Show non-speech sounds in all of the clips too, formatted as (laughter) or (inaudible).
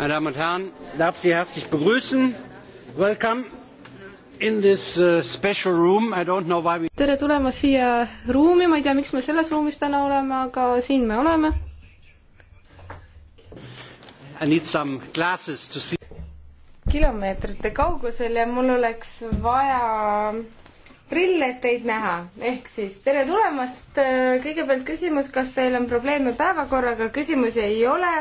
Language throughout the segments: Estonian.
meine Damen und Herren, darf Sie herzlich begrüßen. Welcome in this uh, special room. I don't know why we tere tulemast siia ruumi, ma ei tea, miks me selles ruumis täna oleme, aga siin me oleme. I need some glasses to see kilomeetrite kaugusel ja mul oleks vaja prille, et teid näha. ehk siis tere tulemast. kõigepealt küsimus, kas teil on probleeme päevakorraga? küsimusi ei ole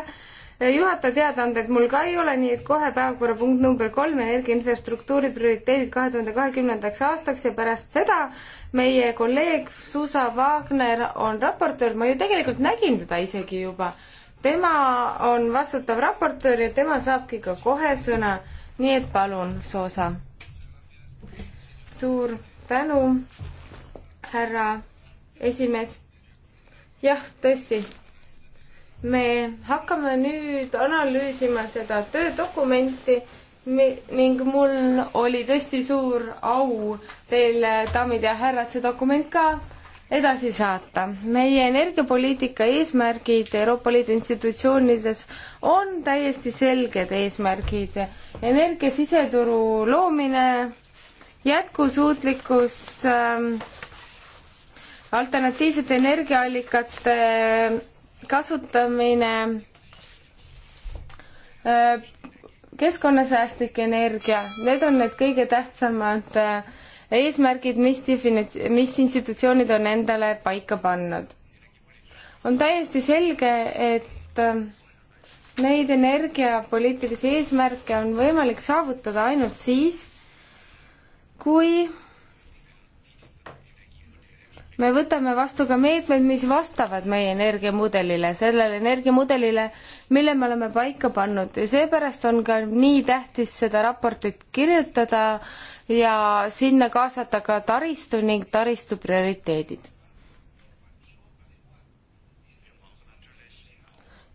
juhataja teadaanded mul ka ei ole, nii et kohe päevakorrapunkt number kolm, energiainfrastruktuuri prioriteedid kahe tuhande kahekümnendaks aastaks ja pärast seda meie kolleeg Zuza Wagner on raportöör, ma ju tegelikult nägin teda isegi juba. tema on vastutav raportöör ja tema saabki ka kohe sõna, nii et palun, Zuza. suur tänu, härra esimees. jah, tõesti me hakkame nüüd analüüsima seda töödokumenti ning mul oli tõesti suur au teile, daamid ja härrad, see dokument ka edasi saata. meie energiapoliitika eesmärgid Euroopa Liidu institutsioonides on täiesti selged eesmärgid. energia siseturu loomine, jätkusuutlikkus äh,, alternatiivsete energiaallikate äh, kasutamine, äh, keskkonnasäästlik energia, need on need kõige tähtsamad äh, eesmärgid, mis definits-, mis institutsioonid on endale paika pannud. on täiesti selge, et äh, neid energiapoliitilisi eesmärke on võimalik saavutada ainult siis, kui me võtame vastu ka meetmed, mis vastavad meie energiamudelile, sellele energiamudelile, mille me oleme paika pannud ja seepärast on ka nii tähtis seda raportit kirjutada ja sinna kaasata ka taristu ning taristu prioriteedid.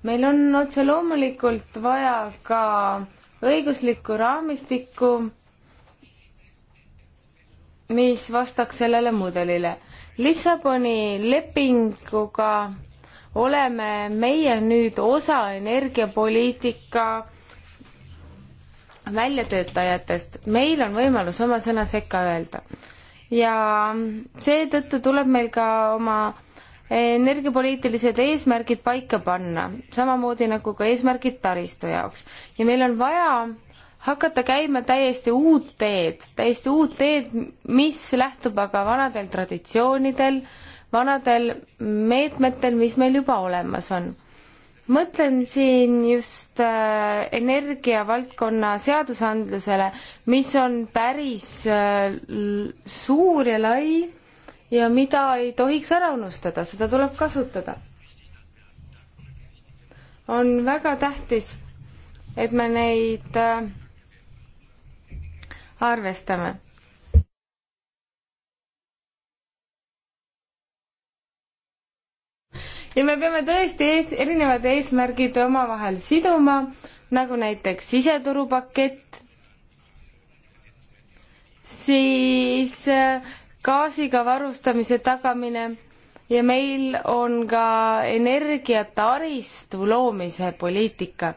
meil on otse loomulikult vaja ka õiguslikku raamistikku, mis vastaks sellele mudelile Lissaboni lepinguga oleme meie nüüd osa energiapoliitika väljatöötajatest, meil on võimalus oma sõna sekka öelda. ja seetõttu tuleb meil ka oma energiapoliitilised eesmärgid paika panna, samamoodi nagu ka eesmärgid taristu jaoks. ja meil on vaja hakata käima täiesti uut teed, täiesti uut teed, mis lähtub aga vanadel traditsioonidel, vanadel meetmetel, mis meil juba olemas on. mõtlen siin just äh, energiavaldkonna seadusandlusele, mis on päris äh, suur ja lai ja mida ei tohiks ära unustada, seda tuleb kasutada. on väga tähtis, et me neid äh, arvestame. ja me peame tõesti ees, erinevad eesmärgid omavahel siduma, nagu näiteks siseturupakett, siis äh, gaasiga varustamise tagamine ja meil on ka energiataristu loomise poliitika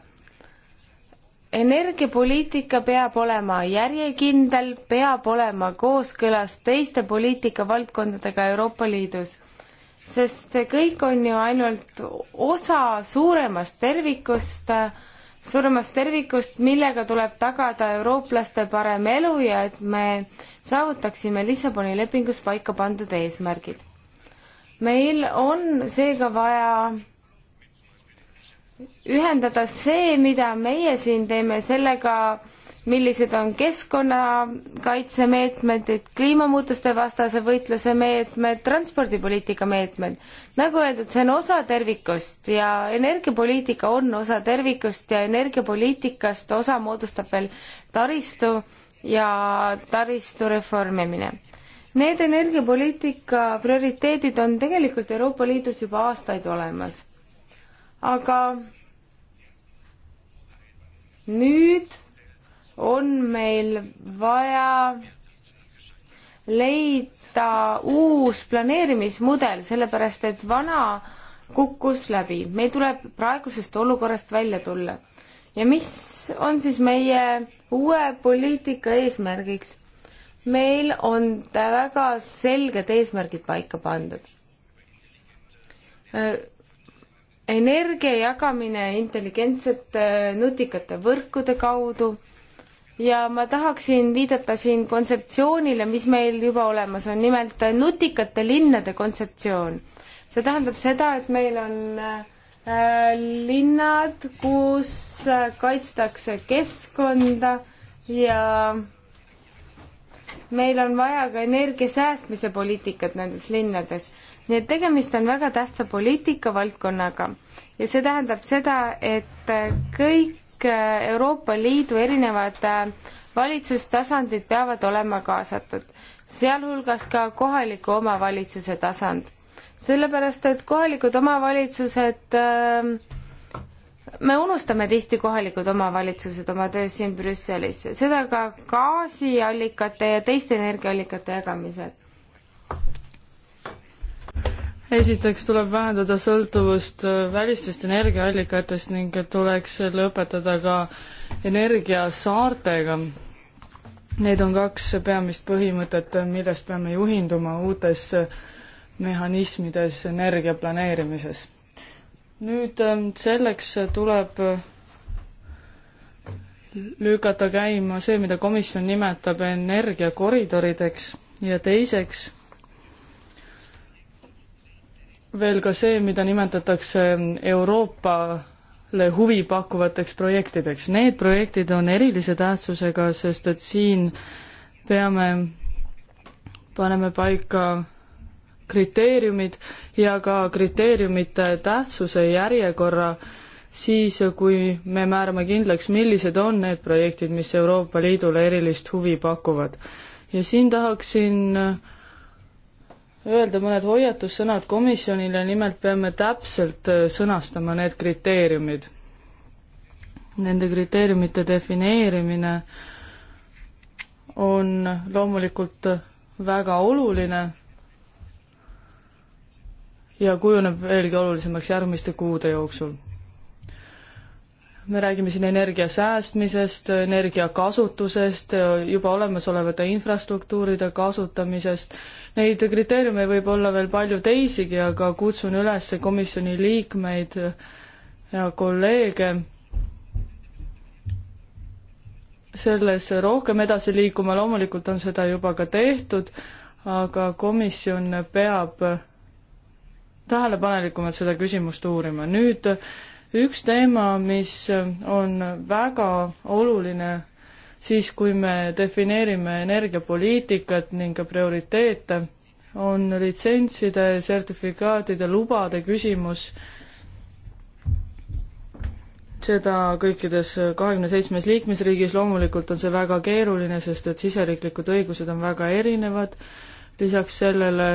energiapoliitika peab olema järjekindel, peab olema kooskõlas teiste poliitikavaldkondadega Euroopa Liidus. sest see kõik on ju ainult osa suuremast tervikust, suuremast tervikust, millega tuleb tagada eurooplaste parem elu ja et me saavutaksime Lissaboni lepingus paika pandud eesmärgid. meil on seega vaja ühendada see, mida meie siin teeme, sellega, millised on keskkonnakaitsemeetmed, et kliimamuutuste vastase võitluse meetmed, transpordipoliitika meetmed. nagu öeldud, see on osa tervikust ja energiapoliitika on osa tervikust ja energiapoliitikast osa moodustab veel taristu ja taristu reformimine. Need energiapoliitika prioriteedid on tegelikult Euroopa Liidus juba aastaid olemas aga nüüd on meil vaja leida uus planeerimismudel, sellepärast et vana kukkus läbi. meil tuleb praegusest olukorrast välja tulla. ja mis on siis meie uue poliitika eesmärgiks? meil on väga selged eesmärgid paika pandud. Äh, energia jagamine intelligentsete nutikate võrkude kaudu ja ma tahaksin viidata siin kontseptsioonile, mis meil juba olemas on, nimelt nutikate linnade kontseptsioon. see tähendab seda, et meil on äh, linnad, kus kaitstakse keskkonda ja meil on vaja ka energia säästmise poliitikat nendes linnades nii et tegemist on väga tähtsa poliitikavaldkonnaga ja see tähendab seda, et kõik Euroopa Liidu erinevad valitsustasandid peavad olema kaasatud, sealhulgas ka kohaliku omavalitsuse tasand. sellepärast, et kohalikud omavalitsused äh, me unustame tihti kohalikud omavalitsused oma töös siin Brüsselis, seda ka gaasiallikate ja teiste energiaallikate jagamisel esiteks tuleb vähendada sõltuvust äh, välistest energiaallikatest ning tuleks lõpetada ka energia saartega. Need on kaks peamist põhimõtet, millest peame juhinduma uutes mehhanismides energia planeerimises. nüüd ähm, selleks tuleb lükata käima see, mida komisjon nimetab energiakoridorideks ja teiseks veel ka see, mida nimetatakse Euroopale huvi pakkuvateks projektideks. Need projektid on erilise tähtsusega, sest et siin peame, paneme paika kriteeriumid ja ka kriteeriumite tähtsuse järjekorra siis, kui me määrame kindlaks, millised on need projektid, mis Euroopa Liidule erilist huvi pakuvad. ja siin tahaksin äh, öelda mõned hoiatussõnad komisjonile, nimelt peame täpselt äh, sõnastama need kriteeriumid. Nende kriteeriumite defineerimine on loomulikult väga oluline ja kujuneb veelgi olulisemaks järgmiste kuude jooksul me räägime siin energia säästmisest, energia kasutusest, juba olemasolevate infrastruktuuride kasutamisest. Neid kriteeriume võib olla veel palju teisigi, aga kutsun üles komisjoni liikmeid ja kolleege selles rohkem edasi liikuma, loomulikult on seda juba ka tehtud, aga komisjon peab tähelepanelikumalt seda küsimust uurima. nüüd üks teema, mis on väga oluline siis, kui me defineerime energiapoliitikat ning ka prioriteete, on litsentside, sertifikaatide, lubade küsimus. seda kõikides kahekümne seitsmes liikmesriigis, loomulikult on see väga keeruline, sest et siseriiklikud õigused on väga erinevad, lisaks sellele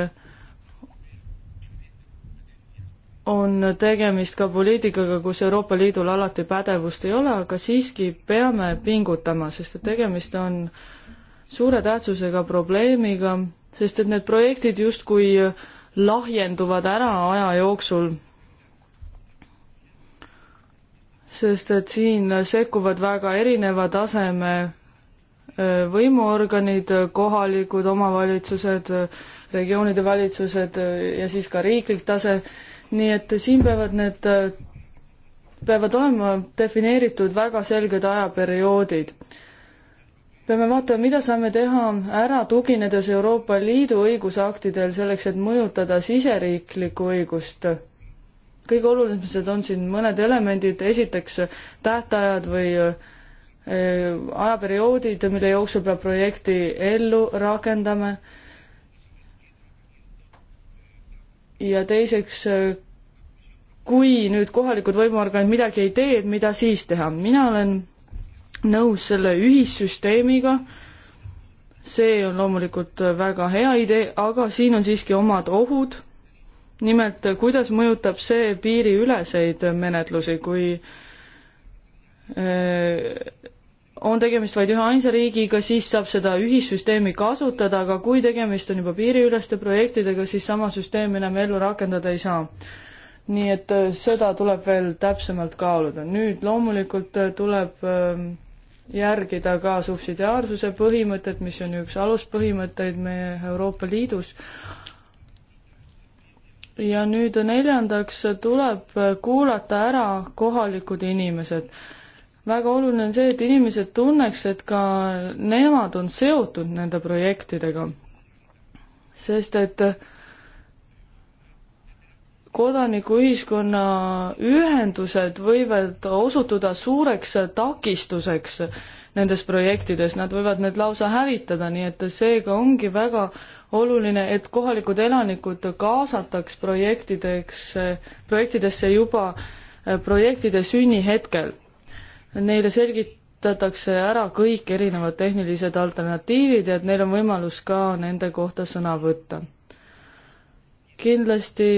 on tegemist ka poliitikaga, kus Euroopa Liidul alati pädevust ei ole, aga siiski peame pingutama, sest et tegemist on suure tähtsusega probleemiga, sest et need projektid justkui lahjenduvad ära aja jooksul. sest et siin sekkuvad väga erineva taseme äh, võimuorganid, kohalikud omavalitsused, äh, regioonide valitsused äh, ja siis ka riiklik tase nii et siin peavad need, peavad olema defineeritud väga selged ajaperioodid. peame vaatama, mida saame teha ära, tuginedes Euroopa Liidu õigusaktidel selleks, et mõjutada siseriiklikku õigust. kõige olulisemad on siin mõned elemendid, esiteks tähtajad või eh, ajaperioodid, mille jooksul peab projekti ellu rakendama. ja teiseks kui nüüd kohalikud võimuorganid midagi ei tee, et mida siis teha. mina olen nõus selle ühissüsteemiga, see on loomulikult väga hea idee, aga siin on siiski omad ohud. nimelt, kuidas mõjutab see piiriüleseid menetlusi, kui äh, on tegemist vaid üheainsa riigiga, siis saab seda ühissüsteemi kasutada, aga kui tegemist on juba piiriüleste projektidega, siis sama süsteemi enam ellu rakendada ei saa nii et äh, seda tuleb veel täpsemalt kaaluda. nüüd loomulikult äh, tuleb ähm, järgida ka subsidiaarsuse põhimõtet, mis on üks aluspõhimõtteid meie Euroopa Liidus. ja nüüd neljandaks äh, tuleb kuulata ära kohalikud inimesed. väga oluline on see, et inimesed tunneks, et ka nemad on seotud nende projektidega. sest et äh, kodanikuühiskonna ühendused võivad osutuda suureks takistuseks nendes projektides, nad võivad need lausa hävitada, nii et seega ongi väga oluline, et kohalikud elanikud kaasataks projektideks, projektidesse juba äh, projektide sünnihetkel. Neile selgitatakse ära kõik erinevad tehnilised alternatiivid ja et neil on võimalus ka nende kohta sõna võtta. kindlasti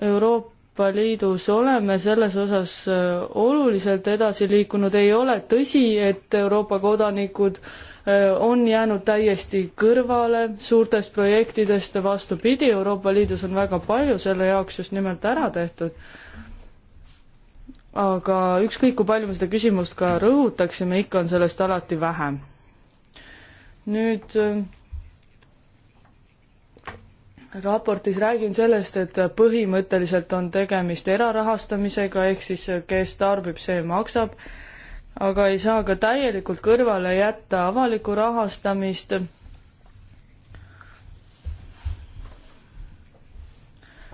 Euroopa Liidus oleme selles osas äh, oluliselt edasi liikunud, ei ole tõsi, et Euroopa kodanikud äh, on jäänud täiesti kõrvale suurtest projektidest, vastupidi, Euroopa Liidus on väga palju selle jaoks just nimelt ära tehtud. aga ükskõik, kui palju me seda küsimust ka rõhutaksime, ikka on sellest alati vähem. nüüd äh, raportis räägin sellest, et põhimõtteliselt on tegemist erarahastamisega, ehk siis kes tarbib, see maksab, aga ei saa ka täielikult kõrvale jätta avalikku rahastamist.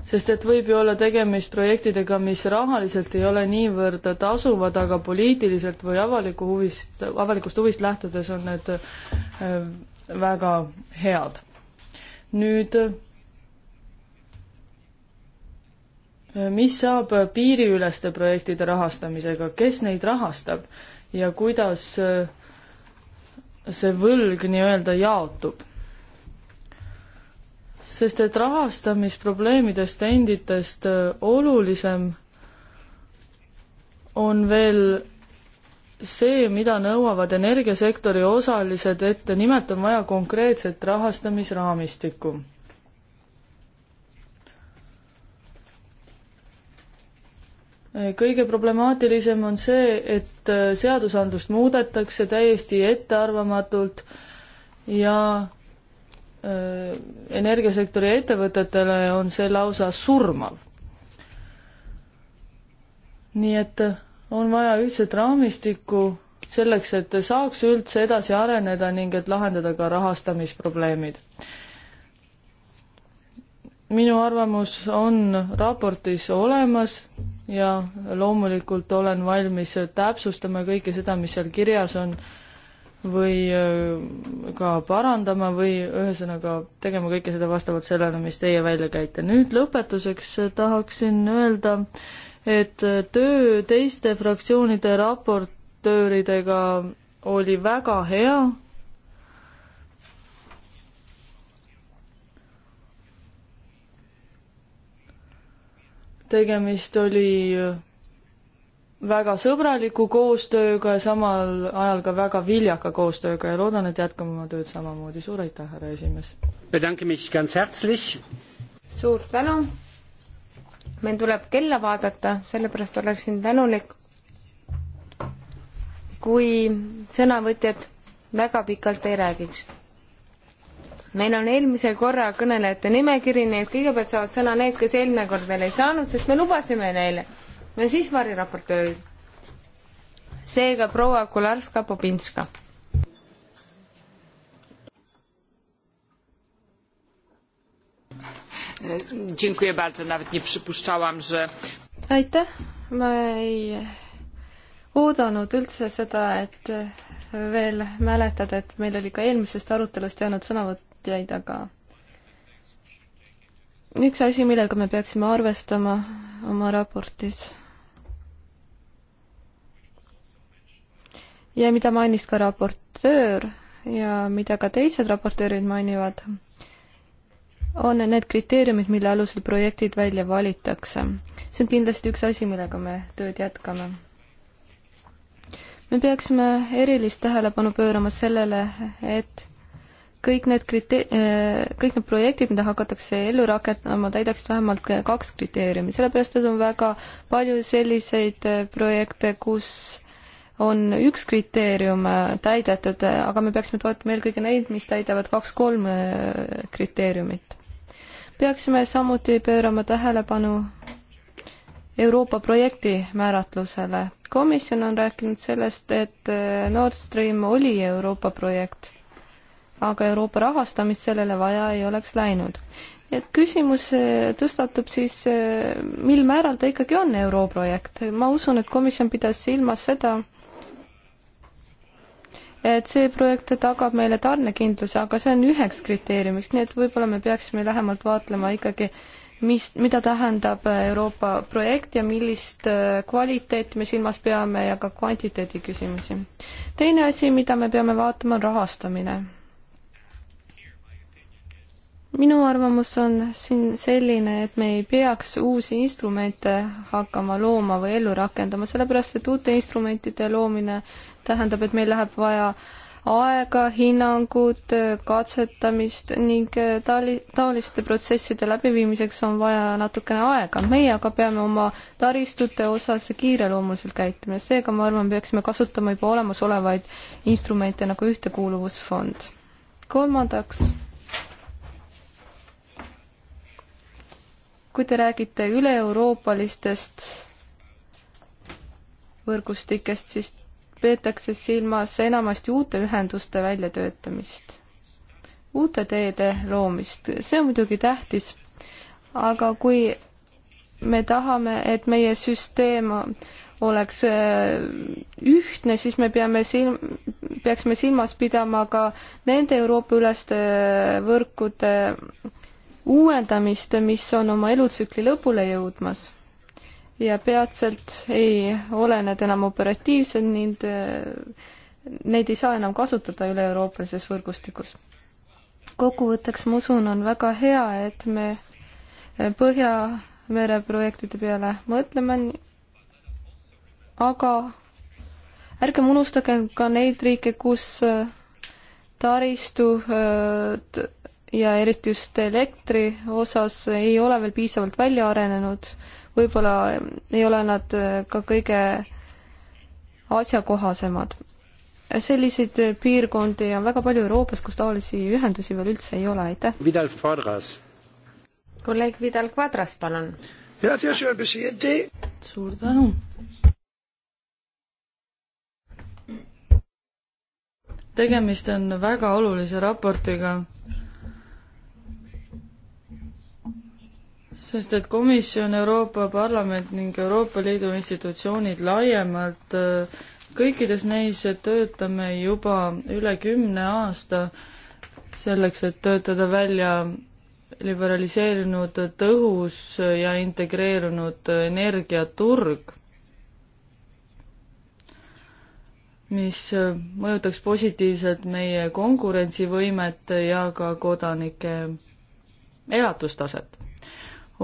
sest et võib ju olla tegemist projektidega, mis rahaliselt ei ole niivõrd tasuvad, aga poliitiliselt või avaliku huvist, avalikust huvist lähtudes on need äh, väga head. nüüd mis saab piiriüleste projektide rahastamisega, kes neid rahastab ja kuidas äh, see võlg nii-öelda jaotub? sest et rahastamisprobleemidest enditest äh, olulisem on veel see, mida nõuavad energiasektori osalised, et nimelt on vaja konkreetset rahastamisraamistikku. kõige problemaatilisem on see, et seadusandlust muudetakse täiesti ettearvamatult ja äh, energiasektori ettevõtetele on see lausa surmav. nii et on vaja ühtset raamistikku selleks, et saaks üldse edasi areneda ning et lahendada ka rahastamisprobleemid. minu arvamus on raportis olemas ja loomulikult olen valmis täpsustama kõike seda, mis seal kirjas on või äh, ka parandama või ühesõnaga tegema kõike seda vastavalt sellele, mis teie välja käite. nüüd lõpetuseks tahaksin öelda, et töö teiste fraktsioonide raportööridega oli väga hea tegemist oli äh, väga sõbraliku koostööga ja samal ajal ka väga viljaka koostööga ja loodan, et jätkame oma tööd samamoodi. suur aitäh, härra esimees! suur tänu! meil tuleb kella vaadata, sellepärast oleksin tänulik, kui sõnavõtjad väga pikalt ei räägiks meil on eelmise korra kõnelejate nimekiri, nii et kõigepealt saavad sõna need, kes eelmine kord veel ei saanud, sest me lubasime neile. ja siis variraportöörid. seega proua Kularska-Popinska. aitäh, ma ei oodanud üldse seda, et veel mäletad, et meil oli ka eelmisest arutelust jäänud sõnavõtt tootjaid, aga üks asi, millega me peaksime arvestama oma raportis ja mida mainis ka raportöör ja mida ka teised raportöörid mainivad, on need kriteeriumid, mille alusel projektid välja valitakse. see on kindlasti üks asi, millega me tööd jätkame. me peaksime erilist tähelepanu pöörama sellele, et kõik need krite-, äh, kõik need projektid, mida hakatakse ellu rakendama, täidaksid vähemalt kaks kriteeriumi, sellepärast et on väga palju selliseid äh, projekte, kus on üks kriteerium äh, täidetud, aga me peaksime toetama eelkõige neid, mis täidavad kaks-kolm kriteeriumit. peaksime samuti pöörama tähelepanu Euroopa projekti määratlusele. komisjon on rääkinud sellest, et Nord Stream oli Euroopa projekt aga Euroopa rahastamist sellele vaja ei oleks läinud. et küsimus eh, tõstatub siis, eh, mil määral ta ikkagi on europrojekt, ma usun, et komisjon pidas silmas seda, et see projekt tagab meile tarnekindluse, aga see on üheks kriteeriumiks, nii et võib-olla me peaksime lähemalt vaatlema ikkagi, mis, mida tähendab Euroopa projekt ja millist eh, kvaliteeti me silmas peame ja ka kvantiteedi küsimusi. teine asi, mida me peame vaatama, on rahastamine minu arvamus on siin selline, et me ei peaks uusi instrumente hakkama looma või ellu rakendama, sellepärast et uute instrumentide loomine tähendab, et meil läheb vaja aega, hinnangut, katsetamist ning taali-, taoliste protsesside läbiviimiseks on vaja natukene aega. meie aga peame oma taristute osas kiireloomuliselt käituma ja seega ma arvan, peaksime kasutama juba olemasolevaid instrumente nagu ühtekuuluvusfond. kolmandaks kui te räägite üle-euroopalistest võrgustikest, siis peetakse silmas enamasti uute ühenduste väljatöötamist, uute teede loomist, see on muidugi tähtis, aga kui me tahame, et meie süsteem oleks äh, ühtne, siis me peame silm, peaksime silmas pidama ka nende Euroopa-üleste äh, võrkude uuendamist, mis on oma elutsükli lõpule jõudmas ja peatselt ei ole need enam operatiivsed ning äh, neid ei saa enam kasutada üle-euroopalises võrgustikus. kokkuvõtteks ma usun, on väga hea, et me äh, Põhjamere projektide peale mõtleme, aga ärgem unustagem ka neid riike, kus äh, taristu ja eriti just elektri osas ei ole veel piisavalt välja arenenud, võib-olla ei ole nad äh, ka kõige asjakohasemad. selliseid piirkondi on väga palju Euroopas, kus taolisi ühendusi veel üldse ei ole, aitäh. Vidal Quadras. kolleeg Vidal Quadras, palun. suur tänu. tegemist on väga olulise raportiga sest et komisjon, Euroopa Parlament ning Euroopa Liidu institutsioonid laiemalt, äh, kõikides neis töötame juba üle kümne aasta selleks, et töötada välja liberaliseerinud, tõhus ja integreerunud energiaturg, mis mõjutaks positiivselt meie konkurentsivõimet ja ka kodanike elatustaset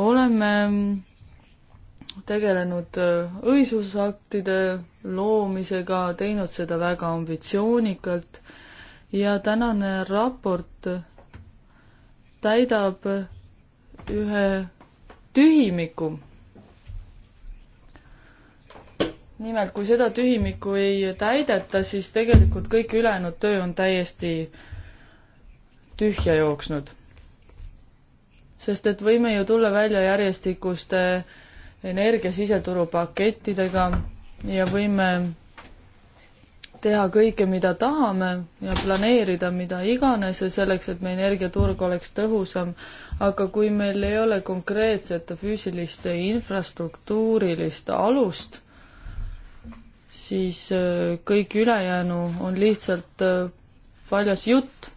oleme tegelenud äh, õisusaktide loomisega, teinud seda väga ambitsioonikalt ja tänane raport täidab ühe tühimiku. nimelt, kui seda tühimikku ei täideta, siis tegelikult kõik ülejäänud töö on täiesti tühja jooksnud sest et võime ju tulla välja järjestikuste energia siseturu pakettidega ja võime teha kõike, mida tahame ja planeerida mida iganes selleks, et meie energiaturg oleks tõhusam, aga kui meil ei ole konkreetset füüsilist infrastruktuurilist alust, siis äh, kõik ülejäänu on lihtsalt äh, paljas jutt.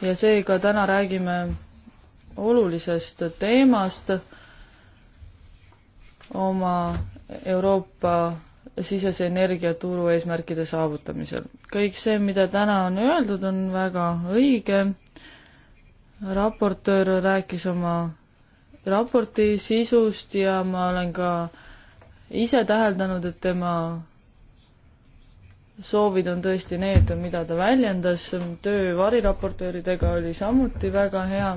ja seega täna räägime olulisest teemast oma Euroopa sisese energiaturu eesmärkide saavutamisel. kõik see, mida täna on öeldud, on väga õige. raportöör rääkis oma raporti sisust ja ma olen ka ise täheldanud, et tema soovid on tõesti need, mida ta väljendas, töö variraportööridega oli samuti väga hea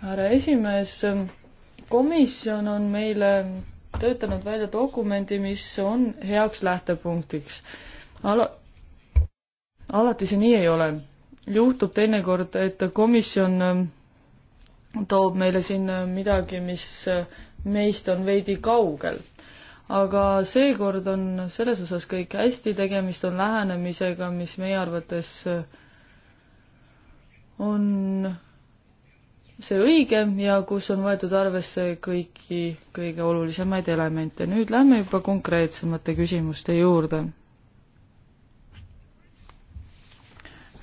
härra esimees, komisjon on meile töötanud välja dokumendi, mis on heaks lähtepunktiks. Ala-, alati see nii ei ole. juhtub teinekord, et komisjon äh, toob meile siin äh, midagi, mis äh, meist on veidi kaugel. aga seekord on selles osas kõik hästi, tegemist on lähenemisega, mis meie arvates on see õige ja kus on võetud arvesse kõiki kõige olulisemaid elemente. nüüd lähme juba konkreetsemate küsimuste juurde.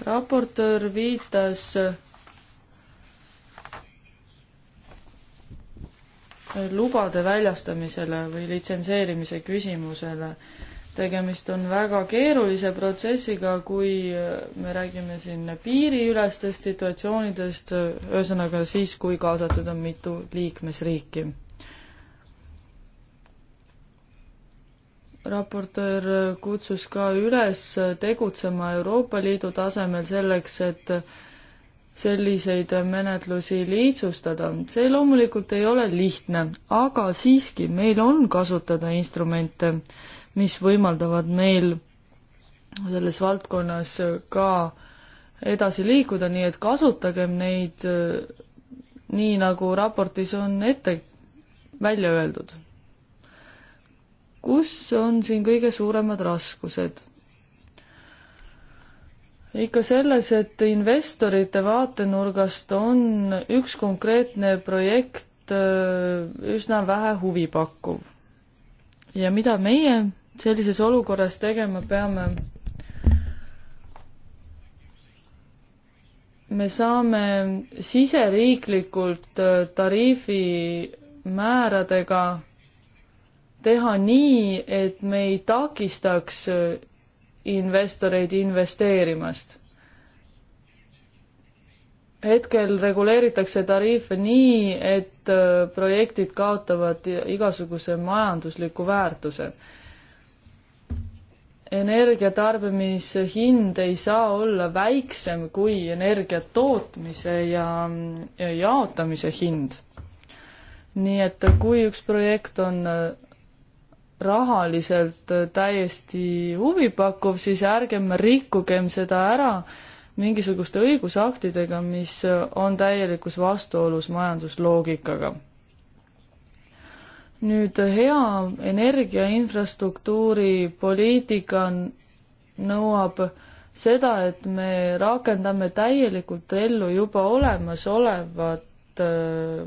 raportöör viitas äh, lubade väljastamisele või litsenseerimise küsimusele tegemist on väga keerulise protsessiga, kui me räägime siin piiriülestest situatsioonidest, ühesõnaga siis, kui kaasatud on mitu liikmesriiki. raportöör kutsus ka üles tegutsema Euroopa Liidu tasemel selleks, et selliseid menetlusi lihtsustada. see loomulikult ei ole lihtne, aga siiski meil on kasutada instrumente mis võimaldavad meil selles valdkonnas ka edasi liikuda, nii et kasutagem neid äh, nii, nagu raportis on ette välja öeldud. kus on siin kõige suuremad raskused? ikka selles, et investorite vaatenurgast on üks konkreetne projekt äh, üsna vähe huvipakkuv. ja mida meie sellises olukorras tegema peame? me saame siseriiklikult äh, tariifimääradega teha nii, et me ei takistaks äh, investoreid investeerimast. hetkel reguleeritakse tariife nii, et äh, projektid kaotavad igasuguse majandusliku väärtuse energia tarbimise hind ei saa olla väiksem kui energia tootmise ja jaotamise hind. nii et kui üks projekt on äh, rahaliselt äh, täiesti huvipakkuv, siis ärgem rikkugem seda ära mingisuguste õigusaktidega, mis äh, on täielikus vastuolus majandusloogikaga nüüd hea energiainfrastruktuuri poliitika nõuab seda, et me rakendame täielikult ellu juba olemasolevat äh,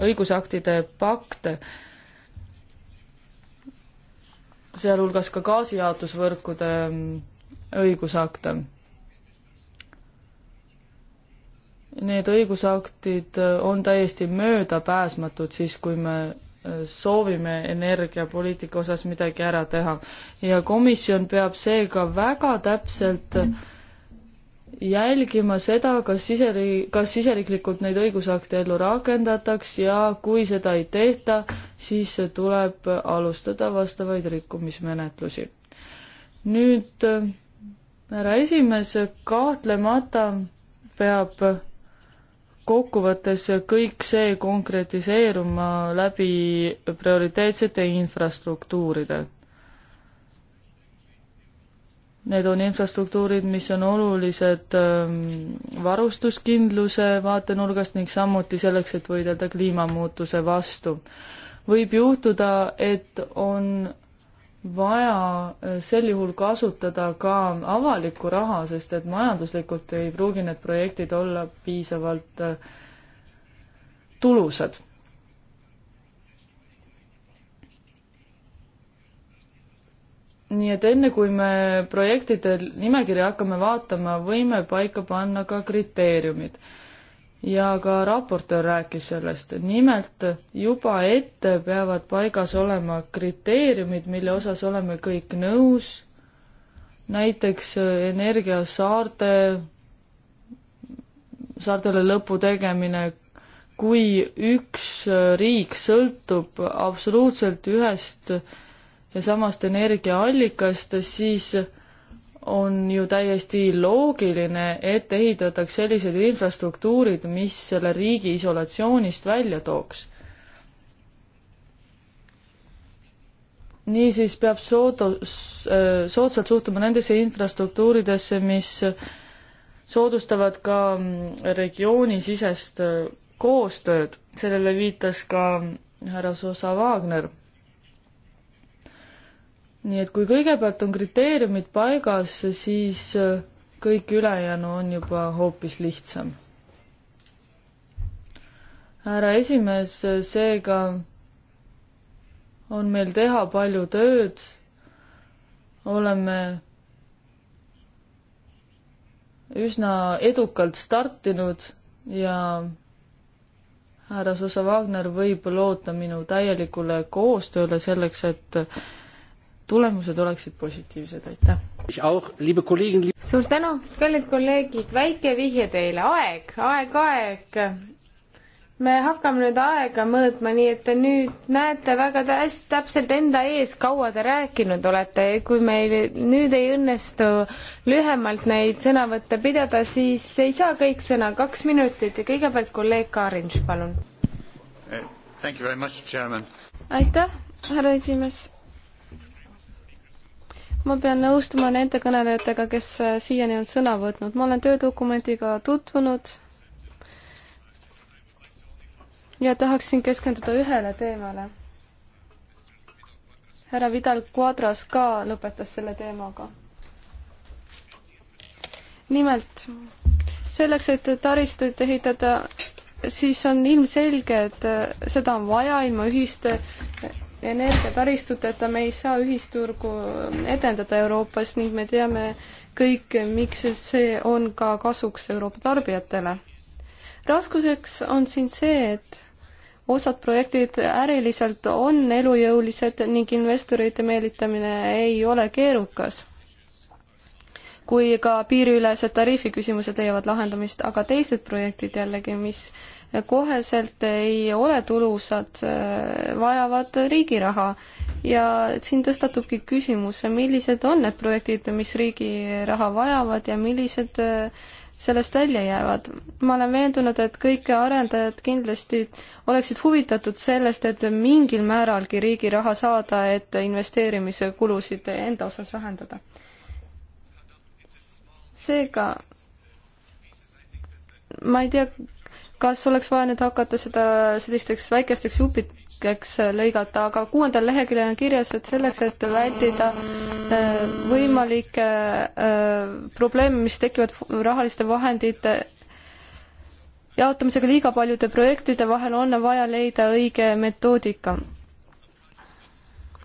õigusaktide pakte, sealhulgas ka gaasijaotusvõrkude mm, õigusakte. Need õigusaktid on täiesti möödapääsmatud siis, kui me soovime energiapoliitika osas midagi ära teha. ja komisjon peab seega väga täpselt jälgima seda, kas siseri-, kas siseriiklikult neid õigusakte ellu rakendataks ja kui seda ei tehta, siis tuleb alustada vastavaid rikkumismenetlusi. nüüd äh, härra esimees, kahtlemata peab kokkuvõttes kõik see konkretiseeruma läbi prioriteetsete infrastruktuuride. Need on infrastruktuurid, mis on olulised ähm, varustuskindluse vaatenurgast ning samuti selleks, et võidelda kliimamuutuse vastu. võib juhtuda, et on vaja äh, sel juhul kasutada ka avalikku raha, sest et majanduslikult ei pruugi need projektid olla piisavalt äh, tulusad. nii et enne, kui me projektide nimekirja hakkame vaatama, võime paika panna ka kriteeriumid ja ka raportöör rääkis sellest, nimelt juba ette peavad paigas olema kriteeriumid, mille osas oleme kõik nõus, näiteks energia saarte, saartele lõpu tegemine, kui üks riik sõltub absoluutselt ühest ja samast energiaallikast, siis on ju täiesti loogiline, et ehitatakse sellised infrastruktuurid, mis selle riigi isolatsioonist välja tooks. niisiis peab soodo-, soodsalt suhtuma nendesse infrastruktuuridesse, mis soodustavad ka mm, regioonisisest äh, koostööd, sellele viitas ka mm, härra Zosa Wagner nii et kui kõigepealt on kriteeriumid paigas, siis äh, kõik ülejäänu on juba hoopis lihtsam. härra esimees, äh, seega on meil teha palju tööd, oleme üsna edukalt startinud ja härra Susa Wagner võib loota minu täielikule koostööle selleks, et tulemused oleksid positiivsed, aitäh! suur tänu, kallid kolleegid, väike vihje teile, aeg, aeg, aeg! me hakkame nüüd aega mõõtma, nii et te nüüd näete väga täs-, täpselt enda ees, kaua te rääkinud olete ja kui meil nüüd ei õnnestu lühemalt neid sõnavõtte pidada, siis ei saa kõik sõna, kaks minutit ja kõigepealt kolleeg Kaarins, palun. Eh, aitäh, härra esimees ma pean nõustuma nende kõnelejatega, kes äh, siiani on sõna võtnud. ma olen töödokumendiga tutvunud ja tahaksin keskenduda ühele teemale. härra Vidal Quadras ka lõpetas selle teemaga. nimelt, selleks, et taristuid ehitada, siis on ilmselge, et äh, seda on vaja ilma ühiste energiataristuteta me ei saa ühisturgu edendada Euroopas ning me teame kõik, miks see on ka kasuks Euroopa tarbijatele. raskuseks on siin see, et osad projektid äriliselt on elujõulised ning investorite meelitamine ei ole keerukas. kui ka piiriülesed tariifiküsimused leiavad lahendamist, aga teised projektid jällegi, mis koheselt ei ole tulusad, äh, vajavad riigi raha. ja siin tõstatubki küsimus, millised on need projektid, mis riigi raha vajavad ja millised äh, sellest välja jäävad. ma olen veendunud, et kõik arendajad kindlasti oleksid huvitatud sellest, et mingil määralgi riigi raha saada, et investeerimise kulusid enda osas vähendada. seega ma ei tea, kas oleks vaja nüüd hakata seda sellisteks väikesteks jupikeks lõigata, aga kuuendal leheküljel on kirjas, et selleks, et vältida äh, võimalikke äh, probleeme, mis tekivad rahaliste vahendite jaotamisega liiga paljude projektide vahel, on vaja leida õige metoodika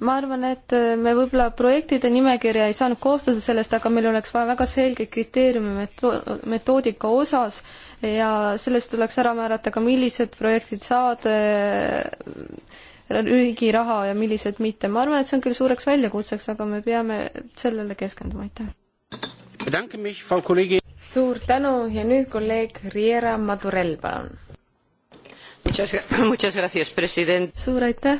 ma arvan, et äh, me võib-olla projektide nimekirja ei saanud koostada sellest, aga meil oleks vaja väga selge kriteeriumi meto-, metoodika osas, ja sellest tuleks ära määrata ka, millised projektid saavad äh, riigi raha ja millised mitte. ma arvan, et see on küll suureks väljakutseks, aga me peame sellele keskenduma, aitäh. suur tänu ja nüüd kolleeg Riera Madurell, palun. (clears throat) suur aitäh,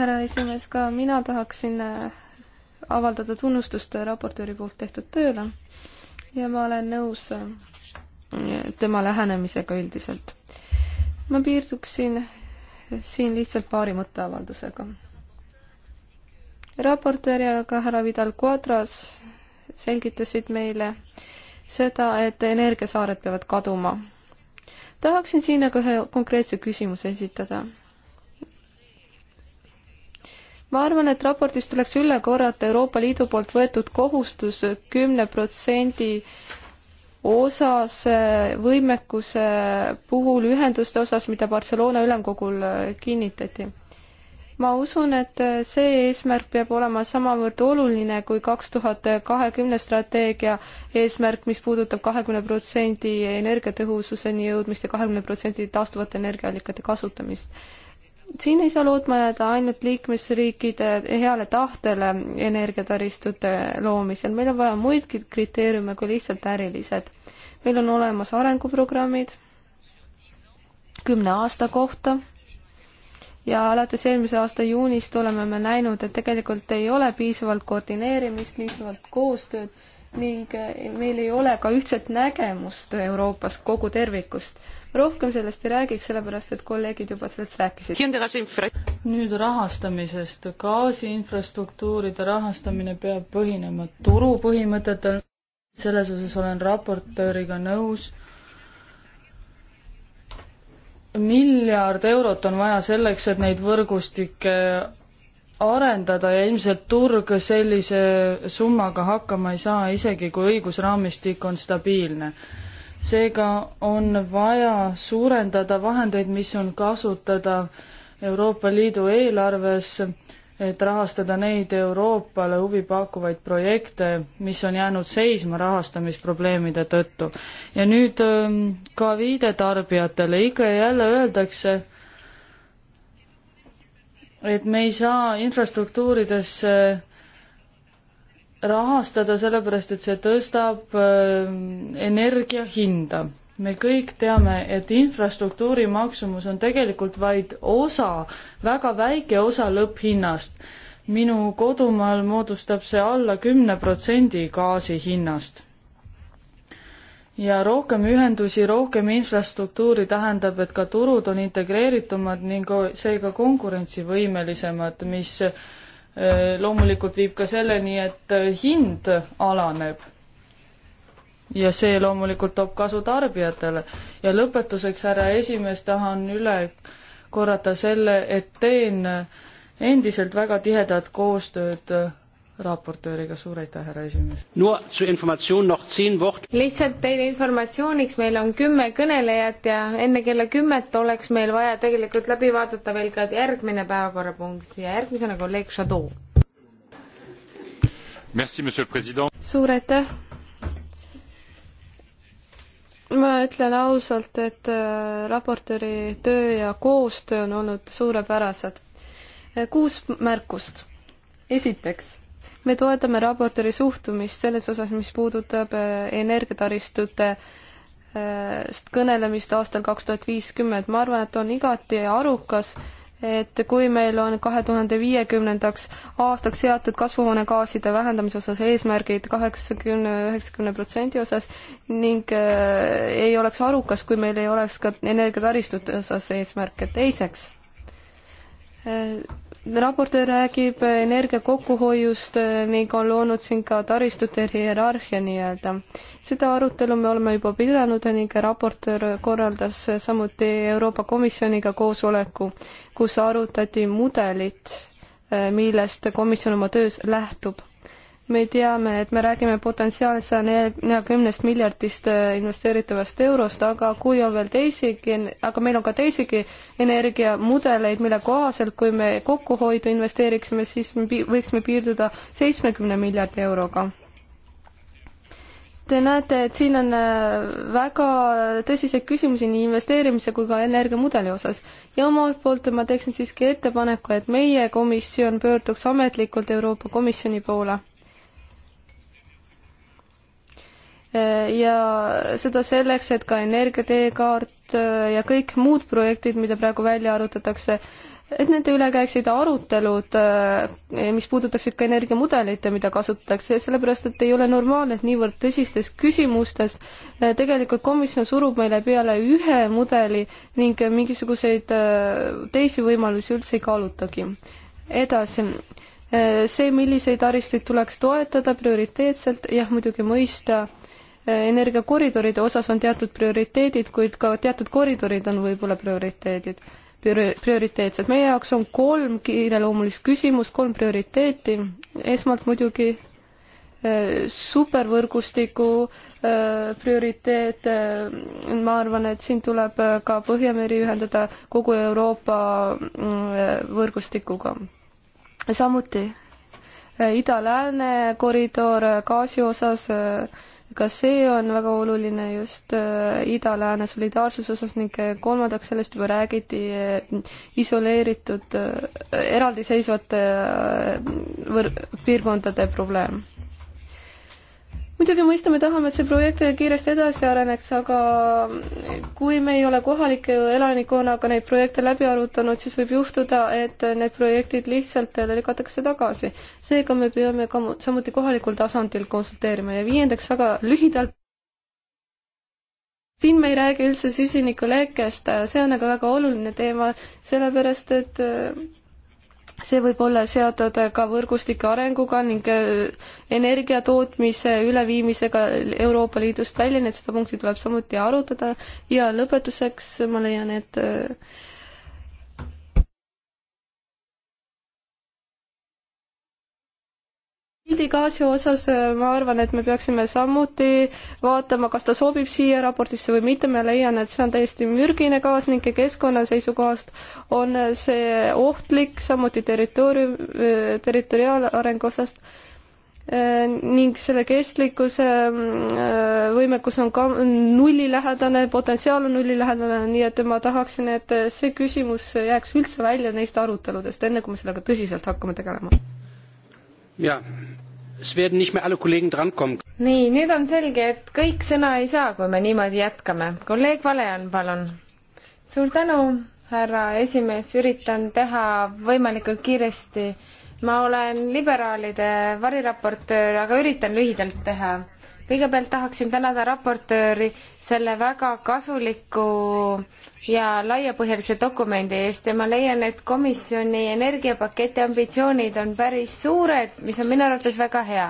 härra esimees, ka mina tahaksin äh, avaldada tunnustust raportööri poolt tehtud tööle ja ma olen nõus äh, tema lähenemisega üldiselt. ma piirduksin siin lihtsalt paari mõtteavaldusega. raportöör ja ka härra Vidal Quadras selgitasid meile seda, et energiasaared peavad kaduma. tahaksin siin aga ühe konkreetse küsimuse esitada ma arvan, et raportis tuleks üle korrata Euroopa Liidu poolt võetud kohustus kümne protsendi osas, eh, võimekuse puhul, ühenduste osas, mida Barcelona ülemkogul eh, kinnitati. ma usun, et eh, see eesmärk peab olema samavõrd oluline kui kaks tuhat kahekümne strateegia eesmärk, mis puudutab kahekümne protsendi energiatõhususeni jõudmist ja kahekümne protsendi taastuvate energiaallikate kasutamist siin ei saa lootma jääda ainult liikmesriikide heale tahtele energiataristute loomisel, meil on vaja muidki kriteeriume kui lihtsalt ärilised. meil on olemas arenguprogrammid kümne aasta kohta ja alates eelmise aasta juunist oleme me näinud, et tegelikult ei ole piisavalt koordineerimist, piisavalt koostööd ning eh, meil ei ole ka ühtset nägemust Euroopas kogu tervikust. rohkem sellest ei räägiks, sellepärast et kolleegid juba sellest rääkisid. nüüd rahastamisest. gaasiinfrastruktuuride rahastamine peab põhinema turupõhimõtetel. selles osas olen raportööriga nõus. miljard eurot on vaja selleks, et neid võrgustikke arendada ja ilmselt turg sellise summaga hakkama ei saa, isegi kui õigusraamistik on stabiilne. seega on vaja suurendada vahendeid, mis on kasutada Euroopa Liidu eelarves, et rahastada neid Euroopale huvipakkuvaid projekte, mis on jäänud seisma rahastamisprobleemide tõttu. ja nüüd ähm, ka viide tarbijatele, ikka ja jälle öeldakse, et me ei saa infrastruktuuridesse rahastada, sellepärast et see tõstab äh, energia hinda. me kõik teame, et infrastruktuuri maksumus on tegelikult vaid osa, väga väike osa lõpphinnast. minu kodumaal moodustab see alla kümne protsendi gaasi hinnast ja rohkem ühendusi, rohkem infrastruktuuri tähendab, et ka turud on integreeritumad ning seega konkurentsivõimelisemad, mis äh, loomulikult viib ka selleni, et äh, hind alaneb. ja see loomulikult toob kasu tarbijatele. ja lõpetuseks, härra esimees, tahan üle korrata selle, et teen äh, endiselt väga tihedat koostööd raportööriga, suur aitäh, härra esimees! lihtsalt teile informatsiooniks, meil on kümme kõnelejat ja enne kella kümmet oleks meil vaja tegelikult läbi vaadata veel ka järgmine päevakorrapunkt ja järgmisena kolleeg Šadov. suur aitäh! ma ütlen ausalt, et äh, raportööri töö ja koostöö on olnud suurepärased. kuus märkust. esiteks me toetame raportööri suhtumist selles osas, mis puudutab äh, energiataristute äh, kõnelemist aastal kaks tuhat viiskümmend, ma arvan, et on igati arukas, et kui meil on kahe tuhande viiekümnendaks aastaks seatud kasvuhoonegaaside vähendamise osas eesmärgid kaheksakümne, üheksakümne protsendi osas ning äh, ei oleks arukas, kui meil ei oleks ka energiataristute osas eesmärke. teiseks Äh, raportöör räägib energia kokkuhoiust äh, ning on loonud siin ka taristute hierarhia nii-öelda. seda arutelu me oleme juba pidanud ning raportöör korraldas samuti Euroopa Komisjoniga koosoleku, kus arutati mudelit, äh, millest komisjon oma töös lähtub me teame, et me räägime potentsiaalselt saja neljakümnest miljardist äh, investeeritavast eurost, aga kui on veel teisigi, aga meil on ka teisigi energiamudeleid, mille kohaselt, kui me kokkuhoidu investeeriksime, siis me võiksime piirduda seitsmekümne miljardi euroga. Te näete, et siin on äh, väga tõsiseid küsimusi nii investeerimise kui ka energiamudeli osas ja omalt poolt ma teeksin siiski ettepaneku, et meie komisjon pöörduks ametlikult Euroopa Komisjoni poole ja seda selleks, et ka energia teekaart äh, ja kõik muud projektid, mida praegu välja arutatakse, et nende üle käiksid arutelud, äh, mis puudutaksid ka energiamudelit ja mida kasutatakse, sellepärast et ei ole normaalne, et niivõrd tõsistes küsimustes äh, tegelikult komisjon surub meile peale ühe mudeli ning mingisuguseid teisi võimalusi üldse ei kaalutagi. edasi, see, milliseid taristuid tuleks toetada prioriteetselt, jah, muidugi mõista energiakoridoride osas on teatud prioriteedid, kuid ka teatud koridorid on võib-olla prioriteedid, prioriteetsed. meie jaoks on kolm kiireloomulist küsimust, kolm prioriteeti. esmalt muidugi äh, supervõrgustiku äh, prioriteet, äh, ma arvan, et siin tuleb ka Põhjameri ühendada kogu Euroopa mm, võrgustikuga. samuti Ida-Lääne koridor gaasi osas äh, ka see on väga oluline just äh, ida-lääne solidaarsuse osas ning äh, kolmandaks, sellest juba räägiti, äh, isoleeritud, eraldiseisvate võr-, piirkondade probleem muidugi mõistame, tahame, et see projekt kiiresti edasi areneks, aga kui me ei ole kohalike elanikkonnaga neid projekte läbi arutanud, siis võib juhtuda, et need projektid lihtsalt lükatakse tagasi. seega me peame ka samuti kohalikul tasandil konsulteerima ja viiendaks väga lühidalt. siin me ei räägi üldse süsinikulekkest, see on aga väga oluline teema, sellepärast et see võib olla seotud ka võrgustike arenguga ning äh, energiatootmise üleviimisega Euroopa Liidust välja, nii et seda punkti tuleb samuti arutada ja lõpetuseks ma leian, et äh, pildigaasi osas äh, ma arvan, et me peaksime samuti vaatama, kas ta sobib siia raportisse või mitte, ma leian, et see on täiesti mürgine gaas ning keskkonna seisukohast on see ohtlik, samuti territoorium, äh, territoriaalarengu osast äh, ning selle kestlikkuse mm, võimekus on ka nullilähedane, potentsiaal on nullilähedane, nii et ma tahaksin, et see küsimus jääks üldse välja neist aruteludest, enne kui me sellega tõsiselt hakkame tegelema. jah nii, nüüd on selge, et kõik sõna ei saa, kui me niimoodi jätkame. kolleeg Valean, palun. suur tänu, härra esimees, üritan teha võimalikult kiiresti. ma olen liberaalide variraportöör, aga üritan lühidalt teha. kõigepealt tahaksin tänada raportööri selle väga kasuliku ja laiapõhjalise dokumendi eest ja ma leian, et komisjoni energiapaketi ambitsioonid on päris suured, mis on minu arvates väga hea.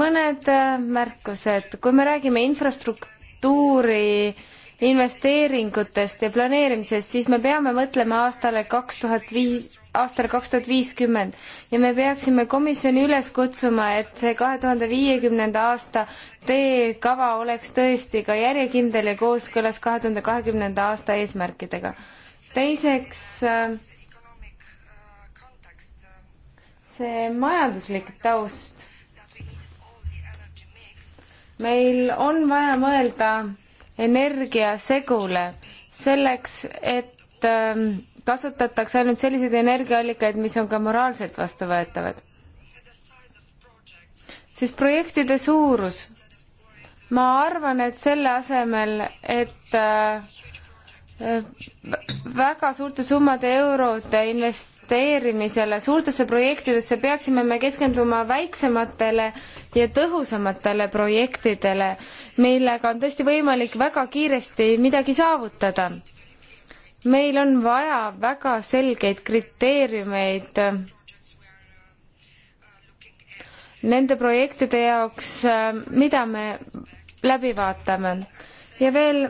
mõned äh, märkused, kui me räägime infrastruktuuri investeeringutest ja planeerimisest, siis me peame mõtlema aastale kaks tuhat viis, aastal kaks tuhat viiskümmend ja me peaksime komisjoni üles kutsuma, et see kahe tuhande viiekümnenda aasta teekava oleks tõesti ka järjekindel ja kooskõlas kahe tuhande kahekümnenda aasta eesmärkidega. teiseks, äh, see majanduslik taust. meil on vaja mõelda energiasegule selleks, et äh, kasutatakse ainult selliseid energiaallikaid, mis on ka moraalselt vastuvõetavad. siis projektide suurus. ma arvan, et selle asemel, et äh, väga suurte summade eurode investeerimisele suurtesse projektidesse peaksime me keskenduma väiksematele ja tõhusamatele projektidele, millega on tõesti võimalik väga kiiresti midagi saavutada meil on vaja väga selgeid kriteeriumeid nende projektide jaoks, mida me läbi vaatame. ja veel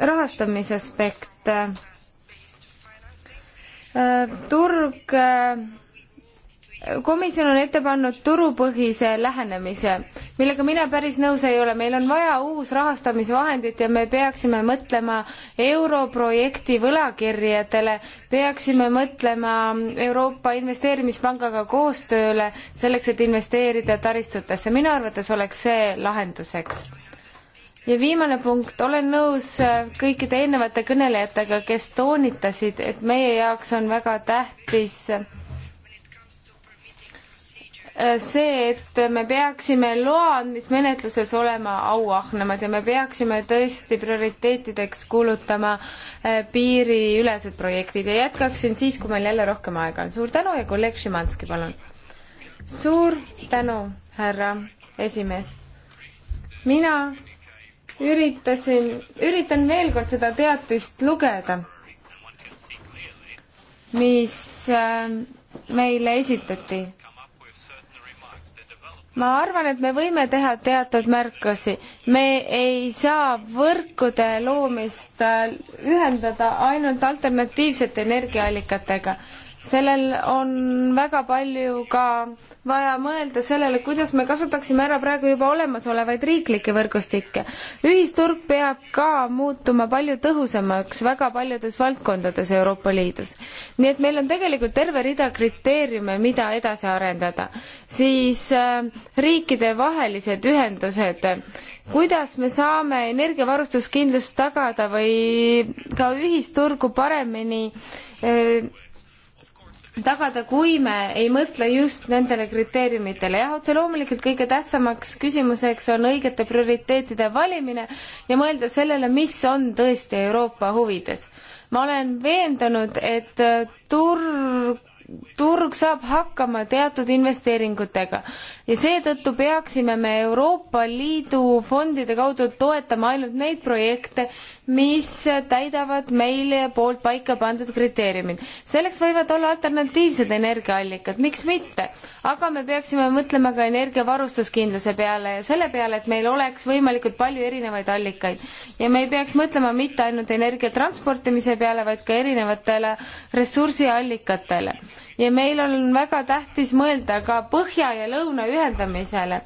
rahastamise aspekt. turg komisjon on ette pannud turupõhise lähenemise, millega mina päris nõus ei ole, meil on vaja uus rahastamisvahendit ja me peaksime mõtlema europrojekti võlakirjadele, peaksime mõtlema Euroopa Investeerimispangaga koostööle selleks, et investeerida taristutesse, minu arvates oleks see lahenduseks ja viimane punkt, olen nõus kõikide eelnevate kõnelejatega, kes toonitasid, et meie jaoks on väga tähtis äh, Äh, see, et me peaksime loa andmismenetluses olema auahnemad ja me peaksime tõesti prioriteetideks kuulutama äh, piiriülesed projektid ja jätkaksin siis, kui meil jälle rohkem aega on. suur tänu ja kolleeg Šimanski, palun. suur tänu, härra esimees. mina üritasin, üritan veel kord seda teatist lugeda, mis äh, meile esitati ma arvan, et me võime teha teatud märkusi. me ei saa võrkude loomist äh, ühendada ainult alternatiivsete energiaallikatega sellel on väga palju ka vaja mõelda sellele, kuidas me kasutaksime ära praegu juba olemasolevaid riiklikke võrgustikke. ühisturg peab ka muutuma palju tõhusamaks väga paljudes valdkondades Euroopa Liidus. nii et meil on tegelikult terve rida kriteeriume, mida edasi arendada. siis äh, riikidevahelised ühendused, kuidas me saame energiavarustuskindlust tagada või ka ühisturgu paremini äh, tagada, kui me ei mõtle just nendele kriteeriumitele. jah, otse loomulikult kõige tähtsamaks küsimuseks on õigete prioriteetide valimine ja mõelda sellele, mis on tõesti Euroopa huvides. ma olen veendunud, et turg turg saab hakkama teatud investeeringutega ja seetõttu peaksime me Euroopa Liidu fondide kaudu toetama ainult neid projekte, mis täidavad meile poolt paika pandud kriteeriumid. selleks võivad olla alternatiivsed energiaallikad, miks mitte, aga me peaksime mõtlema ka energiavarustuskindluse peale ja selle peale, et meil oleks võimalikult palju erinevaid allikaid ja me ei peaks mõtlema mitte ainult energia transportimise peale, vaid ka erinevatele ressursiallikatele ja meil on väga tähtis mõelda ka põhja ja lõuna ühendamisele.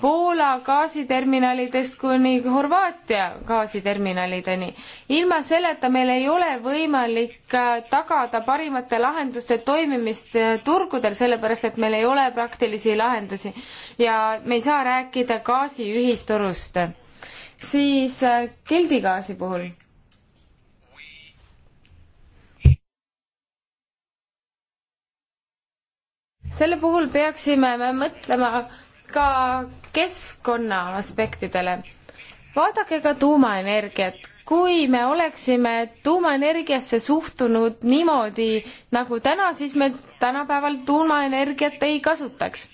Poola gaasiterminalidest kuni Horvaatia gaasiterminalideni. ilma selleta meil ei ole võimalik äh, tagada parimate lahenduste toimimist äh, turgudel, sellepärast et meil ei ole praktilisi lahendusi ja me ei saa rääkida gaasi ühisturust. siis äh, keldigaasi puhul selle puhul peaksime me mõtlema ka keskkonna aspektidele. vaadake ka tuumaenergiat, kui me oleksime tuumaenergiasse suhtunud niimoodi nagu täna, siis me tänapäeval tuumaenergiat ei kasutaks.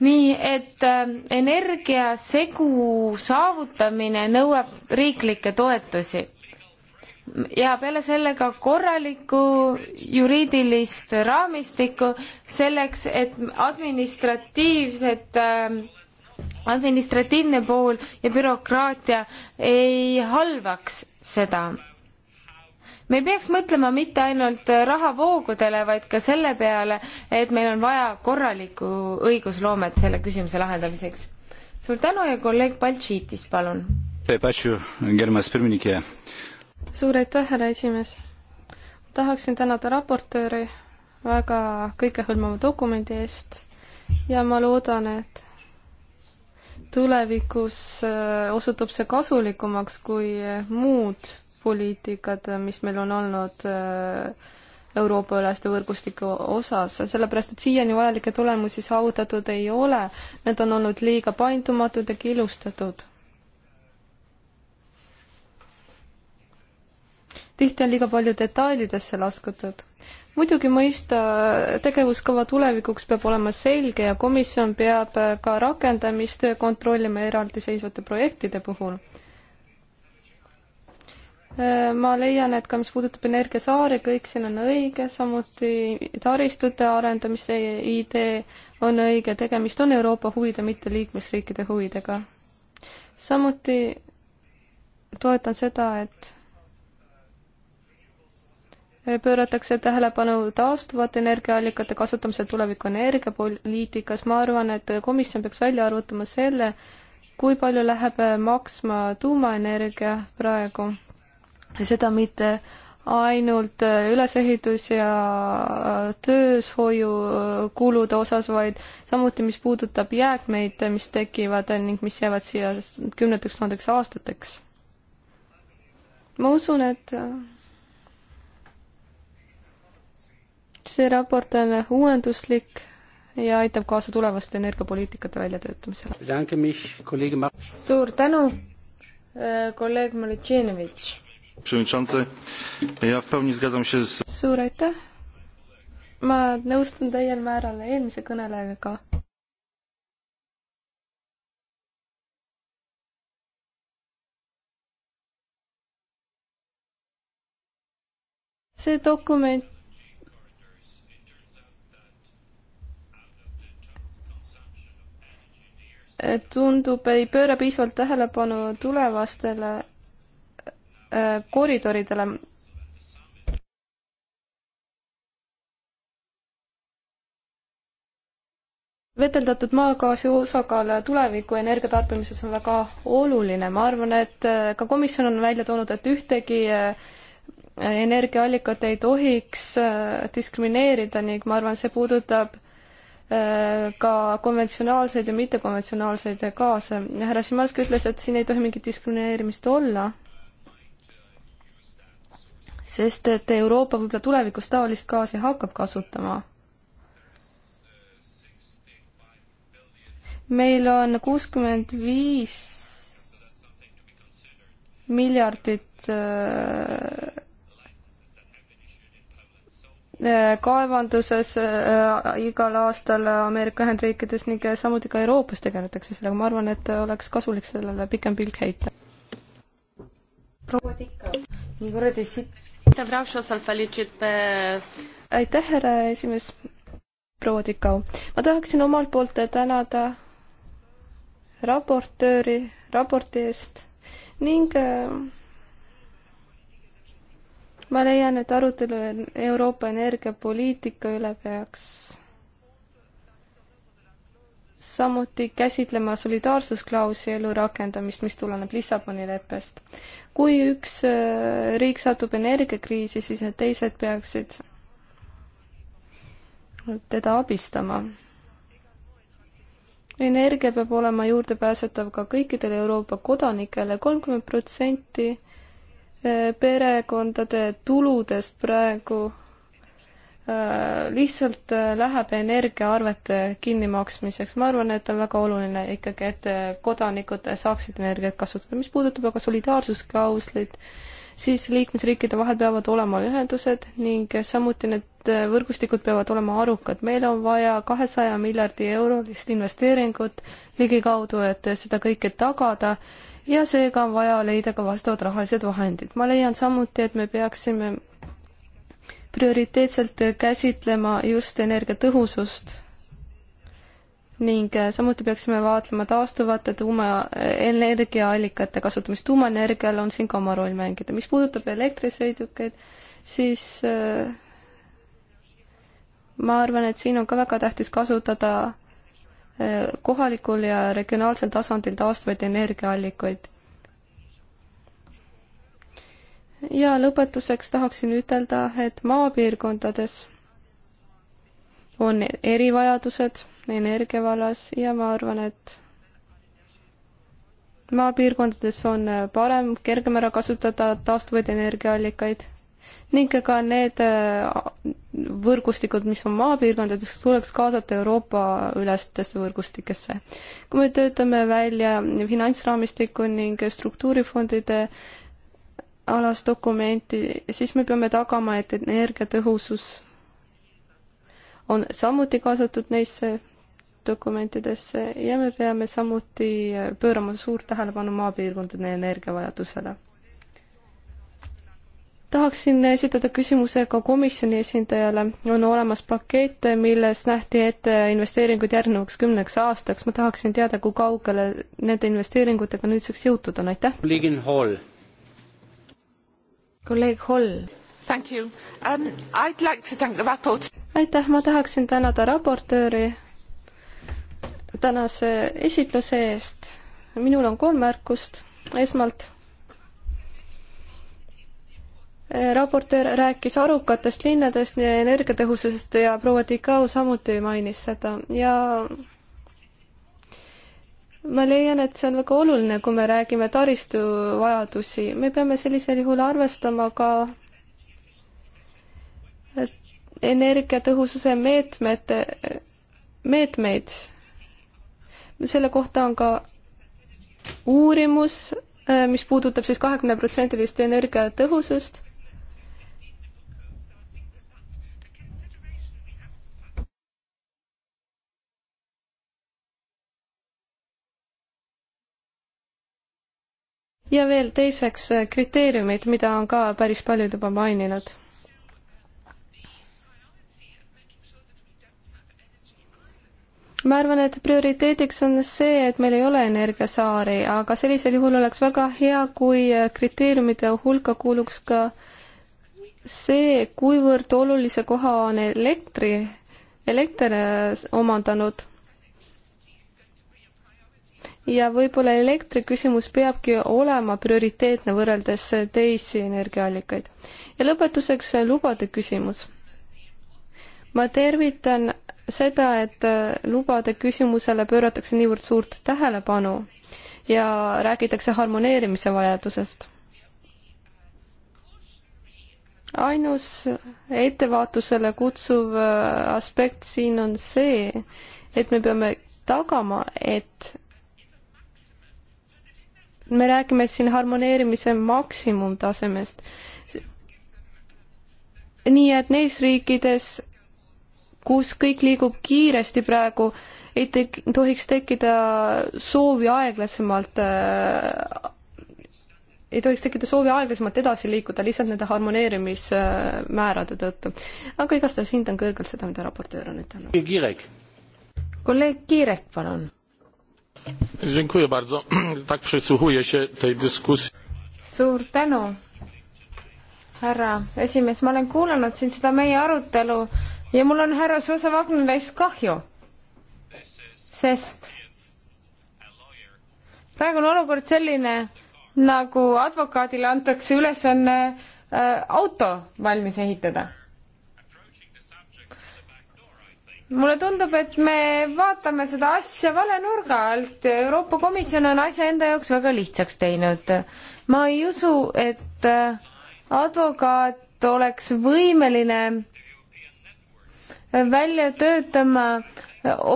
nii et ähm, energiasegu saavutamine nõuab riiklikke toetusi ja peale selle ka korralikku juriidilist raamistikku selleks, et administratiivsed ähm, administratiivne pool ja bürokraatia ei halvaks seda. me ei peaks mõtlema mitte ainult rahavoogudele, vaid ka selle peale, et meil on vaja korralikku õigusloomet selle küsimuse lahendamiseks. suur tänu ja kolleeg Baltšiitis, palun suur aitäh, härra esimees! tahaksin tänada raportööri väga kõikehõlmava dokumendi eest ja ma loodan, et tulevikus äh, osutub see kasulikumaks kui äh, muud poliitikad, äh, mis meil on olnud Euroopa-üleste võrgustike osas, sellepärast et siiani vajalikke tulemusi saavutatud ei ole, need on olnud liiga paindumatud ja killustatud tihti on liiga palju detailidesse laskutud. muidugi mõista tegevuskava tulevikuks peab olema selge ja komisjon peab ka rakendamist kontrollima eraldiseisvate projektide puhul. ma leian, et ka mis puudutab energiasaari, kõik siin on õige, samuti taristute arendamise idee on õige, tegemist on Euroopa huvide, mitte liikmesriikide huvidega. samuti toetan seda, et pööratakse tähelepanu taastuvate energiaallikate kasutamisel tuleviku energiapoliitikas, ma arvan, et komisjon peaks välja arvutama selle, kui palju läheb maksma tuumaenergia praegu. seda mitte ainult ülesehitus ja tööshoiukulude osas, vaid samuti, mis puudutab jääkmeid, mis tekivad ning mis jäävad siia kümneteks tuhandeks aastateks. ma usun, et see raport on uuenduslik ja aitab kaasa tulevaste energiapoliitikate väljatöötamisele. suur tänu, äh, kolleeg Malitšenovitš. suur aitäh. ma nõustun täiel määral eelmise kõnelejaga. see dokument tundub, ei pööra piisavalt tähelepanu tulevastele äh, koridoridele. veteldatud maagaasi osakaal tuleviku energiatarbimises on väga oluline, ma arvan, et äh, ka komisjon on välja toonud, et ühtegi äh, energiaallikat ei tohiks diskrimineerida ning ma arvan, see puudutab Äh, ka konventsionaalseid ja mittekonventsionaalseid kaasa. härra Šimanski ütles, et siin ei tohi mingit diskrimineerimist olla, sest et Euroopa võib-olla tulevikus taolist gaasi hakkab kasutama. meil on kuuskümmend viis miljardit äh, Äh, kaevanduses äh, igal aastal Ameerika Ühendriikides ning äh, samuti ka Euroopas tegeletakse sellega, ma arvan, et oleks kasulik sellele pikem pilk heita. proua Tikka. aitäh, härra esimees, proua Tikau. ma tahaksin omalt poolt tänada raportööri raporti eest ning äh, ma leian, et arutelu Euroopa energiapoliitika üle peaks samuti käsitlema solidaarsusklausli rakendamist, mis tuleneb Lissaboni leppest. kui üks äh, riik satub energiakriisi, siis need teised peaksid teda abistama. energia peab olema juurdepääsetav ka kõikidele Euroopa kodanikele, kolmkümmend protsenti Äh, perekondade tuludest praegu äh, lihtsalt äh, läheb energiaarvete kinnimaksmiseks. ma arvan, et on väga oluline ikkagi, et kodanikud saaksid energiat kasutada. mis puudutab aga solidaarsusklauslit, siis liikmesriikide vahel peavad olema ühendused ning samuti need võrgustikud peavad olema arukad. meil on vaja kahesaja miljardi eurolist investeeringut ligikaudu, et seda kõike tagada ja seega on vaja leida ka vastavad rahalised vahendid. ma leian samuti, et me peaksime prioriteetselt käsitlema just energiatõhusust ning samuti peaksime vaatlema taastuvate tuumaenergiaallikate kasutamist. tuumaenergial on siin ka oma roll mängida. mis puudutab elektrisõidukeid, siis äh, ma arvan, et siin on ka väga tähtis kasutada kohalikul ja regionaalsel tasandil taastuvaid energiaallikaid. ja lõpetuseks tahaksin ütelda, et maapiirkondades on erivajadused energia vallas ja ma arvan, et maapiirkondades on parem, kergem ära kasutada taastuvaid energiaallikaid ning ka need äh, võrgustikud, mis on maapiirkondades, tuleks kaasata Euroopa-ülestesse võrgustikesse. kui me töötame välja finantsraamistiku ning struktuurifondide alast dokumenti, siis me peame tagama, et energiatõhusus on samuti kaasatud neisse dokumentidesse ja me peame samuti äh, pöörama suurt tähelepanu maapiirkondade energiavajadusele tahaksin esitada küsimuse ka komisjoni esindajale. on olemas pakett, milles nähti ette investeeringud järgnevaks kümneks aastaks. ma tahaksin teada, kui kaugele nende investeeringutega nüüdseks jõutud on, aitäh. kolleegin Hall. kolleeg Hall. Thank you um,. I'd like to thank the raport. aitäh, ma tahaksin tänada raportööri tänase esitluse eest. minul on kolm märkust. esmalt Äh, raportöör rääkis arukatest linnadest ja energiatõhususest ja proua Tikau samuti mainis seda ja ma leian, et see on väga oluline, kui me räägime taristu vajadusi, me peame sellisel juhul arvestama ka energiatõhususe meetmete, meetmeid. selle kohta on ka uurimus äh, mis puudutab siis kahekümneprotsendilist energiatõhusust ja veel teiseks eh, kriteeriumid, mida on ka päris paljud juba maininud. ma arvan, et prioriteediks on see, et meil ei ole energiasaari, aga sellisel juhul oleks väga hea, kui eh, kriteeriumide hulka kuuluks ka see, kuivõrd olulise koha on elektri, elekter eh, omandanud ja võib-olla elektriküsimus peabki olema prioriteetne võrreldes teisi energiaallikaid. ja lõpetuseks lubade küsimus. ma tervitan seda, et lubade küsimusele pööratakse niivõrd suurt tähelepanu ja räägitakse harmoneerimise vajadusest. ainus ettevaatusele kutsuv aspekt siin on see, et me peame tagama, et me räägime siin harmoneerimise maksimumtasemest. nii et neis riikides, kus kõik liigub kiiresti praegu, ei tek-, tohiks tekkida soovi aeglasemalt äh, ei tohiks tekkida soovi aeglasemalt edasi liikuda lihtsalt nende harmoneerimismäärade tõttu. aga igastahes hindan kõrgelt seda, mida raportöör on ütelnud. kolleeg Kiirek, palun Dziękuję bardzo. (clears throat) Tak przysłuchuję się tej dyskusji. Suur tänu, härra esimees. Ma olen kuulanud siin seda meie arutelu ja mul on härra Suusa Wagnerist kahju, sest praegu on olukord selline, nagu advokaadile antakse ülesanne äh, auto valmis ehitada mulle tundub, et me vaatame seda asja vale nurga alt. Euroopa Komisjon on asja enda jaoks väga lihtsaks teinud. ma ei usu, et äh, advokaat oleks võimeline välja töötama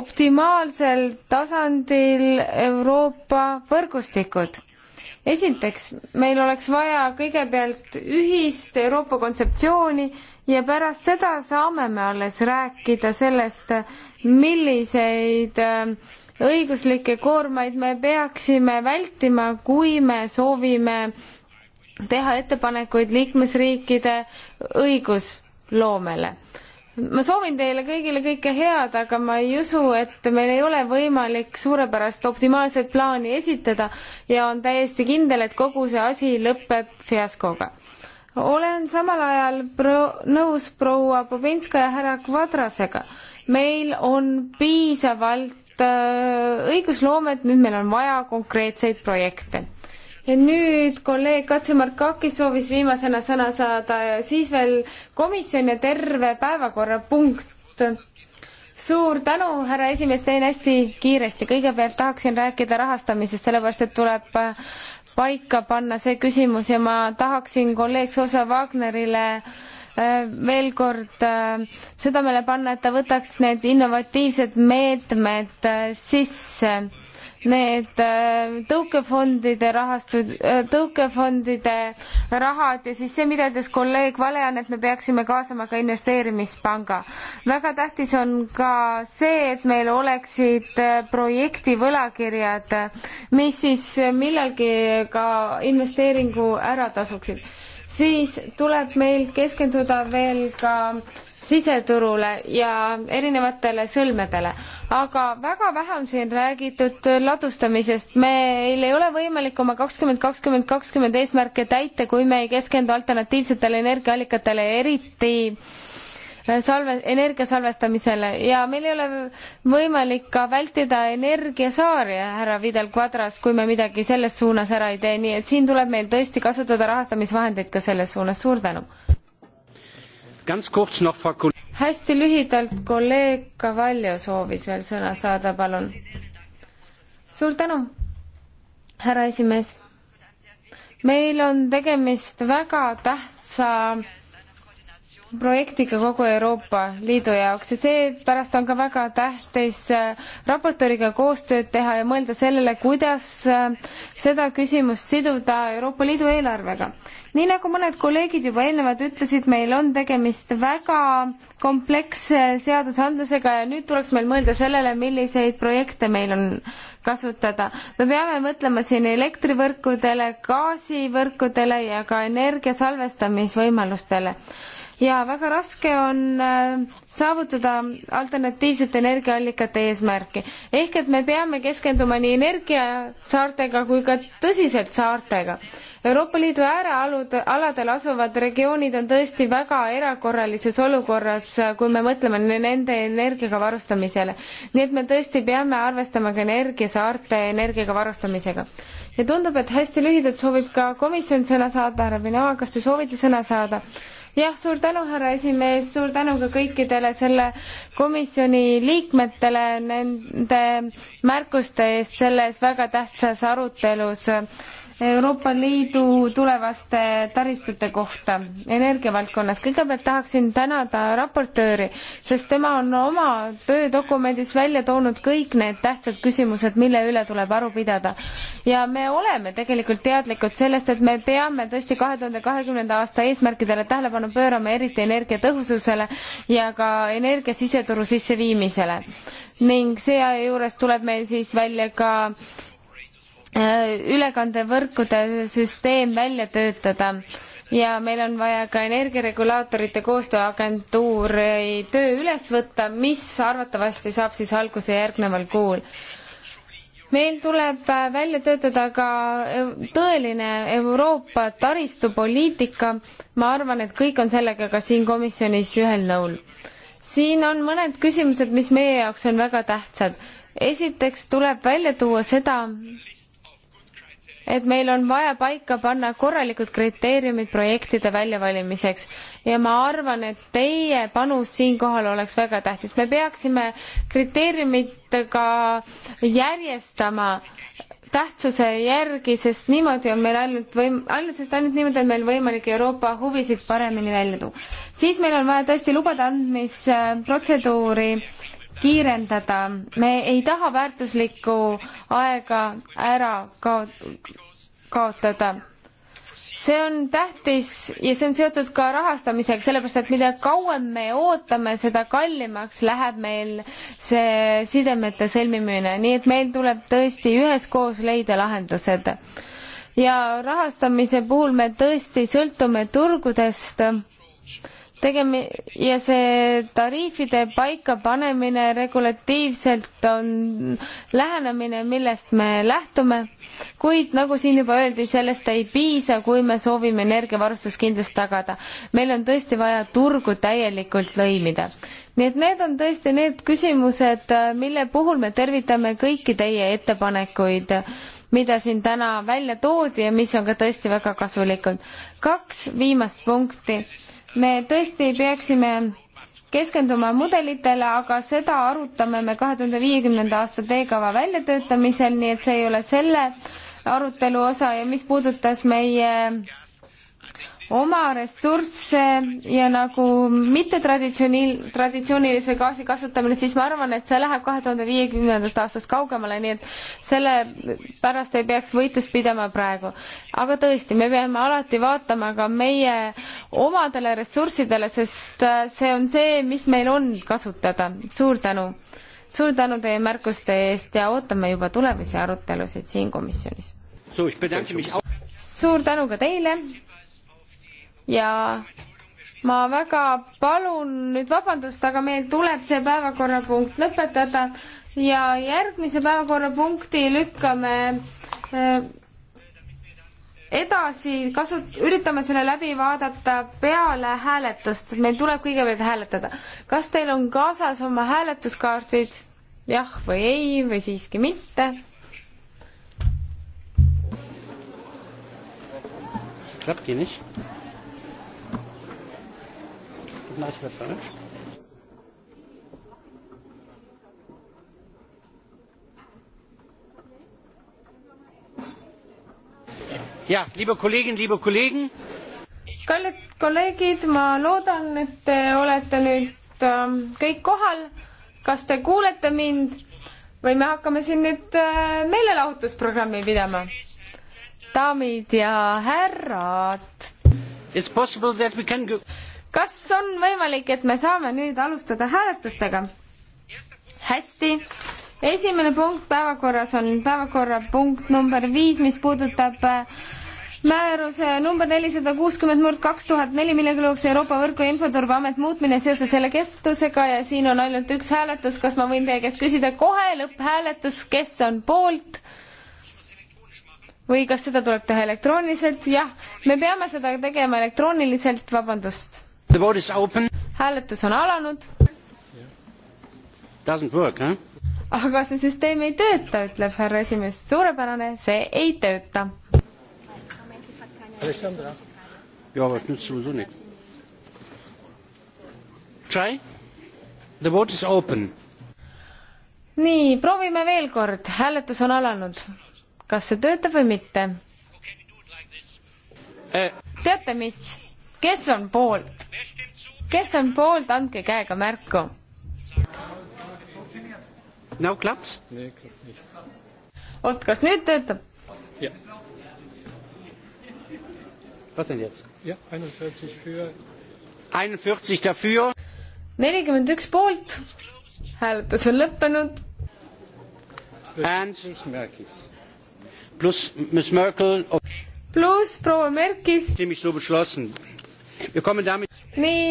optimaalsel tasandil Euroopa võrgustikud esiteks, meil oleks vaja kõigepealt ühist Euroopa kontseptsiooni ja pärast seda saame me alles rääkida sellest, milliseid äh, õiguslikke koormaid me peaksime vältima, kui me soovime teha ettepanekuid liikmesriikide õigusloomele ma soovin teile kõigile kõike head, aga ma ei usu, et meil ei ole võimalik suurepärast optimaalset plaani esitada ja on täiesti kindel, et kogu see asi lõpeb fiaskoga. olen samal ajal pro-, nõus proua Bobinska ja härra Kvadrasega. meil on piisavalt äh, õigusloomet, nüüd meil on vaja konkreetseid projekte ja nüüd kolleeg Katse Markakis soovis viimasena sõna saada ja siis veel komisjon ja terve päevakorrapunkt. suur tänu, härra esimees, teen hästi kiiresti. kõigepealt tahaksin rääkida rahastamisest, sellepärast et tuleb paika panna see küsimus ja ma tahaksin kolleeg Zosa Wagnerile äh, veel kord äh, südamele panna, et ta võtaks need innovatiivsed meetmed äh, sisse need äh, tõukefondide rahastud, äh, tõukefondide rahad ja siis see, mida ütles kolleeg Valean, et me peaksime kaasama ka investeerimispanga. väga tähtis on ka see, et meil oleksid äh, projekti võlakirjad, mis siis millalgi ka investeeringu ära tasuksid siis tuleb meil keskenduda veel ka äh, siseturule ja erinevatele sõlmedele. aga väga vähe on siin räägitud ladustamisest. meil ei ole võimalik oma kakskümmend, kakskümmend, kakskümmend eesmärke täita, kui me ei keskendu alternatiivsetele energiaallikatele, eriti äh, salve, energia salvestamisele ja meil ei ole võimalik ka vältida energiasaari, härra Vidal Quadras, kui me midagi selles suunas ära ei tee, nii et siin tuleb meil tõesti kasutada rahastamisvahendeid ka selles suunas. suur tänu! hästi lühidalt, kolleeg Kavaljo soovis veel sõna saada, palun. suur tänu, härra esimees. meil on tegemist väga tähtsa projektiga kogu Euroopa Liidu jaoks ja seepärast on ka väga tähtis äh, raportööriga koostööd teha ja mõelda sellele, kuidas äh, seda küsimust siduda Euroopa Liidu eelarvega. nii nagu mõned kolleegid juba eelnevalt ütlesid, meil on tegemist väga kompleksse seadusandlusega ja nüüd tuleks meil mõelda sellele, milliseid projekte meil on kasutada. me peame mõtlema siin elektrivõrkudele, gaasivõrkudele ja ka energia salvestamisvõimalustele ja väga raske on äh, saavutada alternatiivsete energiaallikate eesmärki. ehk et me peame keskenduma nii energiasaartega kui ka tõsiselt saartega. Euroopa Liidu äärealud, aladel asuvad regioonid on tõesti väga erakorralises olukorras, äh, kui me mõtleme nende energiaga varustamisele. nii et me tõesti peame arvestama ka energiasaarte energiaga varustamisega. ja tundub, et hästi lühidalt soovib ka komisjon sõna saada, härra Vinova, kas te soovite sõna saada? jah, suur tänu, härra esimees, suur tänu ka kõikidele selle komisjoni liikmetele nende märkuste eest selles väga tähtsas arutelus Euroopa Liidu tulevaste taristute kohta energiavaldkonnas. kõigepealt tahaksin tänada raportööri, sest tema on oma töödokumendis välja toonud kõik need tähtsad küsimused, mille üle tuleb aru pidada. ja me oleme tegelikult teadlikud sellest, et me peame tõesti kahe tuhande kahekümnenda aasta eesmärkidele tähelepanu pöörama, eriti energiatõhususele ja ka energia siseturu sisseviimisele ning seejuures tuleb meil siis välja ka Äh, ülekandevõrkude süsteem välja töötada ja meil on vaja ka energiaregulaatorite koostööagentuuri töö üles võtta, mis arvatavasti saab siis alguse järgneval kuul. meil tuleb äh, välja töötada ka äh, tõeline Euroopa taristupoliitika, ma arvan, et kõik on sellega ka siin komisjonis ühel nõul. siin on mõned küsimused, mis meie jaoks on väga tähtsad. esiteks tuleb välja tuua seda, et meil on vaja paika panna korralikud kriteeriumid projektide väljavalimiseks ja ma arvan, et teie panus siinkohal oleks väga tähtis. me peaksime kriteeriumitega järjestama tähtsuse järgi, sest niimoodi on meil ainult võim-, ainult, sest ainult niimoodi on meil võimalik Euroopa huvisid paremini välja tuua. siis meil on vaja tõesti lubade andmisprotseduuri äh, kiirendada, me ei taha väärtuslikku aega ära kaotada see on tähtis ja see on seotud ka rahastamisega, sellepärast et mida kauem me ootame, seda kallimaks läheb meil see sidemete sõlmimine, nii et meil tuleb tõesti üheskoos leida lahendused. ja rahastamise puhul me tõesti sõltume turgudest tegemi- ja see tariifide paikapanemine regulatiivselt on lähenemine, millest me lähtume, kuid nagu siin juba öeldi, sellest ei piisa, kui me soovime energiavarustuskindlust tagada. meil on tõesti vaja turgu täielikult lõimida. nii et need on tõesti need küsimused, mille puhul me tervitame kõiki teie ettepanekuid mida siin täna välja toodi ja mis on ka tõesti väga kasulikud. kaks viimast punkti me tõesti peaksime keskenduma mudelitele, aga seda arutame me kahe tuhande viiekümnenda aasta teekava väljatöötamisel, nii et see ei ole selle arutelu osa ja mis puudutas meie oma ressursse ja nagu mittetraditsioonil-, traditsioonilise gaasi kasutamine, siis ma arvan, et see läheb kahe tuhande viiekümnendast aastast kaugemale, nii et selle pärast ei peaks võitlust pidama praegu. aga tõesti, me peame alati vaatama ka meie omadele ressurssidele, sest äh, see on see, mis meil on kasutada. suur tänu! suur tänu teie märkuste eest ja ootame juba tulevasi arutelusid siin komisjonis. suur tänu ka teile! ja ma väga palun nüüd vabandust, aga meil tuleb see päevakorrapunkt lõpetada ja järgmise päevakorrapunkti lükkame eh, edasi, kasut-, üritame selle läbi vaadata peale hääletust, meil tuleb kõigepealt hääletada. kas teil on kaasas oma hääletuskaardid? jah või ei või siiski mitte? klappi nicht? Nachmittag. Ja, liebe Kolleginnen, liebe Kollegen. kallid kolleegid, ma loodan, et te olete nüüd ähm, kõik kohal. kas te kuulete mind või me hakkame siin nüüd äh, meelelahutusprogrammi pidama? daamid ja härrad. It's possible that we can go kas on võimalik, et me saame nüüd alustada hääletustega? hästi, esimene punkt päevakorras on päevakorrapunkt number viis, mis puudutab äh, määruse number nelisada kuuskümmend murd kaks tuhat neli, millega luuakse Euroopa Võrgu ja Infoturbeamet muutmine seoses selle kestusega ja siin on ainult üks hääletus, kas ma võin teie käest küsida kohe lõpphääletus, kes on poolt? või kas seda tuleb teha elektrooniliselt? jah, me peame seda tegema elektrooniliselt, vabandust hääletus on alanud. Huh? aga see süsteem ei tööta, ütleb härra esimees. suurepärane, see ei tööta. Alessandra, ja vot nüüd sul tunni. Try. The vote is open. nii, proovime veel kord, hääletus on alanud. kas see töötab või mitte? Eh. teate mis? kes on poolt? kes on poolt, andke käega märku. no klaps? oot, kas nüüd töötab? Was denn jetzt? Ja, 41 für. 41 dafür. 41 poolt. Hääletus on lõppenud. And plus Miss Merkel. Plus proua Merkis. Stimme ich so beschlossen nii,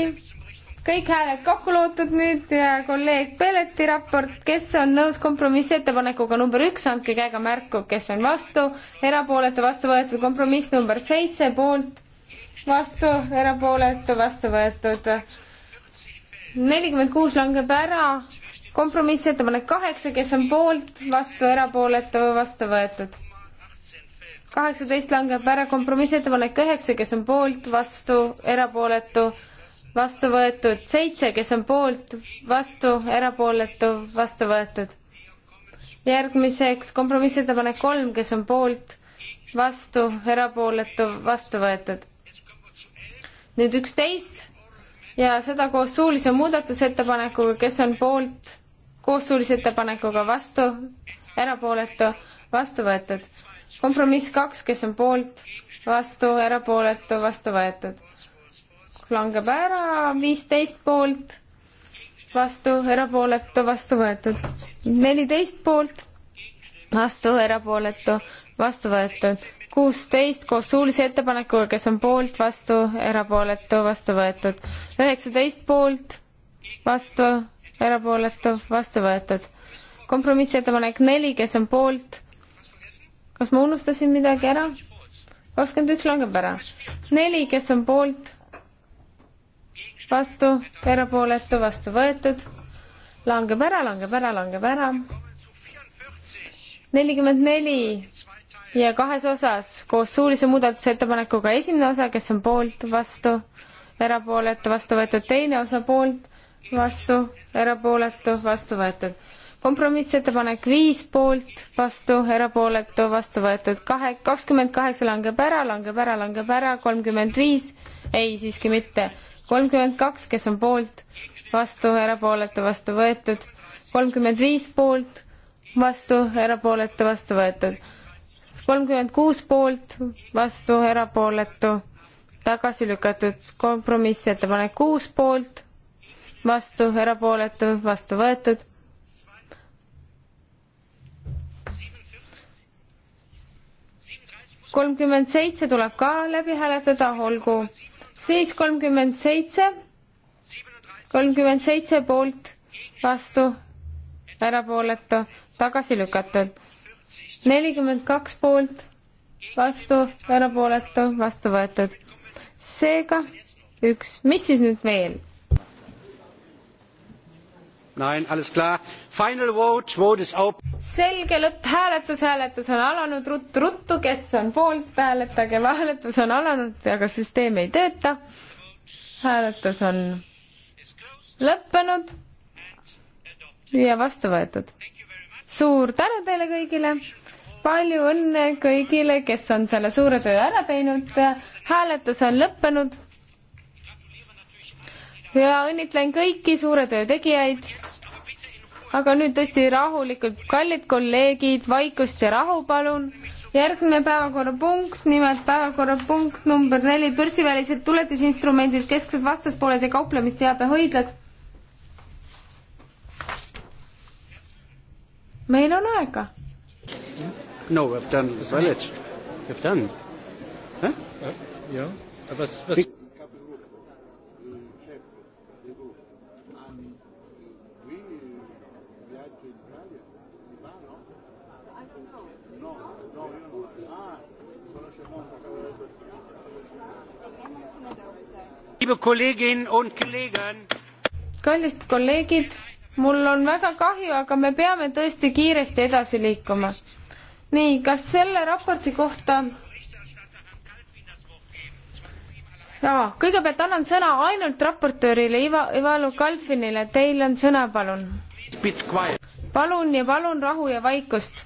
kõik hääled kokku lootud nüüd ja kolleeg Pelleti raport, kes on nõus kompromissettepanekuga number üks, andke käega märku, kes on vastu, erapooletu vastu võetud kompromiss number seitse poolt, vastu, erapooletu vastu võetud. nelikümmend kuus langeb ära, kompromissettepanek kaheksa, kes on poolt, vastu, erapooletu, vastu võetud kaheksateist langeb ära kompromissettepanek üheksa, kes on poolt, vastu, erapooletu, vastu võetud. seitse, kes on poolt, vastu, erapooletu, vastu võetud. järgmiseks kompromissettepanek kolm, kes on poolt, vastu, erapooletu, vastu võetud. nüüd üksteist ja seda koos suulise muudatusettepanekuga, kes on poolt, koos suulise ettepanekuga vastu, erapooletu, vastu võetud kompromiss kaks, kes on poolt, vastu, erapooletu, vastu võetud. langeb ära, viisteist poolt, vastu, erapooletu, vastu võetud. neliteist poolt, vastu, erapooletu, vastu võetud. kuusteist koos suulise ettepanekuga, kes on poolt, vastu, erapooletu, vastu võetud. üheksateist poolt, vastu, erapooletu, vastu võetud. kompromissettepanek neli, kes on poolt kas ma unustasin midagi ära? kakskümmend üks langeb ära. neli, kes on poolt, vastu, erapooletu, vastu võetud, langeb ära, langeb ära, langeb ära. nelikümmend neli ja kahes osas koos suulise muudatusettepanekuga esimene osa, kes on poolt, vastu, erapooletu, vastu võetud, teine osa poolt, vastu, erapooletu, vastu võetud kompromissettepanek viis poolt, vastu, erapooletu, vastu võetud kahe, kakskümmend kaheksa langeb ära, langeb ära, langeb ära, kolmkümmend viis, ei, siiski mitte, kolmkümmend kaks, kes on poolt, vastu, erapooletu, vastu võetud, kolmkümmend viis poolt, vastu, erapooletu, vastu võetud, kolmkümmend kuus poolt, vastu, erapooletu, tagasi lükatud, kompromissettepanek kuus poolt, vastu, erapooletu, vastu võetud kolmkümmend seitse tuleb ka läbi hääletada, olgu. siis kolmkümmend seitse, kolmkümmend seitse poolt, vastu, erapooletu, tagasi lükatud. nelikümmend kaks poolt, vastu, erapooletu, vastu võetud. seega üks, mis siis nüüd veel? Nein, alles klar. Final vote, vote is open. selge lõpphääletus, hääletus on alanud, ruttu-ruttu, kes on poolt, hääletage, hääletus on alanud, aga süsteem ei tööta. hääletus on lõppenud ja vastu võetud. suur tänu teile kõigile, palju õnne kõigile, kes on selle suure töö ära teinud. hääletus on lõppenud ja õnnitlen kõiki suure töö tegijaid. aga nüüd tõesti rahulikult, kallid kolleegid, vaikust ja rahu, palun. järgmine päevakorrapunkt, nimelt päevakorrapunkt number neli, börsivälised tuletisinstrumendid, kesksed vastaspooled ja kauplemisteabehoidlad meil on aega. no we have done the village, we have done huh?. jah, uh, aga. kallid kolleegid, mul on väga kahju, aga me peame tõesti kiiresti edasi liikuma. nii, kas selle raporti kohta jaa, kõigepealt annan sõna ainult raportöörile Iva, Ivalu Kalfinile, teil on sõna, palun. palun ja palun rahu ja vaikust.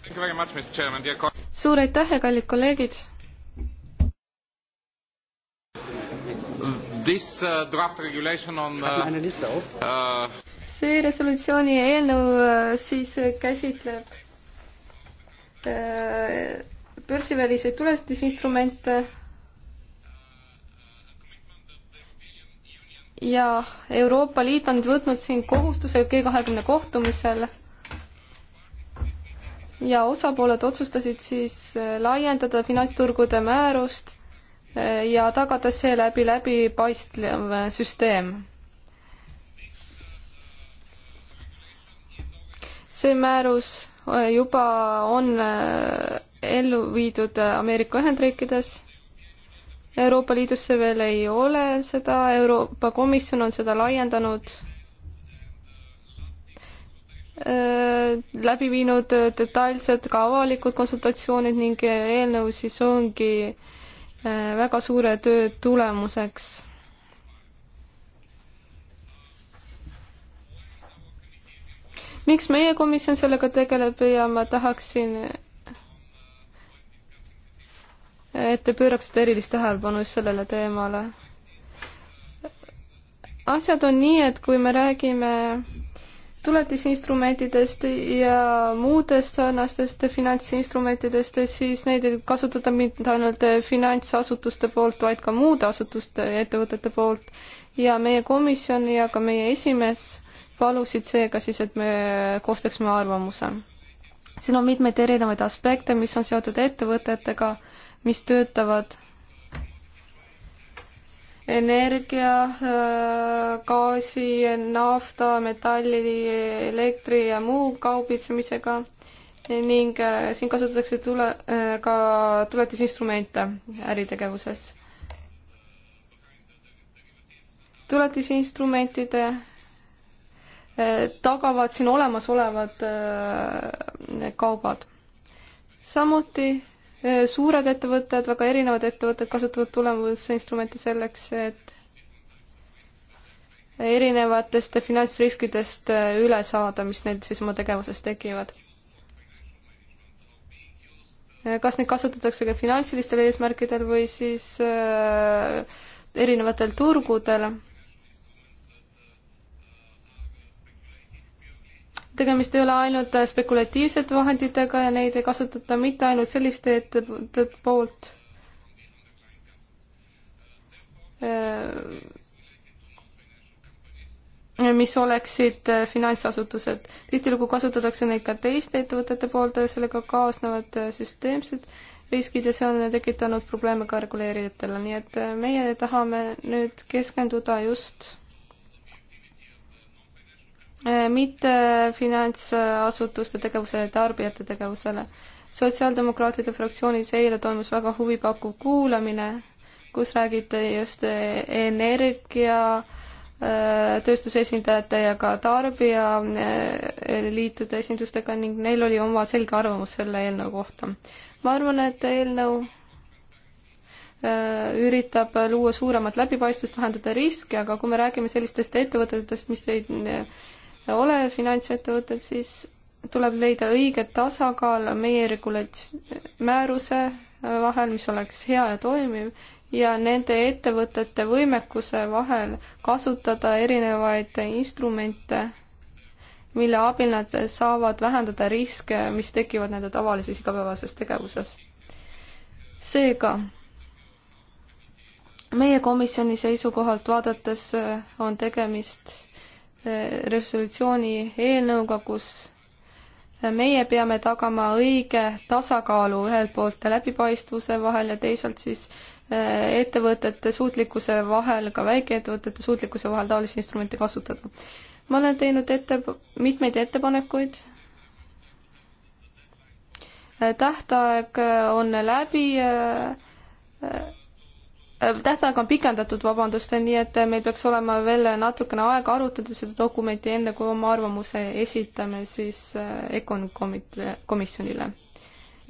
suur aitäh ja kallid kolleegid This uh, draft regulation on uh, oh. uh, see resolutsiooni eelnõu uh, siis uh, käsitleb börsiväliseid tuletisinstrumente ja Euroopa Liit on võtnud siin kohustuse G kahekümne kohtumisel ja osapooled otsustasid siis laiendada finantsturgude määrust ja tagada seeläbi läbipaistlev süsteem. see määrus eh, juba on eh, ellu viidud eh, Ameerika Ühendriikides Euroopa Liidus see veel ei ole, seda Euroopa Komisjon on seda laiendanud, läbi viinud detailsed ka avalikud konsultatsioonid ning eelnõu siis ongi öö, Äh, väga suure töö tulemuseks miks meie komisjon sellega tegeleb ja ma tahaksin, et te pööraksite erilist tähelepanu just sellele teemale. asjad on nii, et kui me räägime tuletisinstrumentidest ja muudest sarnastest finantsinstrumentidest, siis neid ei kasutata mitte ainult finantsasutuste poolt, vaid ka muude asutuste ja ettevõtete poolt. ja meie komisjon ja ka meie esimees palusid seega siis, et me koostaksime arvamuse. siin on mitmeid erinevaid aspekte, mis on seotud ettevõtetega, mis töötavad energia, äh, gaasi, nafta, metalli, elektri ja muu kaubitsemisega ning äh, siin kasutatakse tule, äh, ka tuletisinstrumente äritegevuses. tuletisinstrumentide tagavad siin olemasolevad kaubad. samuti Äh, suured ettevõtted, väga erinevad ettevõtted kasutavad tulemusinstrumente selleks, et erinevatest finantsriskidest äh, üle saada, mis neil siis oma tegevuses tekivad. Äh, kas neid kasutatakse ka finantsilistel eesmärkidel või siis erinevatel turgudel tegemist ei ole ainult spekulatiivsete vahenditega ja neid ei kasutata mitte ainult selliste ettevõtete poolt äh, mis oleksid äh, finantsasutused. tihtilugu kasutatakse neid ka teiste ettevõtete poolt, äh, sellega kaasnevad süsteemsed riskid ja see on tekitanud probleeme ka reguleerijatele, nii et meie tahame nüüd keskenduda just Äh, mitte finantsasutuste tegevusele ja tarbijate tegevusele. sotsiaaldemokraatide fraktsioonis eile toimus väga huvipakkuv kuulamine, kus räägiti just energia äh, tööstuse esindajate ja ka tarbijaliitude äh, esindustega ning neil oli oma selge arvamus selle eelnõu kohta. ma arvan, et eelnõu üritab luua suuremat läbipaistvust, vähendada riske, aga kui me räägime sellistest ettevõtetest, mis ei ole finantsettevõtted, siis tuleb leida õige tasakaal meie regulats-, määruse vahel, mis oleks hea ja toimiv, ja nende ettevõtete võimekuse vahel kasutada erinevaid instrumente, mille abil nad saavad vähendada riske, mis tekivad nende tavalises igapäevases tegevuses. seega, meie komisjoni seisukohalt vaadates on tegemist resolutsiooni eelnõuga, kus meie peame tagama õige tasakaalu ühelt poolt läbipaistvuse vahel ja teisalt siis eh, ettevõtete suutlikkuse vahel, ka väikeettevõtete suutlikkuse vahel taolisi instrumente kasutada. ma olen teinud ette, mitmeid ettepanekuid. Eh, tähtaeg eh, on läbi Äh, tähtaeg on pikendatud, vabandust, nii et äh, meil peaks olema veel natukene aega arutada seda dokumenti, enne kui oma arvamuse esitame siis äh, EKON komitee, komisjonile,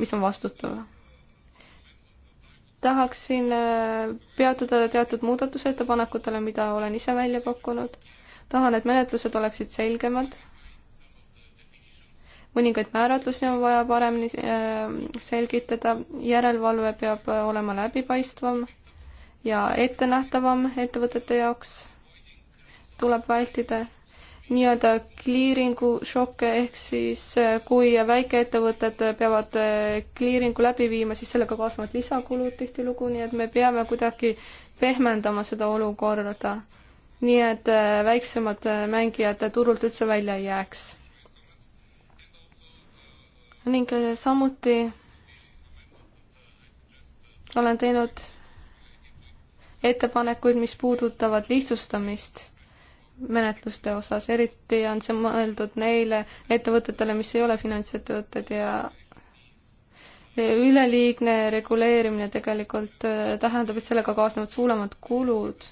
mis on vastutav. tahaksin peatuda teatud muudatusettepanekutele, mida olen ise välja pakkunud. tahan, et menetlused oleksid selgemad, mõningaid määratlusi on vaja paremini selgitada, järelevalve peab olema läbipaistvam ja ettenähtavam ettevõtete jaoks. tuleb vältida nii-öelda kliiringu šokke ehk siis eh, kui väikeettevõtted peavad kliiringu eh, läbi viima, siis sellega kaasnevad lisakulud tihtilugu, nii et me peame kuidagi pehmendama seda olukorda, nii et eh, väiksemad mängijad turult üldse välja ei jääks. ning samuti olen teinud ettepanekuid, mis puudutavad lihtsustamist menetluste osas, eriti on see mõeldud neile ettevõtetele, mis ei ole finantsettevõtted ja üleliigne reguleerimine tegelikult äh, tähendab, et sellega kaasnevad suuremad kulud.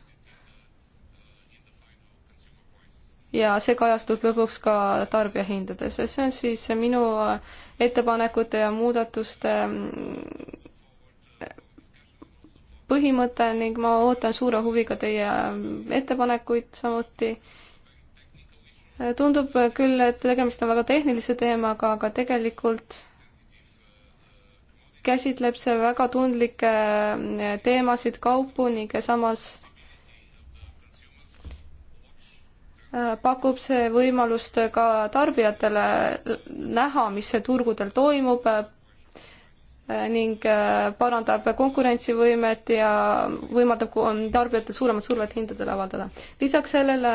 ja see kajastub lõpuks ka tarbijahindades ja see on siis minu ettepanekute ja muudatuste mm, põhimõte ning ma ootan suure huviga teie ettepanekuid samuti. tundub küll, et tegemist on väga tehnilise teemaga, aga tegelikult käsitleb see väga tundlikke teemasid, kaupu ning samas pakub see võimalust ka tarbijatele näha, mis see turgudel toimub, Äh, ning äh, parandab konkurentsivõimet ja võimaldab tarbijatel suuremat survet hindadele avaldada. lisaks sellele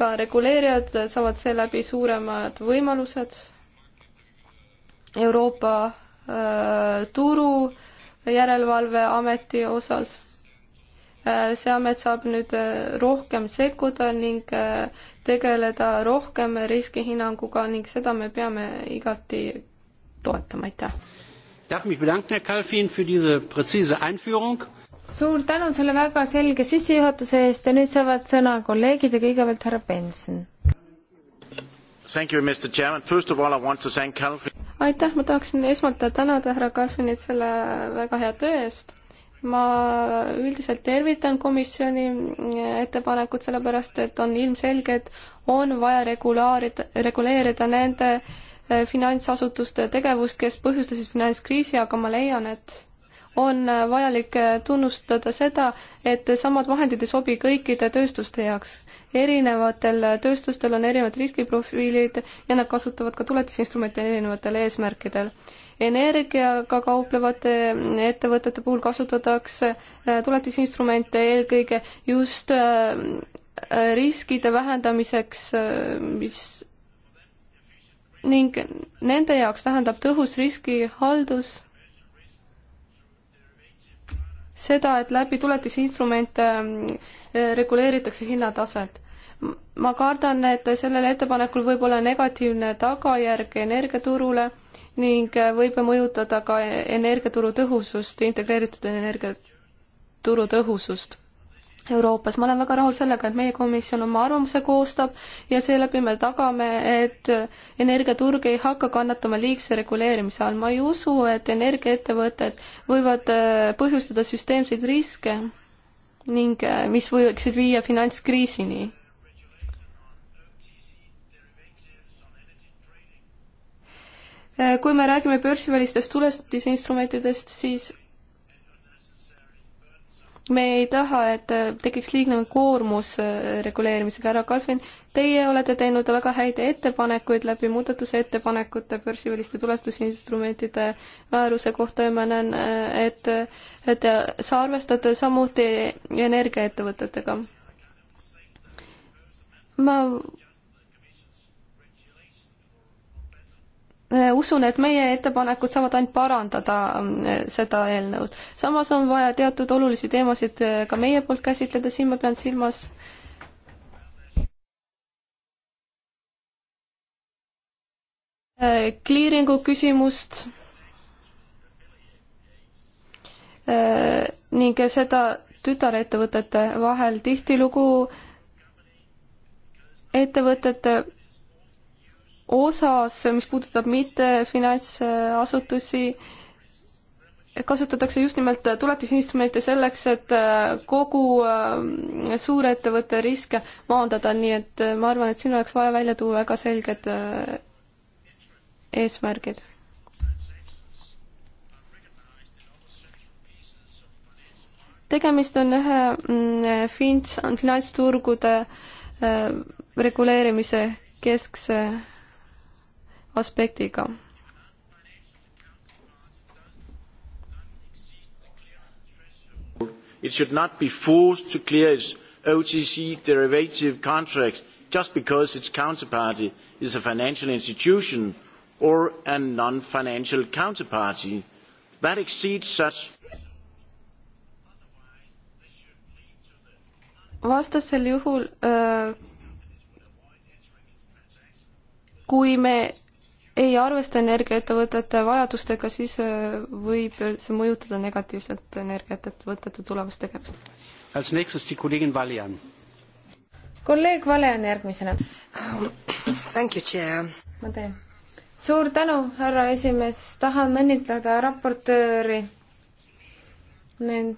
ka reguleerijad saavad seeläbi suuremad võimalused Euroopa äh, turu järelevalveameti osas äh,. see amet saab nüüd äh, rohkem sekkuda ning äh, tegeleda rohkem riskihinnanguga ning seda me peame igati toetama, aitäh! darf mich bedanken, Herr Kalfin, für diese präzise Einführung. suur tänu selle väga selge sissejuhatuse eest ja nüüd saavad sõna kolleegid ja kõigepealt härra Benson. aitäh, ma tahaksin esmalt tänada härra Kalfinit selle väga hea töö eest ma üldiselt tervitan komisjoni ettepanekut, sellepärast et on ilmselge, et on vaja regulaarid, reguleerida nende äh, Äh, finantsasutuste tegevust, kes põhjustasid finantskriisi, aga ma leian, et on äh, vajalik äh, tunnustada seda, et samad vahendid ei sobi kõikide tööstuste jaoks. erinevatel tööstustel on erinevad riskiprofiilid ja nad kasutavad ka tuletisinstrumente erinevatel eesmärkidel. energiaga kauplevate ettevõtete puhul kasutatakse tuletisinstrumente eelkõige just riskide vähendamiseks, mis ning nende jaoks tähendab tõhus riskihaldus seda, et läbi tuletisinstrumente ähm, äh, reguleeritakse hinnataset. ma kardan, et sellel ettepanekul võib olla negatiivne tagajärg energiaturule ning äh, võib mõjutada ka e-, energiaturu tõhusust, integreeritud energiaturu tõhusust Euroopas, ma olen väga rahul sellega, et meie komisjon oma arvamuse koostab ja seeläbi me tagame, et energiaturg ei hakka kannatama liigse reguleerimise all. ma ei usu, et energiaettevõtted võivad äh, põhjustada süsteemseid riske ning äh, mis võiksid viia finantskriisini. Äh, kui me räägime börsivälistest tuletisinstrumentidest, siis me ei taha, et äh, tekiks liigne koormus äh, reguleerimisega. härra Kalvin, teie olete teinud väga häid ettepanekuid läbi muudatusettepanekute börsiväliste tulestusinstrumentide määruse kohta ja ma näen, äh, et, et sa arvestad samuti energiaettevõtetega. ma Äh, usun, et meie ettepanekud saavad ainult parandada ähm, seda eelnõud. samas on vaja teatud olulisi teemasid äh, ka meie poolt käsitleda, siin ma pean silmas kliiringu äh, küsimust ning seda tütarettevõtete vahel tihtilugu ettevõtete osas, mis puudutab mittefinantsasutusi, kasutatakse just nimelt tuletisinstrumente selleks, et kogu äh, suurettevõtte riske maandada, nii et äh, ma arvan, et siin oleks vaja välja tuua väga selged äh, eesmärgid. tegemist on ühe mm, finants, finantsturgude reguleerimise keskse aspektiga. It should not be forced to clear its OTC derivative contracts just because its counterparty is a financial institution or a non-financial counterparty. That exceeds such vastasel juhul, äh, kui me ei arvesta energiaettevõtete vajadustega, siis äh, võib see mõjutada negatiivselt energiaettevõtete tulevast tegevust. kolleeg Valjan järgmisena. ma teen. suur tänu, härra esimees, tahan õnnitleda raportööri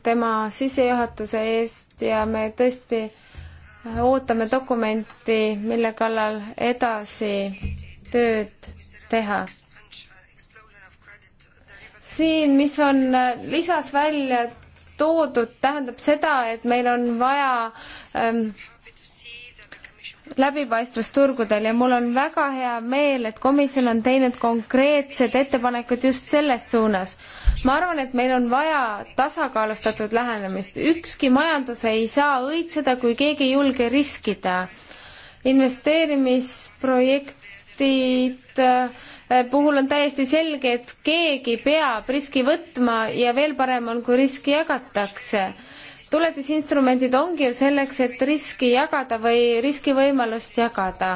tema sissejuhatuse eest ja me tõesti ootame dokumenti, mille kallal edasi tööd teha. siin, mis on lisas välja toodud, tähendab seda, et meil on vaja ähm, läbipaistvusturgudel ja mul on väga hea meel, et komisjon on teinud konkreetsed ettepanekud just selles suunas. ma arvan, et meil on vaja tasakaalustatud lähenemist, ükski majandus ei saa õitseda, kui keegi ei julge riskida. investeerimisprojekt projektid äh, puhul on täiesti selge, et keegi peab riski võtma ja veel parem on, kui riski jagatakse. tuletisinstrumendid ongi ju selleks, et riski jagada või riskivõimalust jagada.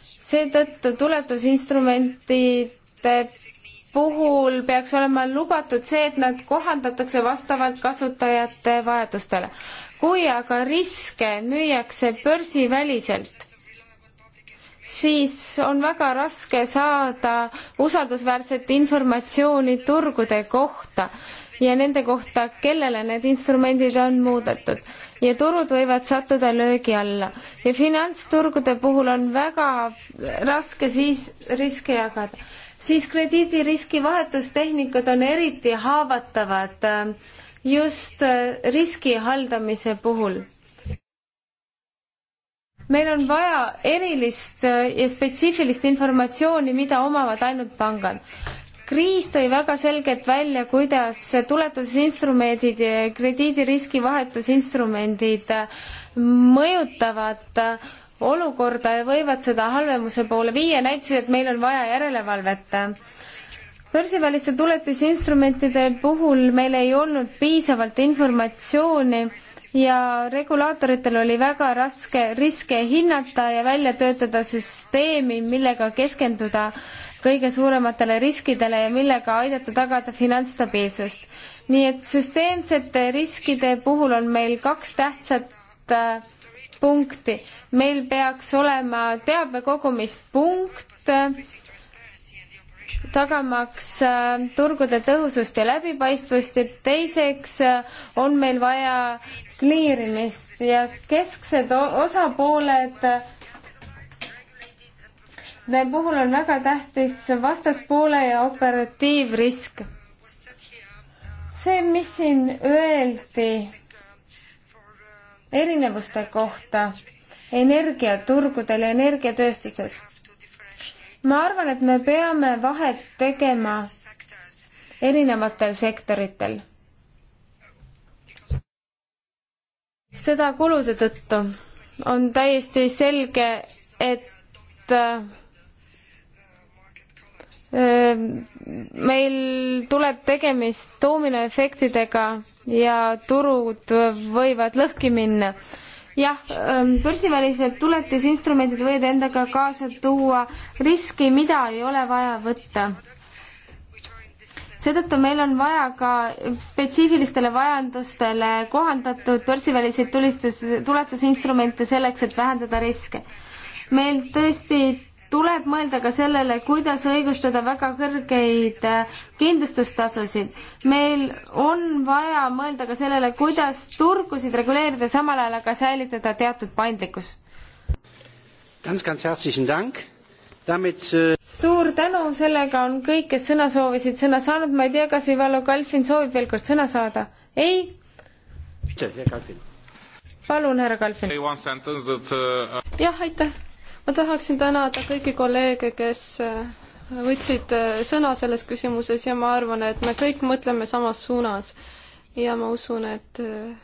seetõttu tuletusinstrumentide puhul peaks olema lubatud see, et nad kohandatakse vastavalt kasutajate vajadustele. kui aga riske müüakse börsiväliselt, siis on väga raske saada usaldusväärset informatsiooni turgude kohta ja nende kohta, kellele need instrumendid on muudetud ja turud võivad sattuda löögi alla. ja finantsturgude puhul on väga raske siis riske jagada. siis krediidiriski vahetustehnikud on eriti haavatavad äh, just äh, riski haldamise puhul meil on vaja erilist äh, ja spetsiifilist informatsiooni, mida omavad ainult pangad. kriis tõi väga selgelt välja, kuidas tuletusinstrumendid ja krediidiriski vahetusinstrumendid äh, mõjutavad äh, olukorda ja võivad seda halvemuse poole viia, näitasid, et meil on vaja järelevalvet börsiväliste tuletisinstrumentide puhul meil ei olnud piisavalt informatsiooni ja regulaatoritel oli väga raske riske hinnata ja välja töötada süsteemi, millega keskenduda kõige suurematele riskidele ja millega aidata tagada finantsstabiilsust. nii et süsteemsete riskide puhul on meil kaks tähtsat äh, punkti. meil peaks olema teabekogumispunkt, tagamaks äh, turgude tõhusust ja läbipaistvust ja teiseks äh, on meil vaja kliirimist ja kesksed osapooled äh, puhul on väga tähtis vastaspoole ja operatiivrisk. see, mis siin öeldi erinevuste kohta energiaturgudel ja energiatööstuses ma arvan, et me peame vahet tegema erinevatel sektoritel. seda kulude tõttu on täiesti selge, et äh, meil tuleb tegemist doominoefektidega ja turud võivad lõhki minna jah, ähm, börsivälised tuletisinstrumendid võivad endaga kaasa tuua riski, mida ei ole vaja võtta seetõttu meil on vaja ka spetsiifilistele vajadustele kohandatud börsiväliseid tulistus, tuletusinstrumente selleks, et vähendada riske. meil tõesti tuleb mõelda ka sellele, kuidas õigustada väga kõrgeid äh, kindlustustasusid. meil on vaja mõelda ka sellele, kuidas turgusid reguleerida, samal ajal aga säilitada teatud paindlikkus. Damit... Äh, suur tänu, sellega on kõik, kes sõna soovisid, sõna saanud, ma ei tea, kas Ivalo Kalfin soovib veel kord sõna saada? ei? palun, härra Kalfin. Uh, jah, aitäh ma tahaksin tänada kõiki kolleege, kes äh, võtsid äh, sõna selles küsimuses ja ma arvan, et me kõik mõtleme samas suunas. ja ma usun, et äh,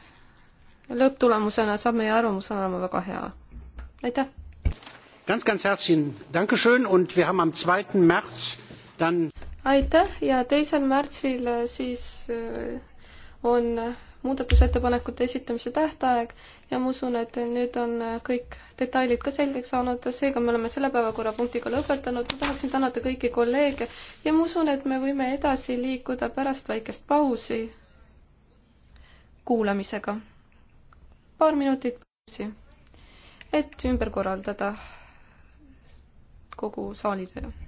lõpptulemusena saab meie arvamus olema väga hea. aitäh! ganz, ganz herzlichen Dankeschön und wir haben am zweiten März dann aitäh ja teisel märtsil siis on muudatusettepanekute esitamise tähtaeg ja ma usun, et nüüd on kõik detailid ka selgeks saanud, seega me oleme selle päevakorrapunktiga lõpetanud. ma tahaksin tänada kõiki kolleege ja ma usun, et me võime edasi liikuda pärast väikest pausi kuulamisega. paar minutit pausi, et ümber korraldada kogu saalitöö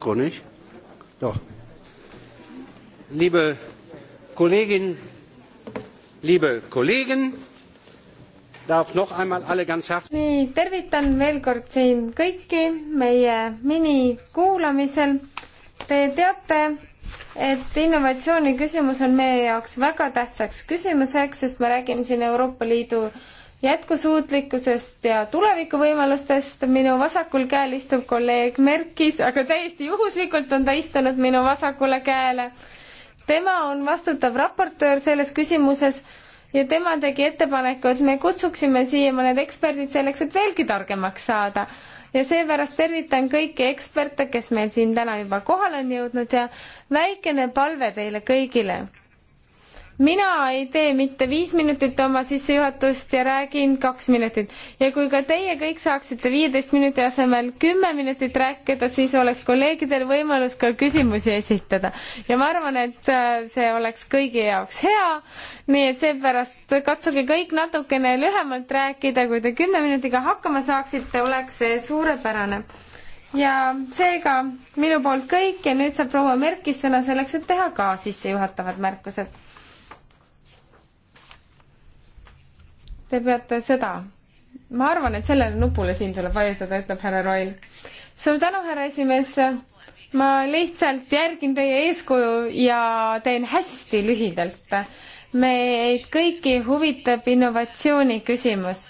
König? Doch. Liebe Kolleginnen, liebe Kollegen, darf noch einmal alle ganz herzlich. nii, tervitan veel kord siin kõiki meie minikuulamisel. Te teate, et innovatsiooni küsimus on meie jaoks väga tähtsaks küsimuseks, sest me räägime siin Euroopa Liidu jätkusuutlikkusest ja tulevikuvõimalustest. minu vasakul käel istub kolleeg Merkis, aga täiesti juhuslikult on ta istunud minu vasakule käele. tema on vastutav raportöör selles küsimuses ja tema tegi ettepaneku, et me kutsuksime siia mõned eksperdid selleks, et veelgi targemaks saada. ja seepärast tervitan kõiki eksperte, kes meil siin täna juba kohale on jõudnud ja väikene palve teile kõigile mina ei tee mitte viis minutit oma sissejuhatust ja räägin kaks minutit. ja kui ka teie kõik saaksite viieteist minuti asemel kümme minutit rääkida, siis oleks kolleegidel võimalus ka küsimusi esitada. ja ma arvan, et äh, see oleks kõigi jaoks hea, nii et seepärast katsuge kõik natukene lühemalt rääkida, kui te kümne minutiga hakkama saaksite, oleks see suurepärane ja seega minu poolt kõik ja nüüd saab proua Merkis sõna selleks, et teha ka sissejuhatavad märkused Te peate seda. ma arvan, et sellele nupule siin tuleb vajutada, ütleb härra Roil. suur tänu, härra esimees. ma lihtsalt järgin teie eeskuju ja teen hästi lühidalt. meid kõiki huvitab innovatsiooni küsimus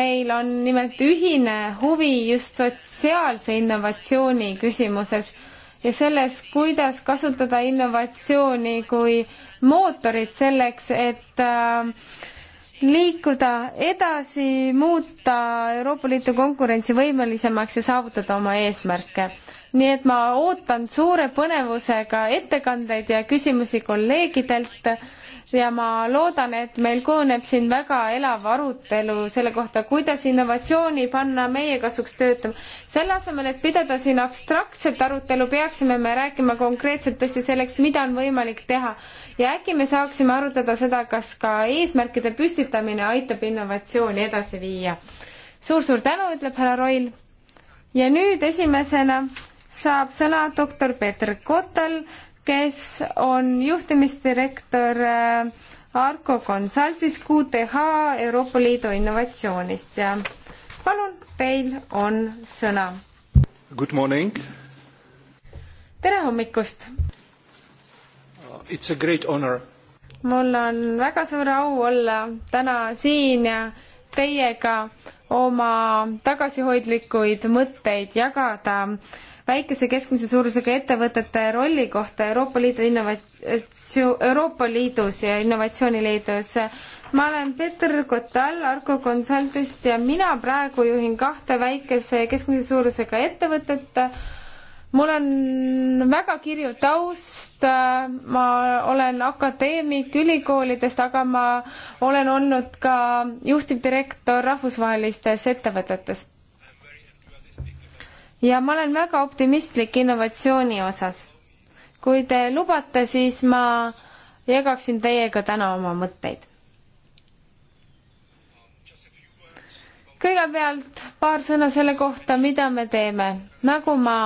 meil on nimelt ühine huvi just sotsiaalse innovatsiooni küsimuses ja selles, kuidas kasutada innovatsiooni kui mootorit selleks, et äh, liikuda edasi, muuta Euroopa Liitu konkurentsivõimelisemaks ja saavutada oma eesmärke. nii et ma ootan suure põnevusega ettekandeid ja küsimusi kolleegidelt ja ma loodan, et meil kujuneb siin väga elav arutelu selle kohta, kuidas innovatsiooni panna meie kasuks töötama. selle asemel, et pidada siin abstraktset arutelu, peaksime me rääkima konkreetselt tõesti selleks, mida on võimalik teha. ja äkki me saaksime arutada seda, kas ka eesmärkide püstitamine aitab innovatsiooni edasi viia suur,. suur-suur tänu, ütleb härra Roil. ja nüüd esimesena saab sõna doktor Peeter Kotel kes on juhtimisdirektor äh, Arco Consultis QTH Euroopa Liidu innovatsioonist ja palun, teil on sõna. Good morning! tere hommikust! Uh, it's a great honor. mul on väga suur au olla täna siin ja teiega oma tagasihoidlikuid mõtteid jagada äh, väikese keskmise suurusega ettevõtete rolli kohta Euroopa Liidu innovatsio-, Euroopa Liidus ja Innovatsiooniliidus. ma olen Peeter Kotal Arco Consultist ja mina praegu juhin kahte väikese keskmise suurusega ettevõtet. mul on väga kirju taust, ma olen akadeemik ülikoolidest, aga ma olen olnud ka juhtivdirektor rahvusvahelistes ettevõtetes ja ma olen väga optimistlik innovatsiooni osas. kui te lubate, siis ma jagaksin teiega täna oma mõtteid. kõigepealt paar sõna selle kohta, mida me teeme. nagu ma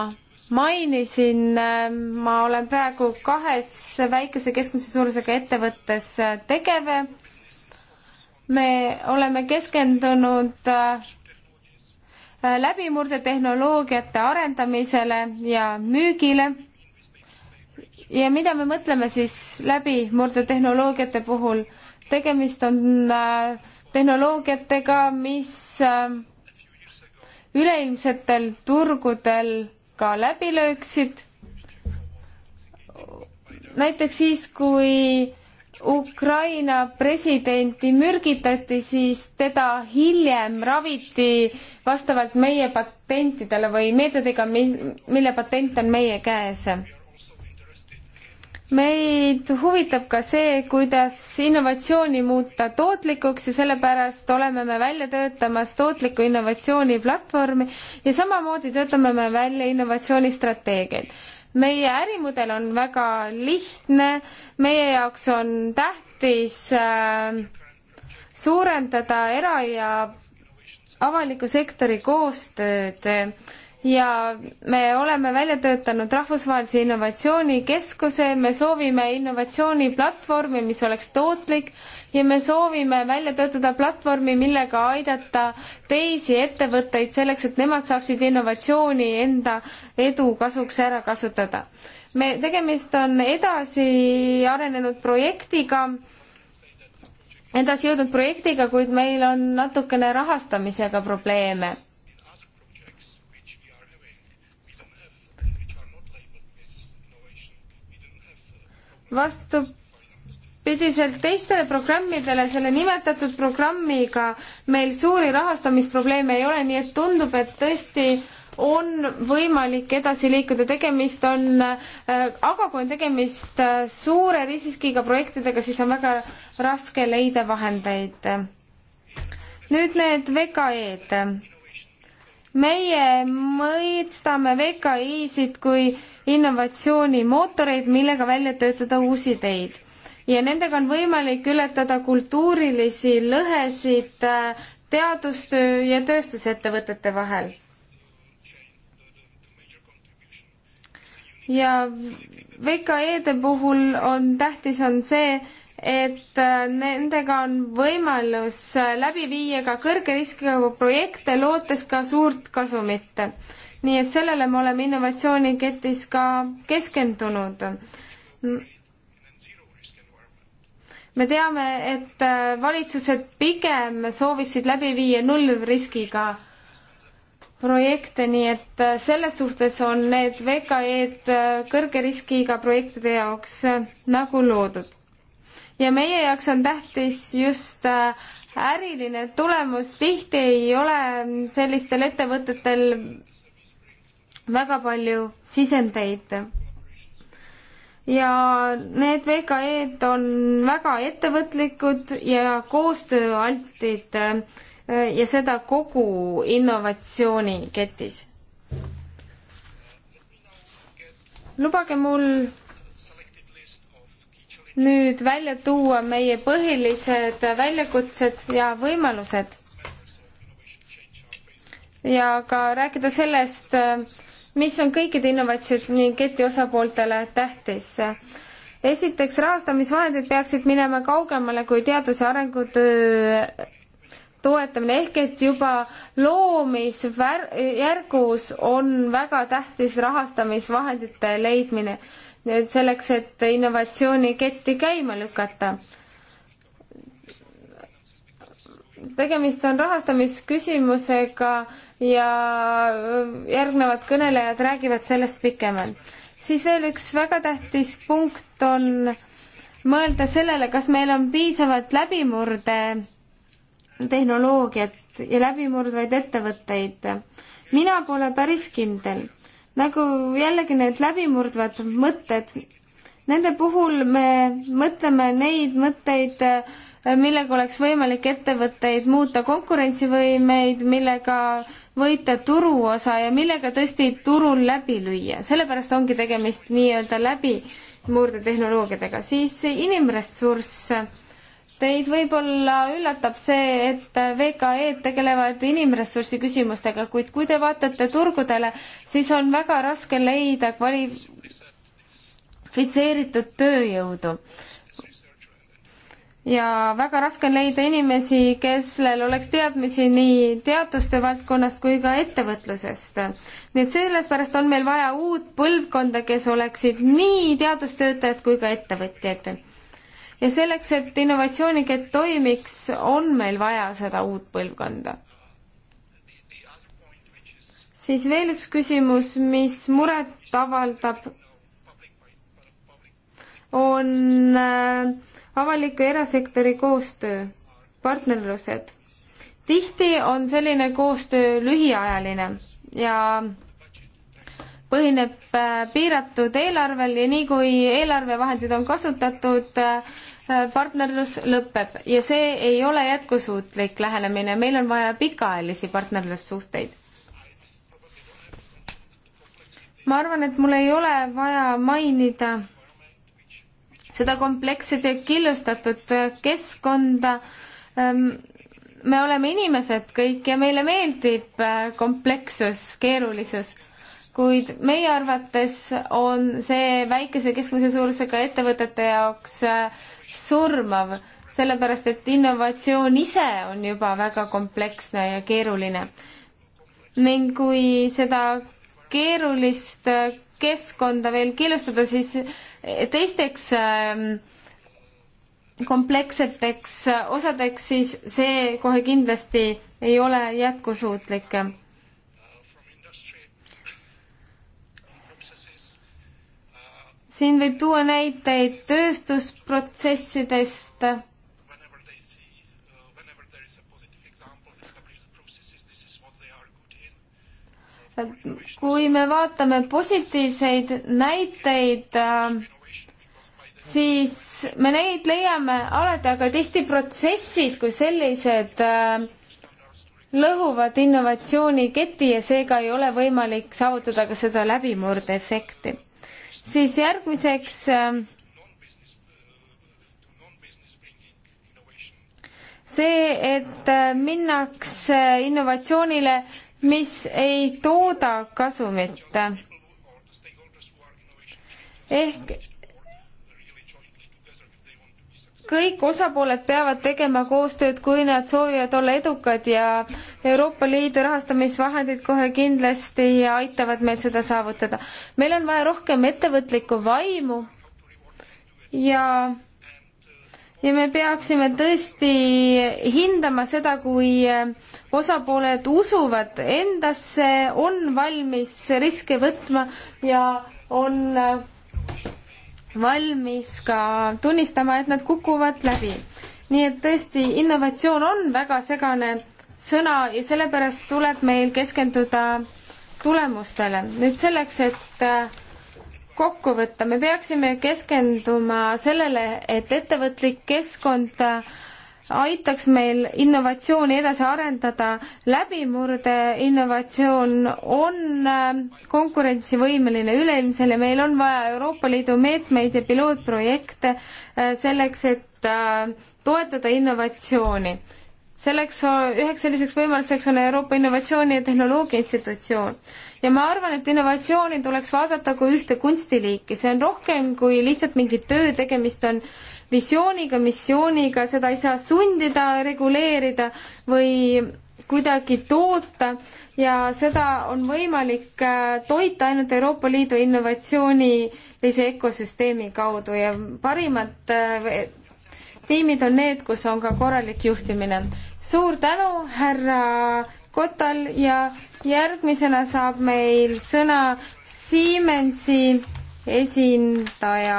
mainisin, äh, ma olen praegu kahes väikese keskmise suurusega ettevõttes äh, tegev. me oleme keskendunud äh, Äh, läbimurdetehnoloogiate arendamisele ja müügile. ja mida me mõtleme siis läbimurdetehnoloogiate puhul? tegemist on äh, tehnoloogiatega, mis äh, üleilmsetel turgudel ka läbi lööksid. näiteks siis, kui Ukraina presidenti mürgitati, siis teda hiljem raviti vastavalt meie patentidele või meetodiga, mille patent on meie käes. meid huvitab ka see, kuidas innovatsiooni muuta tootlikuks ja sellepärast oleme me välja töötamas tootliku innovatsiooni platvormi ja samamoodi töötame me välja innovatsioonistrateegiaid meie ärimudel on väga lihtne, meie jaoks on tähtis äh, suurendada era- ja avaliku sektori koostööd äh, ja me oleme välja töötanud Rahvusvahelise Innovatsioonikeskuse, me soovime innovatsiooniplatvormi, mis oleks tootlik ja me soovime välja töötada platvormi, millega aidata teisi ettevõtteid selleks, et nemad saaksid innovatsiooni enda edu kasuks ära kasutada. me, tegemist on edasiarenenud projektiga, edasi jõudnud projektiga, kuid meil on natukene rahastamisega probleeme vastupidiselt teistele programmidele selle nimetatud programmiga meil suuri rahastamisprobleeme ei ole, nii et tundub, et tõesti on võimalik edasi liikuda, tegemist on äh,, aga kui on tegemist äh, suure riskiga projektidega, siis on väga raske leida vahendeid. nüüd need VKE-d meie mõistame VKI-sid kui innovatsioonimootoreid, millega välja töötada uusi ideid. ja nendega on võimalik ületada kultuurilisi lõhesid äh, teadustöö ja tööstusettevõtete vahel. ja VKE-de puhul on tähtis, on see, et äh, nendega on võimalus äh, läbi viia ka kõrge riskiga projekte, lootes ka suurt kasumit. nii et sellele me oleme innovatsiooniketis ka keskendunud. me teame, et äh, valitsused pigem sooviksid läbi viia nullriskiga projekte, nii et selles suhtes on need VKE-d kõrge riskiga projektide jaoks nagu loodud ja meie jaoks on tähtis just äh, äriline tulemus, tihti ei ole sellistel ettevõtetel väga palju sisendeid. ja need VKE-d on väga ettevõtlikud ja koostööaltid äh, ja seda kogu innovatsiooniketis. lubage mul nüüd välja tuua meie põhilised väljakutsed ja võimalused. ja ka rääkida sellest, mis on kõikide innovatsiooni osapooltele tähtis. esiteks, rahastamisvahendid peaksid minema kaugemale kui teadus- ja arengutöö toetamine, ehk et juba loomisjärgus on väga tähtis rahastamisvahendite leidmine selleks, et innovatsiooniketti käima lükata. tegemist on rahastamisküsimusega ja järgnevad kõnelejad räägivad sellest pikemalt. siis veel üks väga tähtis punkt on mõelda sellele, kas meil on piisavalt läbimurde tehnoloogiat ja läbimurdvaid ettevõtteid. mina pole päris kindel nagu jällegi need läbimurdvad mõtted, nende puhul me mõtleme neid mõtteid, äh, millega oleks võimalik ettevõtteid muuta konkurentsivõimeid, millega võita turuosa ja millega tõesti turul läbi lüüa, sellepärast ongi tegemist nii-öelda läbimurdetehnoloogiatega, siis inimressurss Teid võib-olla üllatab see, et VKE-d tegelevad inimressursi küsimustega, kuid kui te vaatate turgudele, siis on väga raske leida kvalifitseeritud tööjõudu. ja väga raske on leida inimesi, kellel oleks teadmisi nii teaduste valdkonnast kui ka ettevõtlusest. nii et sellepärast on meil vaja uut põlvkonda, kes oleksid nii teadustöötajad kui ka ettevõtjad ja selleks, et innovatsioonikett toimiks, on meil vaja seda uut põlvkonda siis veel üks küsimus, mis muret avaldab, on äh, avaliku ja erasektori koostöö, partnerlused. tihti on selline koostöö lühiajaline ja põhineb äh, piiratud eelarvel ja nii kui eelarvevahendid on kasutatud, äh, partnerlus lõpeb ja see ei ole jätkusuutlik lähenemine, meil on vaja pikaajalisi partnerlussuhteid. ma arvan, et mul ei ole vaja mainida seda kompleksset ja killustatud äh, keskkonda, ähm, me oleme inimesed kõik ja meile meeldib komplekssus, keerulisus kuid meie arvates on see väikese keskmise suurusega ettevõtete jaoks äh, surmav, sellepärast et innovatsioon ise on juba väga kompleksne ja keeruline. ning kui seda keerulist äh, keskkonda veel keelustada, siis äh, teisteks ähm, kompleksseteks osadeks, siis see kohe kindlasti ei ole jätkusuutlik siin võib tuua näiteid tööstusprotsessidest. kui me vaatame positiivseid näiteid, siis me neid leiame alati, aga tihti protsessid kui sellised äh, lõhuvad innovatsiooniketi ja seega ei ole võimalik saavutada ka seda läbimurdeefekti siis järgmiseks äh, see, et äh, minnakse innovatsioonile, mis ei tooda kasumit. ehk kõik osapooled peavad tegema koostööd, kui nad soovivad olla edukad ja Euroopa Liidu rahastamisvahendid kohe kindlasti aitavad meil seda saavutada. meil on vaja rohkem ettevõtlikku vaimu ja ja me peaksime tõesti hindama seda, kui osapooled usuvad endasse, on valmis riske võtma ja on valmis ka tunnistama, et nad kukuvad läbi. nii et tõesti, innovatsioon on väga segane sõna ja sellepärast tuleb meil keskenduda tulemustele. nüüd selleks, et äh, kokku võtta, me peaksime keskenduma sellele, et ettevõtlik keskkond äh, aitaks meil innovatsiooni edasi arendada. läbimurde innovatsioon on ähm, konkurentsivõimeline üleilmsel ja meil on vaja Euroopa Liidu meetmeid ja pilootprojekte äh, selleks, et äh, toetada innovatsiooni. selleks, äh, üheks selliseks võimaluseks on Euroopa Innovatsiooni ja Tehnoloogia Institutsioon ja ma arvan, et innovatsiooni tuleks vaadata kui ühte kunstiliiki, see on rohkem kui lihtsalt mingi töö tegemist, on visiooniga, missiooniga, seda ei saa sundida, reguleerida või kuidagi toota ja seda on võimalik äh, toita ainult Euroopa Liidu innovatsioonilise ökosüsteemi kaudu ja parimad äh, tiimid on need, kus on ka korralik juhtimine. suur tänu, härra Kottal ja järgmisena saab meil sõna Siemensi esindaja.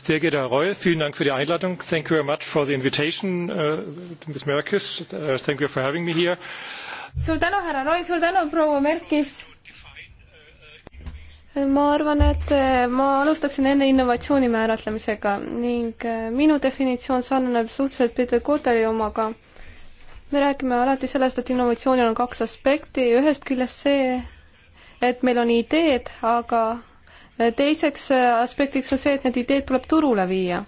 Sehr geehrter Herr Reul, vielen Dank für die Einladung. Thank you very much for the invitation, uh, Ms. Merkis. Uh, thank you for having me here. Suur tänu, härra Roy, suur tänu, proua Merkis ma arvan, et äh, ma alustaksin enne innovatsiooni määratlemisega ning äh, minu definitsioon sarnaneb suhteliselt Peter Kotari omaga. me räägime alati sellest, et innovatsioonil on kaks aspekti, ühest küljest see, et meil on ideed, aga äh, teiseks aspektiks on see, et need ideed tuleb turule viia.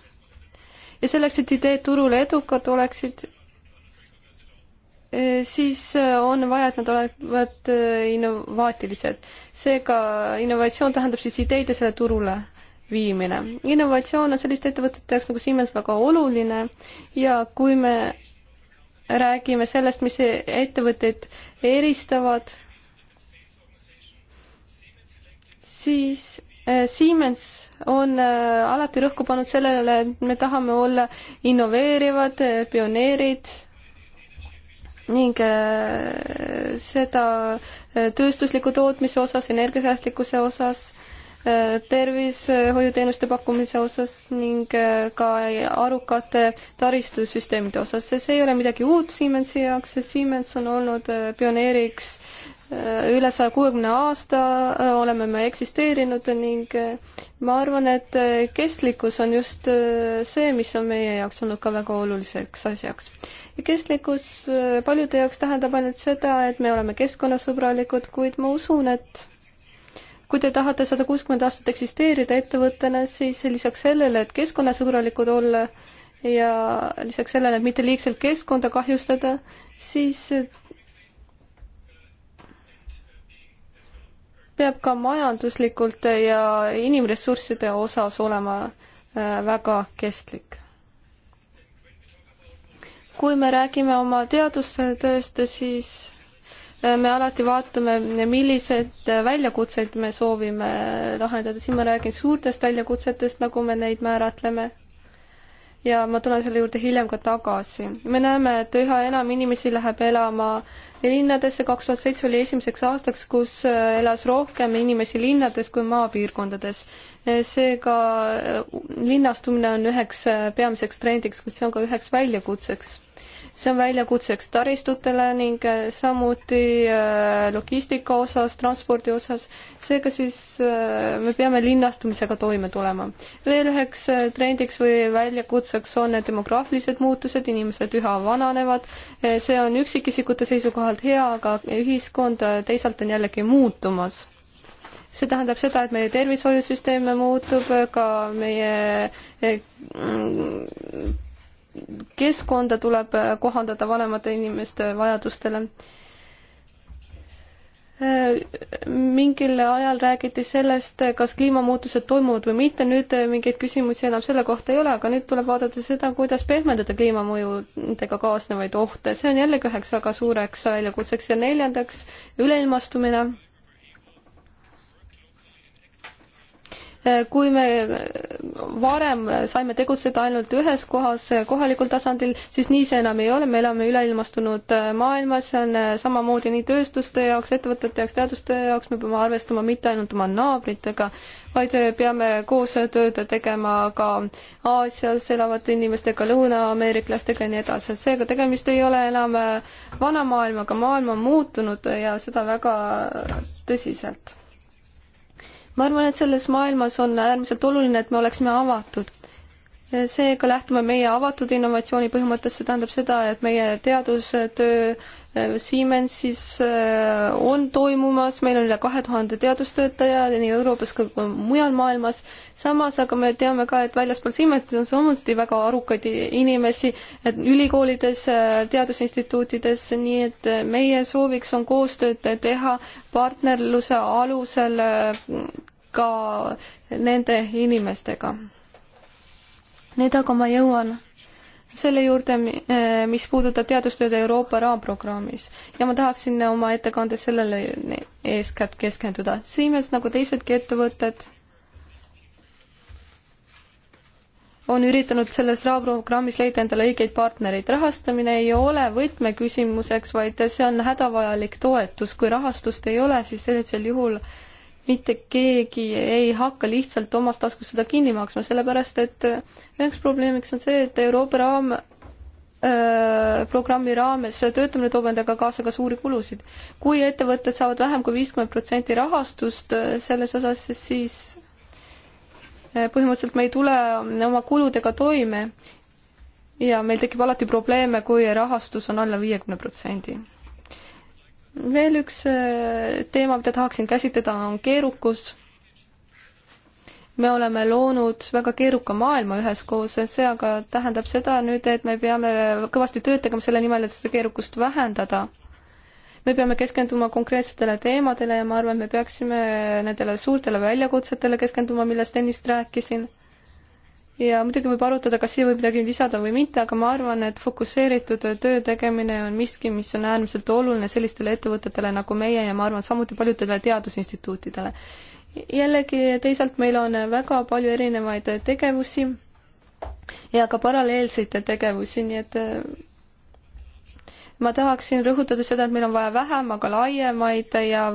ja selleks, et ideed turule edukad oleksid, Äh, siis äh, on vaja, et nad olevat äh, innovaatilised. seega innovatsioon tähendab siis ideid ja selle turule viimine. innovatsioon on selliste ettevõtete jaoks nagu Siemens väga oluline ja kui me räägime sellest, mis ettevõtteid eristavad, siis Siemens on alati rõhku pannud sellele, et me tahame olla innoveerivad pioneerid ning äh, seda äh, tööstusliku tootmise osas, energiasäästlikkuse osas, äh, tervishoiuteenuste pakkumise osas ning ka arukate taristusüsteemide osas, sest see ei ole midagi uut Siemensi jaoks, sest Siemens on olnud pioneeriks üle saja kuuekümne aasta oleme me eksisteerinud ning ma arvan, et kestlikkus on just see, mis on meie jaoks olnud ka väga oluliseks asjaks kestlikkus äh, paljude jaoks tähendab ainult seda, et me oleme keskkonnasõbralikud, kuid ma usun, et kui te tahate sada kuuskümmend aastat eksisteerida ettevõttena, siis lisaks sellele, et keskkonnasõbralikud olla ja lisaks sellele, et mitte liigselt keskkonda kahjustada, siis peab ka majanduslikult ja inimressursside osas olema äh, väga kestlik kui me räägime oma teadustööst, siis äh, me alati vaatame, millised äh, väljakutseid me soovime lahendada, siin ma räägin suurtest väljakutsetest, nagu me neid määratleme. ja ma tulen selle juurde hiljem ka tagasi. me näeme, et üha enam inimesi läheb elama linnadesse, kaks tuhat seitse oli esimeseks aastaks, kus äh, elas rohkem inimesi linnades kui maapiirkondades. seega linnastumine on üheks peamiseks trendiks, kuid see on ka üheks väljakutseks see on väljakutseks taristutele ning äh, samuti äh, logistika osas, transpordi osas, seega siis äh, me peame linnastumisega toime tulema. veel üheks trendiks või väljakutseks on demograafilised muutused, inimesed üha vananevad, see on üksikisikute seisukohalt hea, aga ühiskond teisalt on jällegi muutumas see tähendab seda, et meie tervishoiusüsteem muutub, ka meie mm, keskkonda tuleb äh, kohandada vanemate inimeste vajadustele. Äh, mingil ajal räägiti sellest, kas kliimamuutused toimuvad või mitte, nüüd äh, mingeid küsimusi enam selle kohta ei ole, aga nüüd tuleb vaadata seda, kuidas pehmendada kliimamõjudega kaasnevaid ohte, see on jällegi üheks väga suureks väljakutseks ja neljandaks üleilmastumine Äh, kui me äh, varem saime tegutseda ainult ühes kohas äh, kohalikul tasandil, siis nii see enam ei ole, me elame üleilmastunud maailmas, see on samamoodi nii tööstuste jaoks, ettevõtete jaoks, teadustöö jaoks, me peame arvestama mitte ainult oma naabritega, vaid peame koostööd tegema ka Aasias elavate inimestega, lõunaameeriklastega ja nii edasi, seega tegemist ei ole enam vana maailmaga, maailm on muutunud ja seda väga tõsiselt ma arvan, et selles maailmas on äärmiselt oluline, et me oleksime avatud. seega lähtume meie avatud innovatsiooni põhimõttest, see tähendab seda, et meie teadustöö äh, Siemensis äh, on toimumas, meil on üle kahe tuhande teadustöötaja nii Euroopas kui ka mujal maailmas. samas aga me teame ka, et väljaspool Siemensit on samuti väga arukaid inimesi ülikoolides, äh, teadusinstituutides, nii et meie sooviks on koostööd teha partnerluse alusel ka nende inimestega. nüüd aga ma jõuan selle juurde, eh, mis puudutab teadustööd Euroopa raamprogrammis ja ma tahaksin oma ettekandes sellele eeskätt keskenduda. Siemens nagu teisedki ettevõtted on üritanud selles raamprogrammis leida endale õigeid partnereid. rahastamine ei ole võtmeküsimuseks, vaid see on hädavajalik toetus. kui rahastust ei ole, siis sellisel juhul äh, mitte keegi ei hakka lihtsalt omast taskust seda kinni maksma, sellepärast et äh, üheks probleemiks on see, et Euroopa raam, äh, programmi raames töötamine toob endaga kaasa ka suuri kulusid. kui ettevõtted saavad vähem kui viiskümmend protsenti rahastust äh, selles osas, siis põhimõtteliselt me ei tule oma kuludega toime ja meil tekib alati probleeme, kui rahastus on alla viiekümne protsendi veel üks äh, teema, mida tahaksin käsitleda, on keerukus. me oleme loonud väga keeruka maailma üheskoos, see aga tähendab seda nüüd, et me peame kõvasti tööd tegema selle nimel, et seda keerukust vähendada. me peame keskenduma konkreetsetele teemadele ja ma arvan, et me peaksime nendele suurtele väljakutsetele keskenduma, millest ennist rääkisin ja muidugi võib arutada, kas siia võib midagi lisada või mitte, aga ma arvan, et fokusseeritud töö tegemine on miski, mis on äärmiselt oluline sellistele ettevõtetele nagu meie ja ma arvan, samuti paljudele teadusinstituutidele. jällegi teisalt meil on väga palju erinevaid tegevusi ja ka paralleelseid tegevusi, nii et ma tahaksin rõhutada seda, et meil on vaja vähem, aga laiemaid ja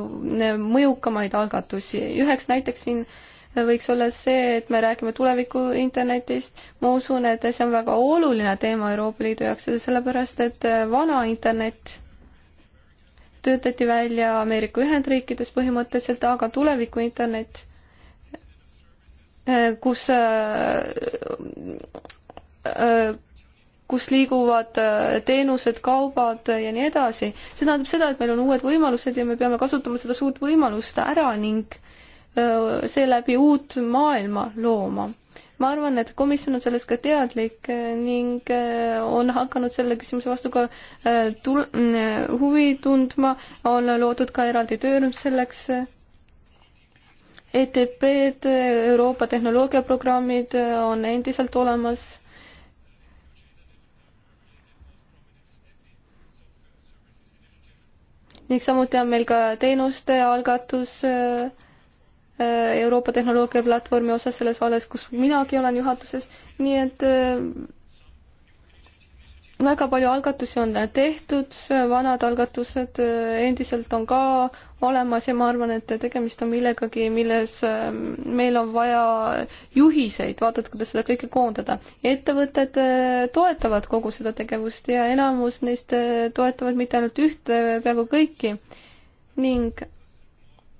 mõjukamaid algatusi. üheks näiteks siin äh, võiks olla see, et me räägime tuleviku internetist. ma usun, et see on väga oluline teema Euroopa Liidu jaoks, sellepärast et vana internet töötati välja Ameerika Ühendriikides põhimõtteliselt, aga tuleviku internet, kus, kus liiguvad teenused, kaubad ja nii edasi. see tähendab seda, et meil on uued võimalused ja me peame kasutama seda suurt võimalust ära ning seeläbi uut maailma looma. ma arvan, et komisjon on sellest ka teadlik äh, ning äh, on hakanud selle küsimuse vastu ka äh, tul-, mm, huvi tundma, on loodud ka eraldi töörühm selleks, ETP-d, Euroopa tehnoloogiaprogrammid on endiselt olemas ning samuti on meil ka teenuste algatus äh, Äh, Euroopa tehnoloogiaplatvormi osas selles vallas, kus minagi olen juhatuses, nii et äh, väga palju algatusi on tehtud, vanad algatused äh, endiselt on ka olemas ja ma arvan, et tegemist on millegagi, milles meil on vaja juhiseid, vaadata, kuidas seda kõike koondada. ettevõtted toetavad kogu seda tegevust ja enamus neist toetavad mitte ainult ühte, peaaegu kõiki. ning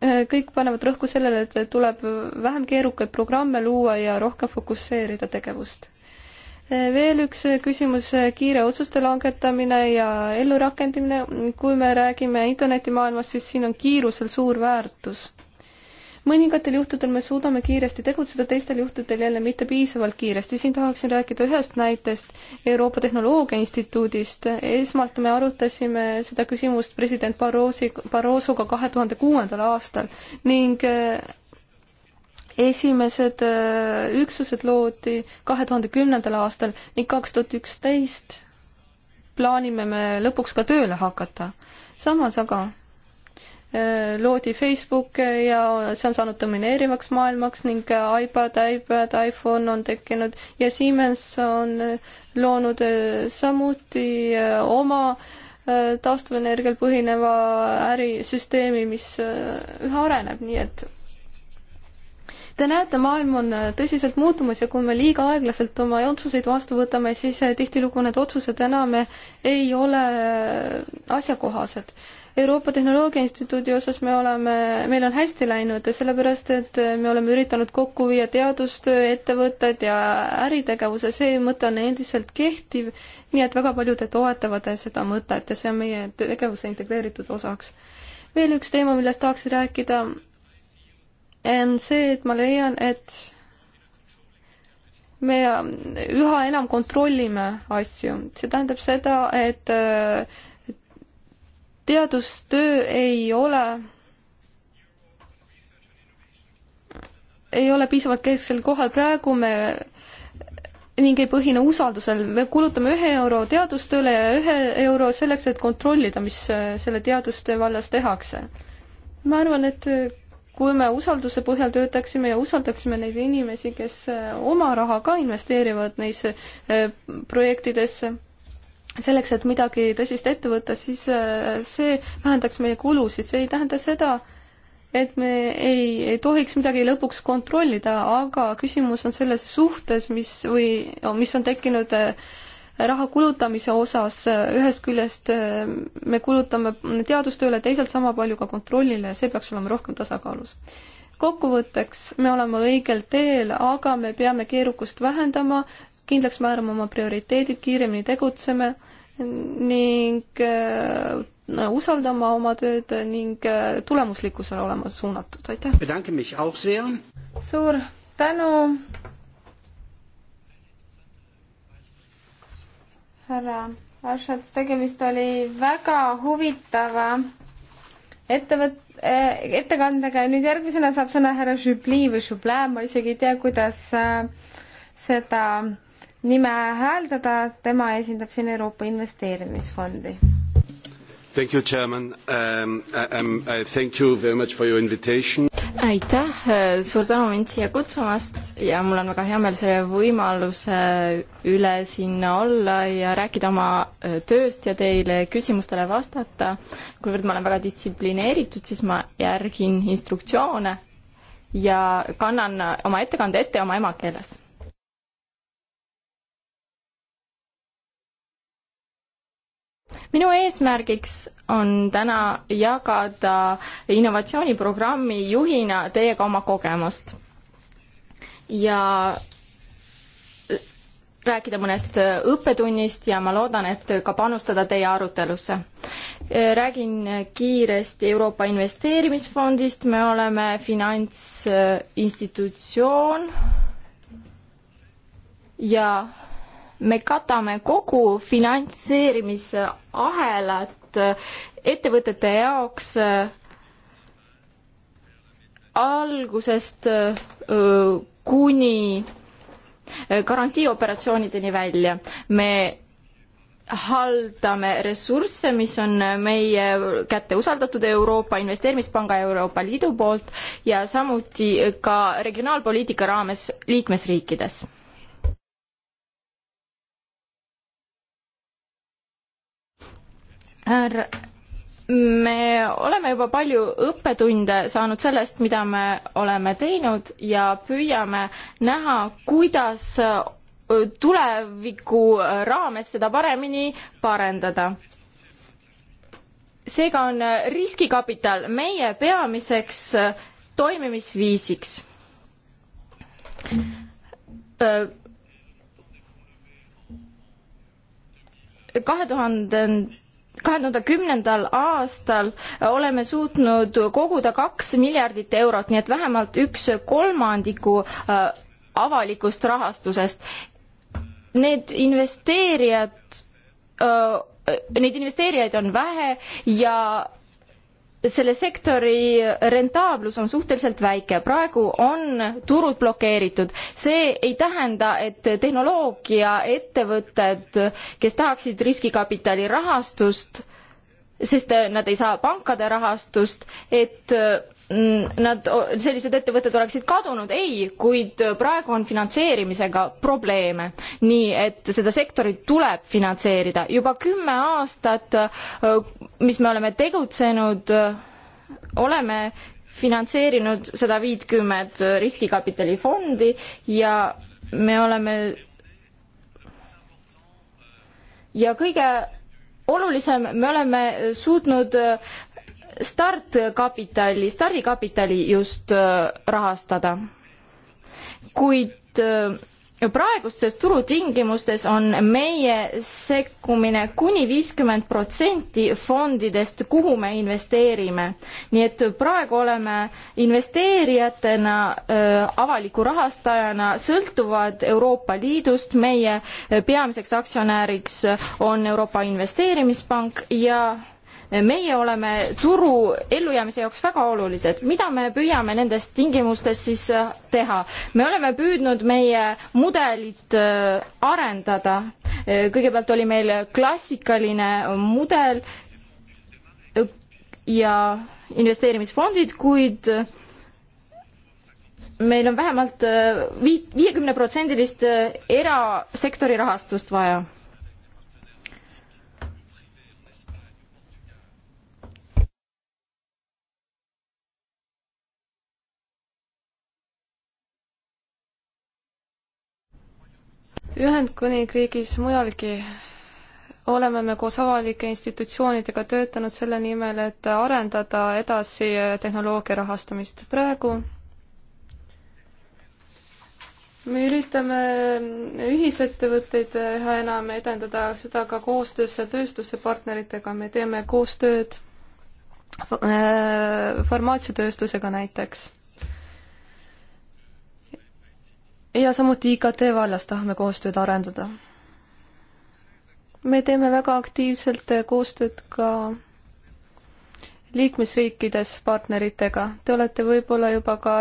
Äh, kõik panevad rõhku sellele, et tuleb vähem keerukaid programme luua ja rohkem fokusseerida tegevust. Äh, veel üks küsimus, äh, kiire otsuste langetamine ja ellurakendamine. kui me räägime internetimaailmast, siis siin on kiirusel suur väärtus mõningatel juhtudel me suudame kiiresti tegutseda, teistel juhtudel jälle mitte piisavalt kiiresti. siin tahaksin rääkida ühest näitest Euroopa Tehnoloogia Instituudist. esmalt me arutasime seda küsimust president Barrosi, Barrosoga kahe tuhande kuuendal aastal ning äh, esimesed äh, üksused loodi kahe tuhande kümnendal aastal ning kaks tuhat üksteist plaanime me lõpuks ka tööle hakata. samas aga Äh, loodi Facebook äh, ja see on saanud domineerivaks maailmaks ning äh, iPad, iPad, iPhone on tekkinud ja Siemens on loonud samuti oma taastuvenergial põhineva ärisüsteemi, mis üha areneb, nii et Te näete, maailm on tõsiselt muutumas ja kui me liiga aeglaselt oma otsuseid vastu võtame, siis tihtilugu need otsused enam ei ole asjakohased Euroopa Tehnoloogia Instituudi osas me oleme, meil on hästi läinud, sellepärast et me oleme üritanud kokku viia teadustöö, ettevõtted ja äritegevuse, see mõte on endiselt kehtiv, nii et väga paljud toetavad seda mõtet ja see on meie tegevuse integreeritud osaks. veel üks teema, millest tahaks rääkida, on see, et ma leian, et me üha enam kontrollime asju, see tähendab seda, et teadustöö ei ole, ei ole piisavalt kesksel kohal, praegu me ning ei põhine usaldusel, me kulutame ühe euro teadustööle ja ühe euro selleks, et kontrollida, mis äh, selle teaduste vallas tehakse. ma arvan, et äh, kui me usalduse põhjal töötaksime ja usaldaksime neid inimesi, kes äh, oma raha ka investeerivad neisse projektidesse selleks, et midagi tõsist ette võtta, siis äh, see vähendaks meie kulusid, see ei tähenda seda, et me ei, ei tohiks midagi lõpuks kontrollida, aga küsimus on selles suhtes, mis või mis on tekkinud äh, raha kulutamise osas, ühest küljest äh, me kulutame teadustööle, teisalt sama palju ka kontrollile ja see peaks olema rohkem tasakaalus. kokkuvõtteks, me oleme õigel teel, aga me peame keerukust vähendama, kindlaks määrame oma prioriteedid, kiiremini tegutseme ning no, äh, usaldama oma tööd ning äh, tulemuslikkusele olema suunatud, aitäh! suur tänu! härra Ašats, tegemist oli väga huvitava ettevõt-, äh, ettekandega ja nüüd järgmisena saab sõna härra Žubli või Žublä, ma isegi ei tea, kuidas seda nime hääldada, tema esindab siin Euroopa Investeerimisfondi. Thank you, chairman um,. Um, thank you very much for your invitation. aitäh, suur tänu mind siia kutsumast ja mul on väga hea meel selle võimaluse üle siin olla ja rääkida oma tööst ja teile küsimustele vastata. kuivõrd ma olen väga distsiplineeritud, siis ma järgin instruktsioone ja kannan oma ettekande ette oma emakeeles minu eesmärgiks on täna jagada innovatsiooniprogrammi juhina teiega oma kogemust ja rääkida mõnest õppetunnist ja ma loodan, et ka panustada teie arutelusse. räägin kiiresti Euroopa Investeerimisfondist, me oleme finantsinstitutsioon ja me katame kogu finantseerimisahelat ettevõtete jaoks äh, algusest äh, kuni äh, garantiioperatsioonideni välja. me haldame ressursse, mis on meie kätte usaldatud Euroopa Investeerimispanga ja Euroopa Liidu poolt ja samuti ka regionaalpoliitika raames liikmesriikides härra, me oleme juba palju õppetunde saanud sellest, mida me oleme teinud ja püüame näha, kuidas tuleviku raames seda paremini parendada. seega on riskikapital meie peamiseks toimimisviisiks kahe tuhande kahe tuhande kümnendal aastal oleme suutnud koguda kaks miljardit eurot, nii et vähemalt üks kolmandiku äh, avalikust rahastusest. Need investeerijad, äh, äh, neid investeerijaid on vähe ja selle sektori rentaablus on suhteliselt väike, praegu on turud blokeeritud. see ei tähenda, et tehnoloogiaettevõtted, kes tahaksid riskikapitali rahastust, sest nad ei saa pankade rahastust, et nad, sellised ettevõtted oleksid kadunud, ei, kuid praegu on finantseerimisega probleeme. nii et seda sektorit tuleb finantseerida. juba kümme aastat, mis me oleme tegutsenud, oleme finantseerinud sada viitkümmet riskikapitalifondi ja me oleme ja kõige olulisem, me oleme suutnud startkapitali, stardikapitali just äh, rahastada. kuid äh, praegustes turutingimustes on meie sekkumine kuni viiskümmend protsenti fondidest, kuhu me investeerime. nii et praegu oleme investeerijatena äh,, avaliku rahastajana sõltuvad Euroopa Liidust, meie äh, peamiseks aktsionäriks on Euroopa Investeerimispank ja meie oleme turu ellujäämise jaoks väga olulised. mida me püüame nendes tingimustes siis äh, teha? me oleme püüdnud meie mudelit äh, arendada. Äh, kõigepealt oli meil klassikaline mudel ja investeerimisfondid, kuid meil on vähemalt viit, viiekümneprotsendilist erasektori rahastust vaja Ühendkuningriigis mujalgi oleme me koos avalike institutsioonidega töötanud selle nimel, et arendada edasi tehnoloogia rahastamist. praegu me üritame ühisettevõtteid üha enam edendada, seda ka koostöös tööstuse partneritega, me teeme koostööd äh, farmaatsiatööstusega näiteks ja samuti IKT vallas tahame koostööd arendada. me teeme väga aktiivselt koostööd ka liikmesriikides partneritega. Te olete võib-olla juba ka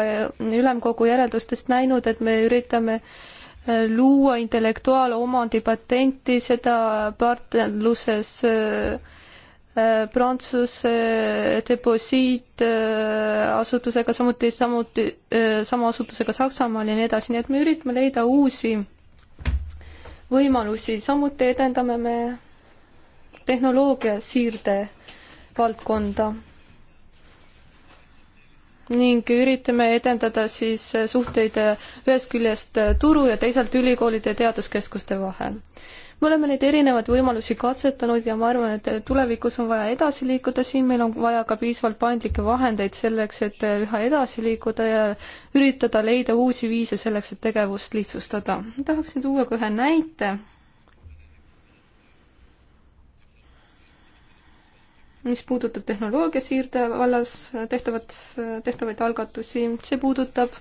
ülemkogu järeldustest näinud, et me üritame äh, luua intellektuaalomandi patenti, seda partnerluses äh, Prantsuse deposiitasutusega, äh, samuti, samuti äh, sama asutusega Saksamaal ja nii edasi, nii et me üritame leida uusi võimalusi, samuti edendame me tehnoloogia siirde valdkonda. ning üritame edendada siis äh, suhteid ühest küljest turu ja teisalt ülikoolide ja teaduskeskuste vahel me oleme neid erinevaid võimalusi katsetanud ja ma arvan, et tulevikus on vaja edasi liikuda, siin meil on vaja ka piisavalt paindlikke vahendeid selleks, et üha edasi liikuda ja üritada leida uusi viise selleks, et tegevust lihtsustada. tahaksin tuua ka ühe näite, mis puudutab tehnoloogiasiirde vallas tehtavat, tehtavaid algatusi, see puudutab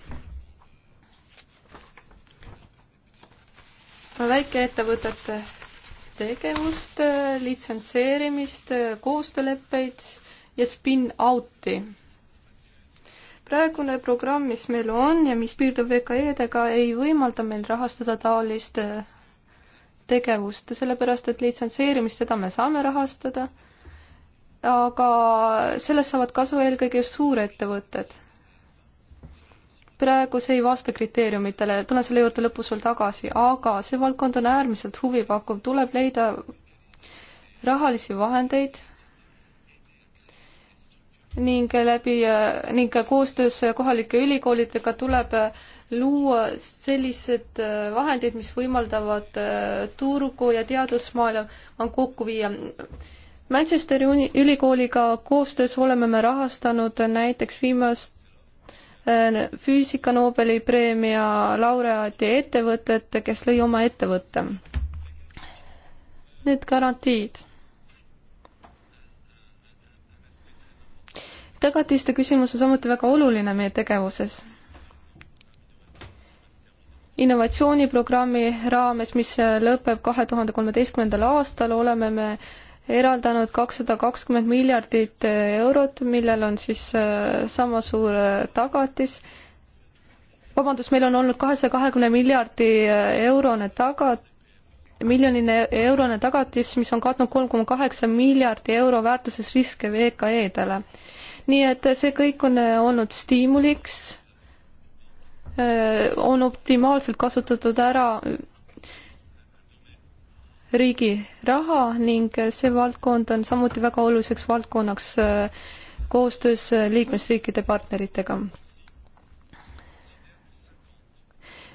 väikeettevõtete tegevust, litsenseerimist, koostööleppeid ja spin-out'i. praegune programm, mis meil on ja mis piirdub VKE-dega, ei võimalda meil rahastada taolist äh, tegevust, sellepärast et litsenseerimist, seda me saame rahastada, aga sellest saavad kasu eelkõige just suurettevõtted praegu see ei vasta kriteeriumitele, tulen selle juurde lõpus veel tagasi, aga see valdkond on äärmiselt huvipakkuv, tuleb leida rahalisi vahendeid ning läbi, ning koostöös kohalike ülikoolidega tuleb luua sellised vahendid, mis võimaldavad turgu ja teadusmaailma kokku viia. Manchesteri ülikooliga koostöös oleme me rahastanud näiteks viimast Äh, füüsika Nobeli preemia laureaati ettevõtet, kes lõi oma ettevõtte. Need garantiid. tagatiste küsimus on samuti väga oluline meie tegevuses innovatsiooniprogrammi raames, mis lõpeb kahe tuhande kolmeteistkümnendal aastal, oleme me eraldanud kakssada kakskümmend miljardit eurot, millel on siis äh, sama suur äh, tagatis. vabandust, meil on olnud kahesaja kahekümne miljardi äh, eurone taga-, miljonine eurone tagatis, mis on katnud kolm koma kaheksa miljardi euro väärtuses riske VKE-dele. nii et see kõik on olnud stiimuliks, on optimaalselt kasutatud ära riigi raha ning see valdkond on samuti väga oluliseks valdkonnaks äh, koostöös äh, liikmesriikide partneritega.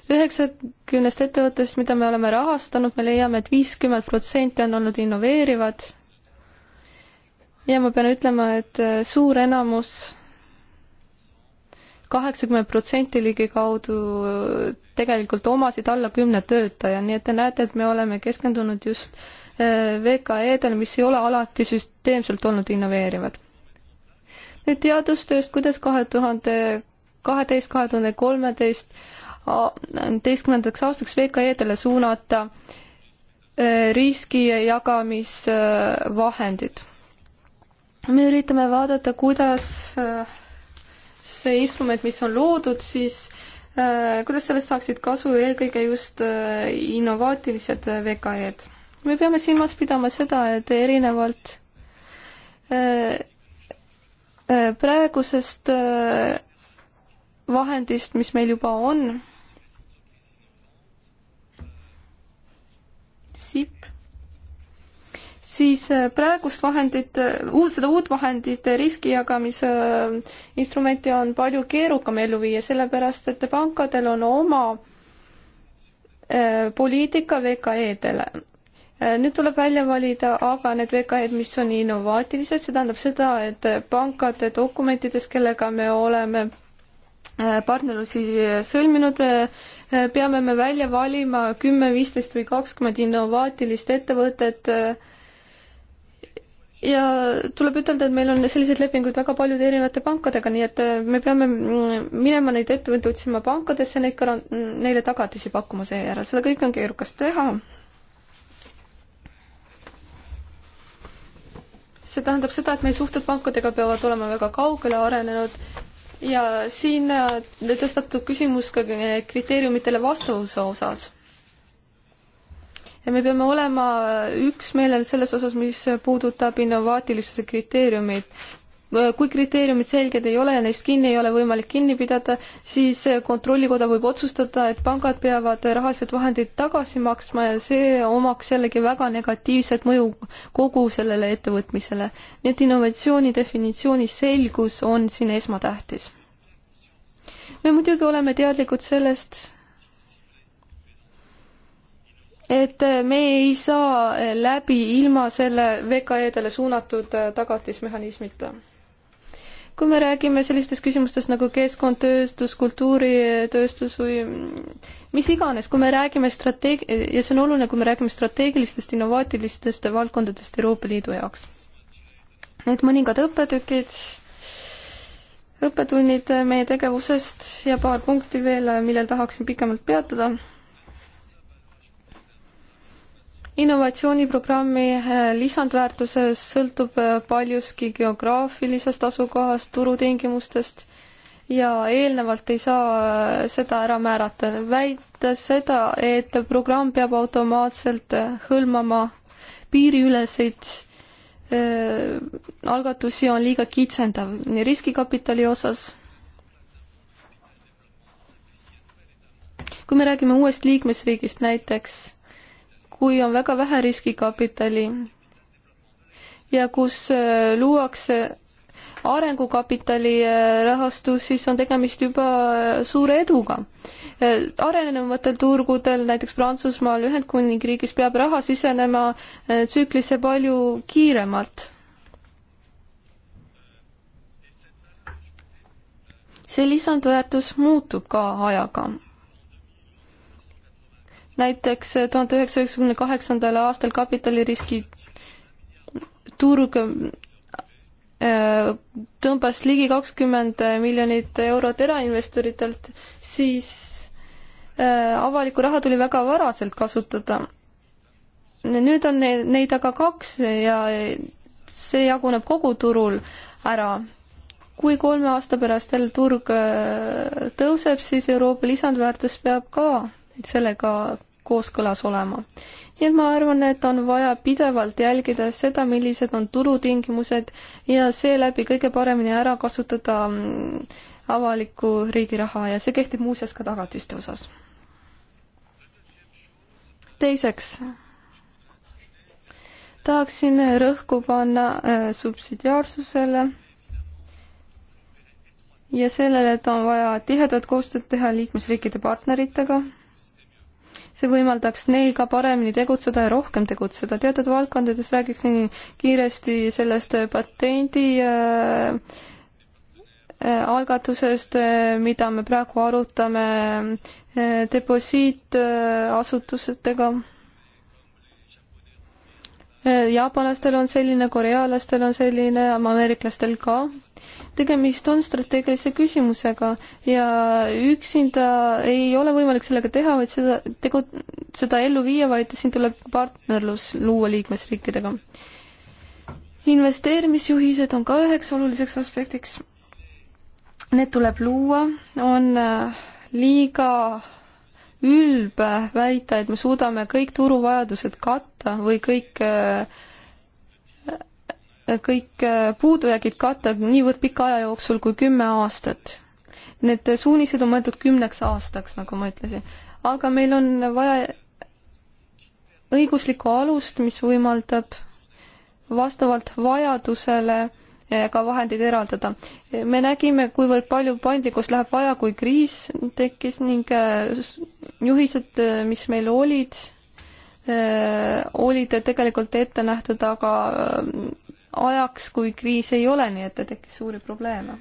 üheksakümnest ettevõttest, mida me oleme rahastanud, me leiame et, et viiskümmend protsenti on olnud innoveerivad ja ma pean ütlema, et äh, suur enamus kaheksakümmend protsenti ligikaudu äh, tegelikult omasid alla kümne töötaja, nii et te näete, et me oleme keskendunud just äh, VKE-dele, mis ei ole alati süsteemselt olnud innoveerivad. nüüd teadustööst, kuidas kahe tuhande kaheteist, kahe tuhande kolmeteist teistkümnendaks aastaks VKE-dele suunata äh, riski jagamisvahendid. me üritame vaadata, kuidas see instrument, mis on loodud, siis äh, kuidas sellest saaksid kasu eelkõige just äh, innovaatilised äh, VKE-d? me peame silmas pidama seda, et erinevalt praegusest vahendist, mis meil juba on, SIP siis äh, praegust vahendit, äh, uut, seda uut vahendit, äh, riskijagamise instrumenti on palju keerukam ellu viia, sellepärast et pankadel on oma poliitika VKE-dele. nüüd tuleb välja valida aga need VKE-d, mis on innovaatilised, see tähendab seda, et pankade dokumentides, kellega me oleme partnerlusi sõlminud, peame me välja valima kümme, viisteist või kakskümmend innovaatilist ettevõtet, ja tuleb ütelda, et meil on selliseid lepinguid väga paljude erinevate pankadega, nii et äh, me peame mm, minema neid ettevõtteid otsima pankadesse, neid karan-, neile tagatisi pakkuma seejärel, seda kõike on keerukas teha. see tähendab seda, et meie suhted pankadega peavad olema väga kaugele arenenud ja siin äh, tõstatub küsimus ka äh, kriteeriumitele vastavuse osas ja me peame olema üksmeelel selles osas, mis puudutab innovaatilisuse kriteeriumit. kui kriteeriumid selged ei ole ja neist kinni ei ole võimalik kinni pidada, siis Kontrollikoda võib otsustada, et pangad peavad rahalised vahendid tagasi maksma ja see omaks jällegi väga negatiivset mõju kogu sellele ettevõtmisele. nii et innovatsiooni definitsiooni selgus on siin esmatähtis. me muidugi oleme teadlikud sellest, et me ei saa läbi ilma selle VKE-dele suunatud äh, tagatismehhanismita kui me räägime sellistest küsimustest nagu keskkond, tööstus, kultuuritööstus või mis iganes, kui me räägime strateeg-, ja see on oluline, kui me räägime strateegilistest innovaatilistest valdkondadest Euroopa Liidu jaoks. nüüd mõningad õppetükid, õppetunnid meie tegevusest ja paar punkti veel, millel tahaksin pikemalt peatuda innovatsiooniprogrammi eh, lisandväärtus sõltub eh, paljuski geograafilisest asukohast, turutingimustest ja eelnevalt ei saa eh, seda ära määrata. väita seda, et programm peab automaatselt hõlmama piiriüleseid äh, algatusi, on liiga kitsendav nii riskikapitali osas kui me räägime uuest liikmesriigist näiteks kui on väga vähe riskikapitali ja kus äh, luuakse arengukapitali äh, rahastus, siis on tegemist juba äh, suure eduga. arenevatel turgudel, näiteks Prantsusmaal, Ühendkuningriigis peab raha sisenema tsüklisse palju kiiremalt. see lisandväärtus muutub ka ajaga näiteks eh, tuhande üheksasaja üheksakümne kaheksandal aastal kapitaliriski turg eh, tõmbas ligi kakskümmend miljonit eurot erainvestoritelt, siis eh, avalikku raha tuli väga varaselt kasutada. nüüd on neid aga kaks ja see jaguneb kogu turul ära. kui kolme aasta pärast jälle turg tõuseb, siis Euroopa lisandväärtus peab ka sellega kooskõlas olema. nii et ma arvan, et on vaja pidevalt jälgida seda, millised on turutingimused ja seeläbi kõige paremini ära kasutada mm, avalikku riigi raha ja see kehtib muuseas ka tagatiste osas. teiseks tahaksin rõhku panna äh, subsidiaarsusele ja sellele, et on vaja tihedat koostööd teha liikmesriikide partneritega see võimaldaks neil ka paremini tegutseda ja rohkem tegutseda. teatud valdkondades räägiksin kiiresti sellest patendi äh, äh algatusest, äh, mida me praegu arutame äh, deposiitasutustega. jaapanlastel on selline, korealastel on selline, ameeriklastel ka tegemist on strateegilise küsimusega ja üksinda ei ole võimalik sellega teha, vaid seda tegu, seda ellu viia, vaid siin tuleb partnerlus luua liikmesriikidega. investeerimisjuhised on ka üheks oluliseks aspektiks. Need tuleb luua, on äh, liiga ülbe väita, et me suudame kõik turuvajadused katta või kõik äh, kõik äh, puudujäägid katta niivõrd pika aja jooksul kui kümme aastat. Need suunised on mõeldud kümneks aastaks, nagu ma ütlesin, aga meil on vaja õiguslikku alust, mis võimaldab vastavalt vajadusele äh, ka vahendeid eraldada. me nägime, kuivõrd palju paindlikkust läheb vaja, kui kriis tekkis ning äh, juhised, mis meil olid, olid tegelikult ette nähtud aga ajaks, kui kriis ei ole, nii et tekkis suuri probleeme.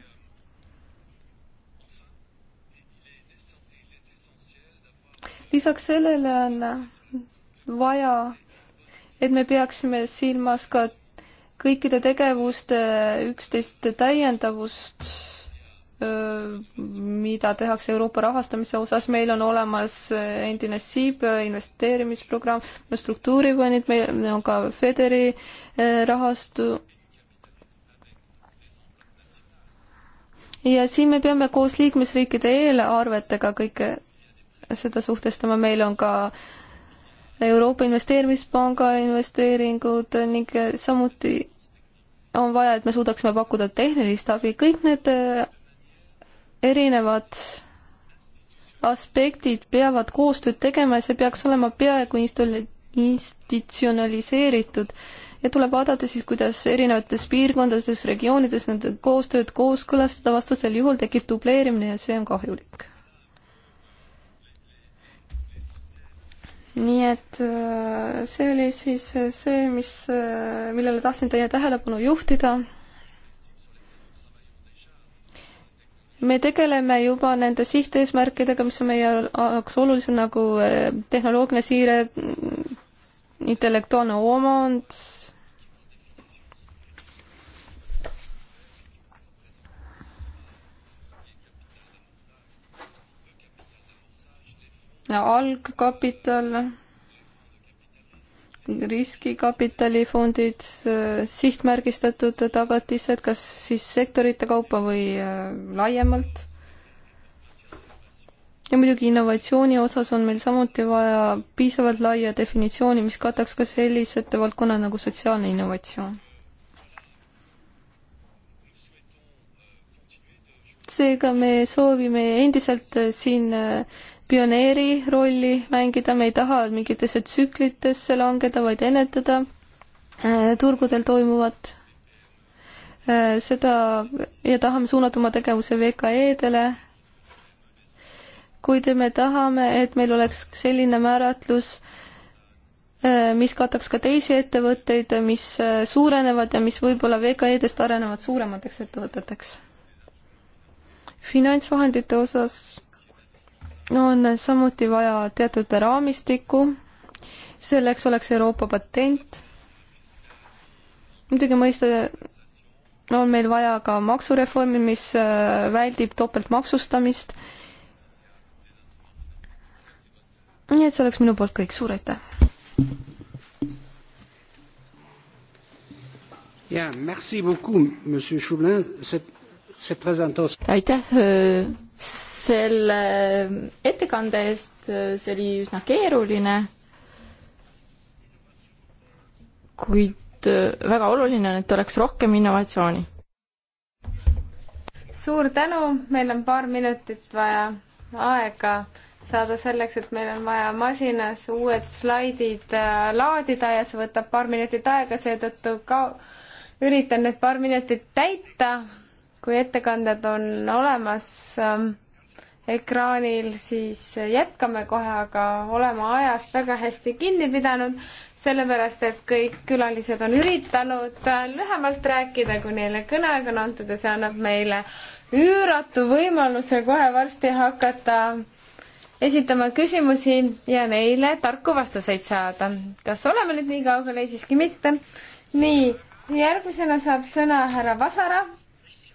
lisaks sellele on vaja, et me peaksime silmas ka kõikide tegevuste üksteist täiendavust mida tehakse Euroopa rahastamise osas, meil on olemas endine SIB investeerimisprogramm, struktuurifondid, meil on ka Federi rahastu. ja siin me peame koos liikmesriikide eelarvetega kõike seda suhtestama, meil on ka Euroopa Investeerimispanga investeeringud ning samuti on vaja, et me suudaksime pakkuda tehnilist abi, kõik need erinevad aspektid peavad koostööd tegema ja see peaks olema peaaegu institutsionaliseeritud ja tuleb vaadata siis, kuidas erinevates piirkondades, regioonides nende koostööd kooskõlastada, vastasel juhul tekib dubleerimine ja see on kahjulik. nii et äh, see oli siis äh, see, mis, äh, millele tahtsin teie tähelepanu juhtida me tegeleme juba nende sihteesmärkidega, mis on meie jaoks olulised, nagu eh, tehnoloogiline siire, mm, intellektuaalne omand, algkapital riskikapitalifondid, äh, sihtmärgistatud tagatised, kas siis sektorite kaupa või äh, laiemalt. ja muidugi innovatsiooni osas on meil samuti vaja piisavalt laia definitsiooni, mis kataks ka sellised valdkonnad nagu sotsiaalne innovatsioon. seega me soovime endiselt äh, siin pioneeri rolli mängida, me ei taha mingitesse tsüklitesse langeda, vaid ennetada äh, turgudel toimuvat, äh, seda ja tahame suunata oma tegevuse VKE-dele, kuid me tahame, et meil oleks selline määratlus, äh, mis kataks ka teisi ettevõtteid, mis suurenevad ja mis võib-olla VKE-dest arenevad suuremateks ettevõteteks. finantsvahendite osas on samuti vaja teatud raamistikku, selleks oleks Euroopa patent. muidugi mõista on meil vaja ka maksureformi, mis äh, väldib topeltmaksustamist. nii et see oleks minu poolt kõik, suur aitäh! Bien, merci beaucoup, Monsieur Choulin. Cette aitäh äh, selle ettekande eest, see oli üsna keeruline, kuid äh, väga oluline on, et oleks rohkem innovatsiooni. suur tänu, meil on paar minutit vaja aega saada selleks, et meil on vaja masinas uued slaidid äh, laadida ja see võtab paar minutit aega, seetõttu ka üritan need paar minutit täita kui ettekanded on olemas ähm, ekraanil, siis jätkame kohe, aga oleme ajast väga hästi kinni pidanud, sellepärast et kõik külalised on üritanud äh, lühemalt rääkida, kui neile kõneaeg on antud ja see annab meile üüratu võimaluse kohe varsti hakata esitama küsimusi ja neile tarku vastuseid saada. kas oleme nüüd nii kaugel, ei siiski mitte. nii, järgmisena saab sõna härra Vasara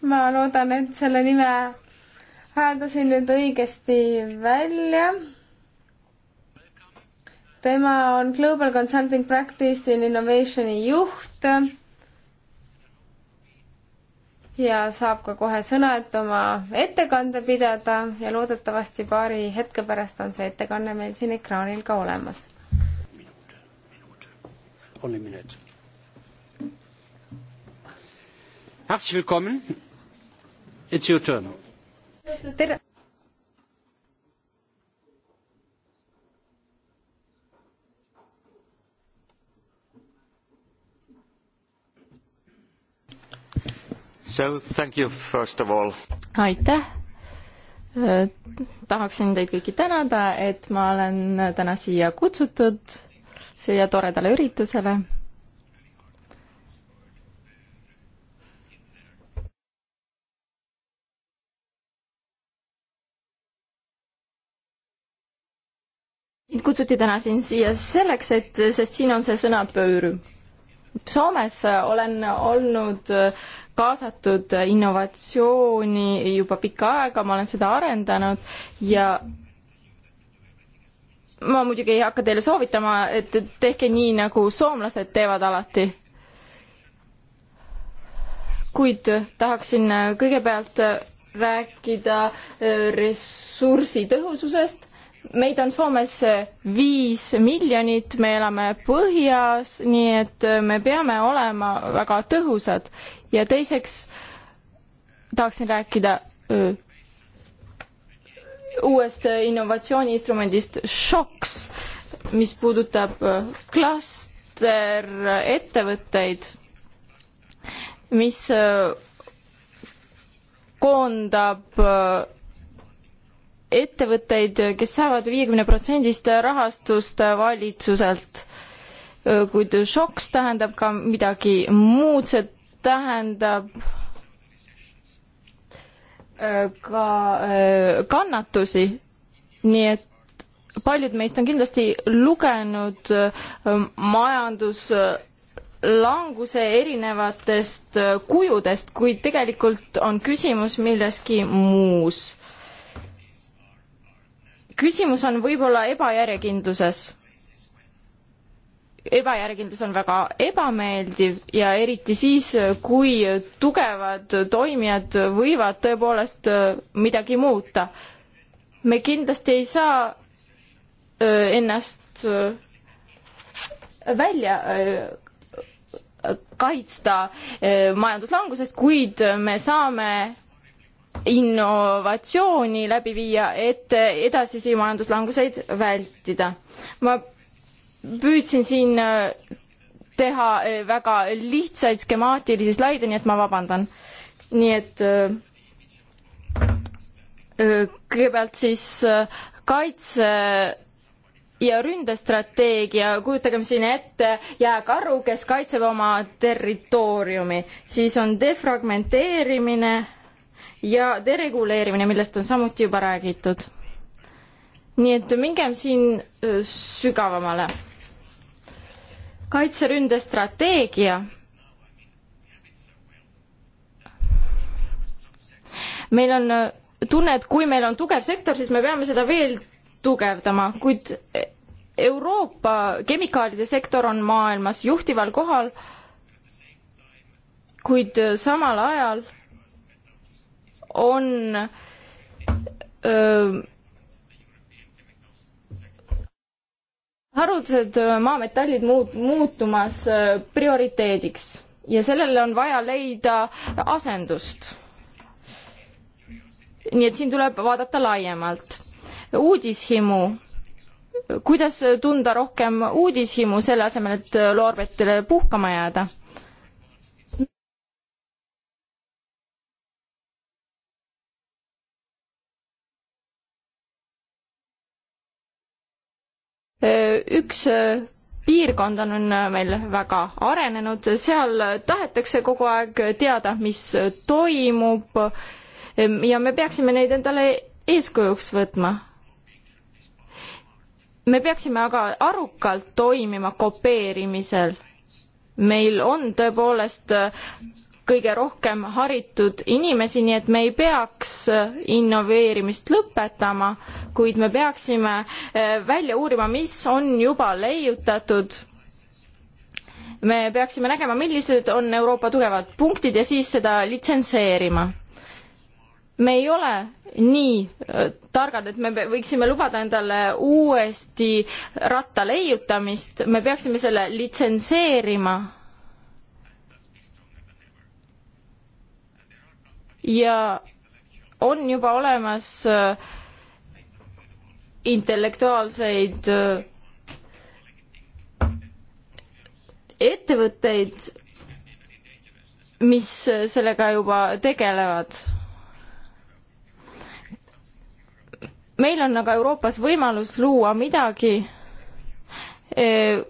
ma loodan, et selle nime hääldasin nüüd õigesti välja. tema on Global Consulting Practice in Innovationi juht. ja saab ka kohe sõna, et oma ettekande pidada ja loodetavasti paari hetke pärast on see ettekanne meil siin ekraanil ka olemas. minut, minut, kolm minutit. Herzlich willkommen It's your turn. tere. So thank you first of all. aitäh. Äh, tahaksin teid kõiki tänada, et ma olen täna siia kutsutud, siia toredale üritusele mind kutsuti täna siin siia selleks, et, sest siin on see sõna pöör. Soomes olen olnud kaasatud innovatsiooni juba pikka aega, ma olen seda arendanud ja ma muidugi ei hakka teile soovitama, et tehke nii, nagu soomlased teevad alati. kuid tahaksin kõigepealt rääkida ressursitõhususest meid on Soomes viis miljonit, me elame põhjas, nii et me peame olema väga tõhusad. ja teiseks tahaksin rääkida öö, uuest innovatsiooniinstrumendist Shocks, mis puudutab klasterettevõtteid, mis koondab öö, ettevõtteid, kes saavad viiekümne protsendist rahastust valitsuselt. kuid šoks tähendab ka midagi muud, see tähendab äh, ka äh, kannatusi, nii et paljud meist on kindlasti lugenud äh, majanduslanguse erinevatest kujudest, kuid tegelikult on küsimus milleski muus küsimus on võib-olla ebajärjekindluses. ebajärjekindlus on väga ebameeldiv ja eriti siis, kui tugevad toimijad võivad tõepoolest äh, midagi muuta. me kindlasti ei saa äh, ennast äh, välja kaitsta majanduslangusest, kuid me saame innovatsiooni läbi viia, et edasisi majanduslanguseid vältida. ma püüdsin siin äh, teha äh, väga lihtsaid skemaatilisi slaide, nii et ma vabandan. nii et äh, kõigepealt siis kaitse ja ründestrateegia, kujutagem siin ette jääkaru, kes kaitseb oma territooriumi, siis on defragmenteerimine ja dereguleerimine, millest on samuti juba räägitud. nii et mingem siin sügavamale. kaitseründe strateegia. meil on tunne, et kui meil on tugev sektor, siis me peame seda veel tugevdama, kuid e, Euroopa kemikaalide sektor on maailmas juhtival kohal, kuid samal ajal on öö, haruldased maametallid muut-, muutumas prioriteediks ja sellele on vaja leida asendust. nii et siin tuleb vaadata laiemalt. uudishimu, kuidas tunda rohkem uudishimu selle asemel, et loorbetile puhkama jääda Äh, üks äh, piirkond on äh, meil väga arenenud, seal tahetakse kogu aeg teada, mis toimub ehm, ja me peaksime neid endale eeskujuks võtma. me peaksime aga arukalt toimima kopeerimisel. meil on tõepoolest kõige rohkem haritud inimesi, nii et me ei peaks äh, innoveerimist lõpetama, kuid me peaksime äh, välja uurima, mis on juba leiutatud. me peaksime nägema, millised on Euroopa tugevad punktid ja siis seda litsenseerima. me ei ole nii äh, targad, et me võiksime lubada endale uuesti ratta leiutamist, me peaksime selle litsenseerima ja on juba olemas äh, intellektuaalseid äh, ettevõtteid, mis sellega juba tegelevad. meil on aga Euroopas võimalus luua midagi, äh,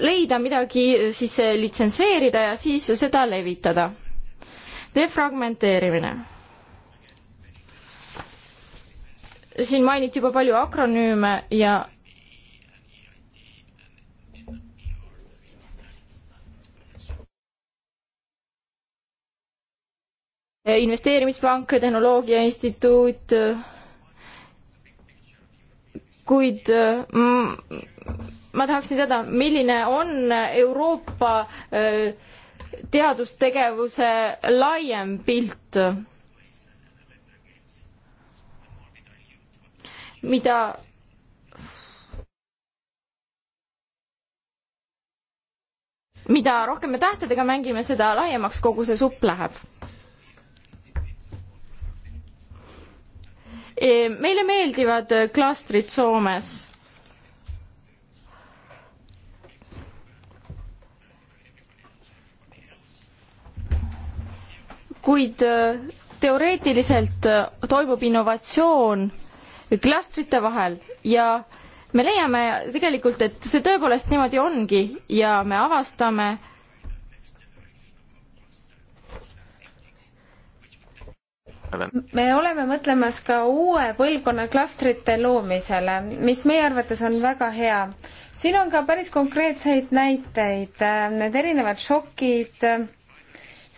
leida midagi, siis litsenseerida ja siis seda levitada defragmenteerimine. siin mainiti juba palju akronüüme ja investeerimispank, Tehnoloogia Instituut, kuid mm, ma tahaksin teada, milline on Euroopa öö, äh, teadustegevuse laiem pilt, mida mida rohkem me tähtedega mängime, seda laiemaks kogu see supp läheb. meile meeldivad klastrid Soomes kuid äh, teoreetiliselt äh, toimub innovatsioon klastrite vahel ja me leiame tegelikult, et see tõepoolest niimoodi ongi ja me avastame, me oleme mõtlemas ka uue põlvkonna klastrite loomisele, mis meie arvates on väga hea. siin on ka päris konkreetseid näiteid, need erinevad šokid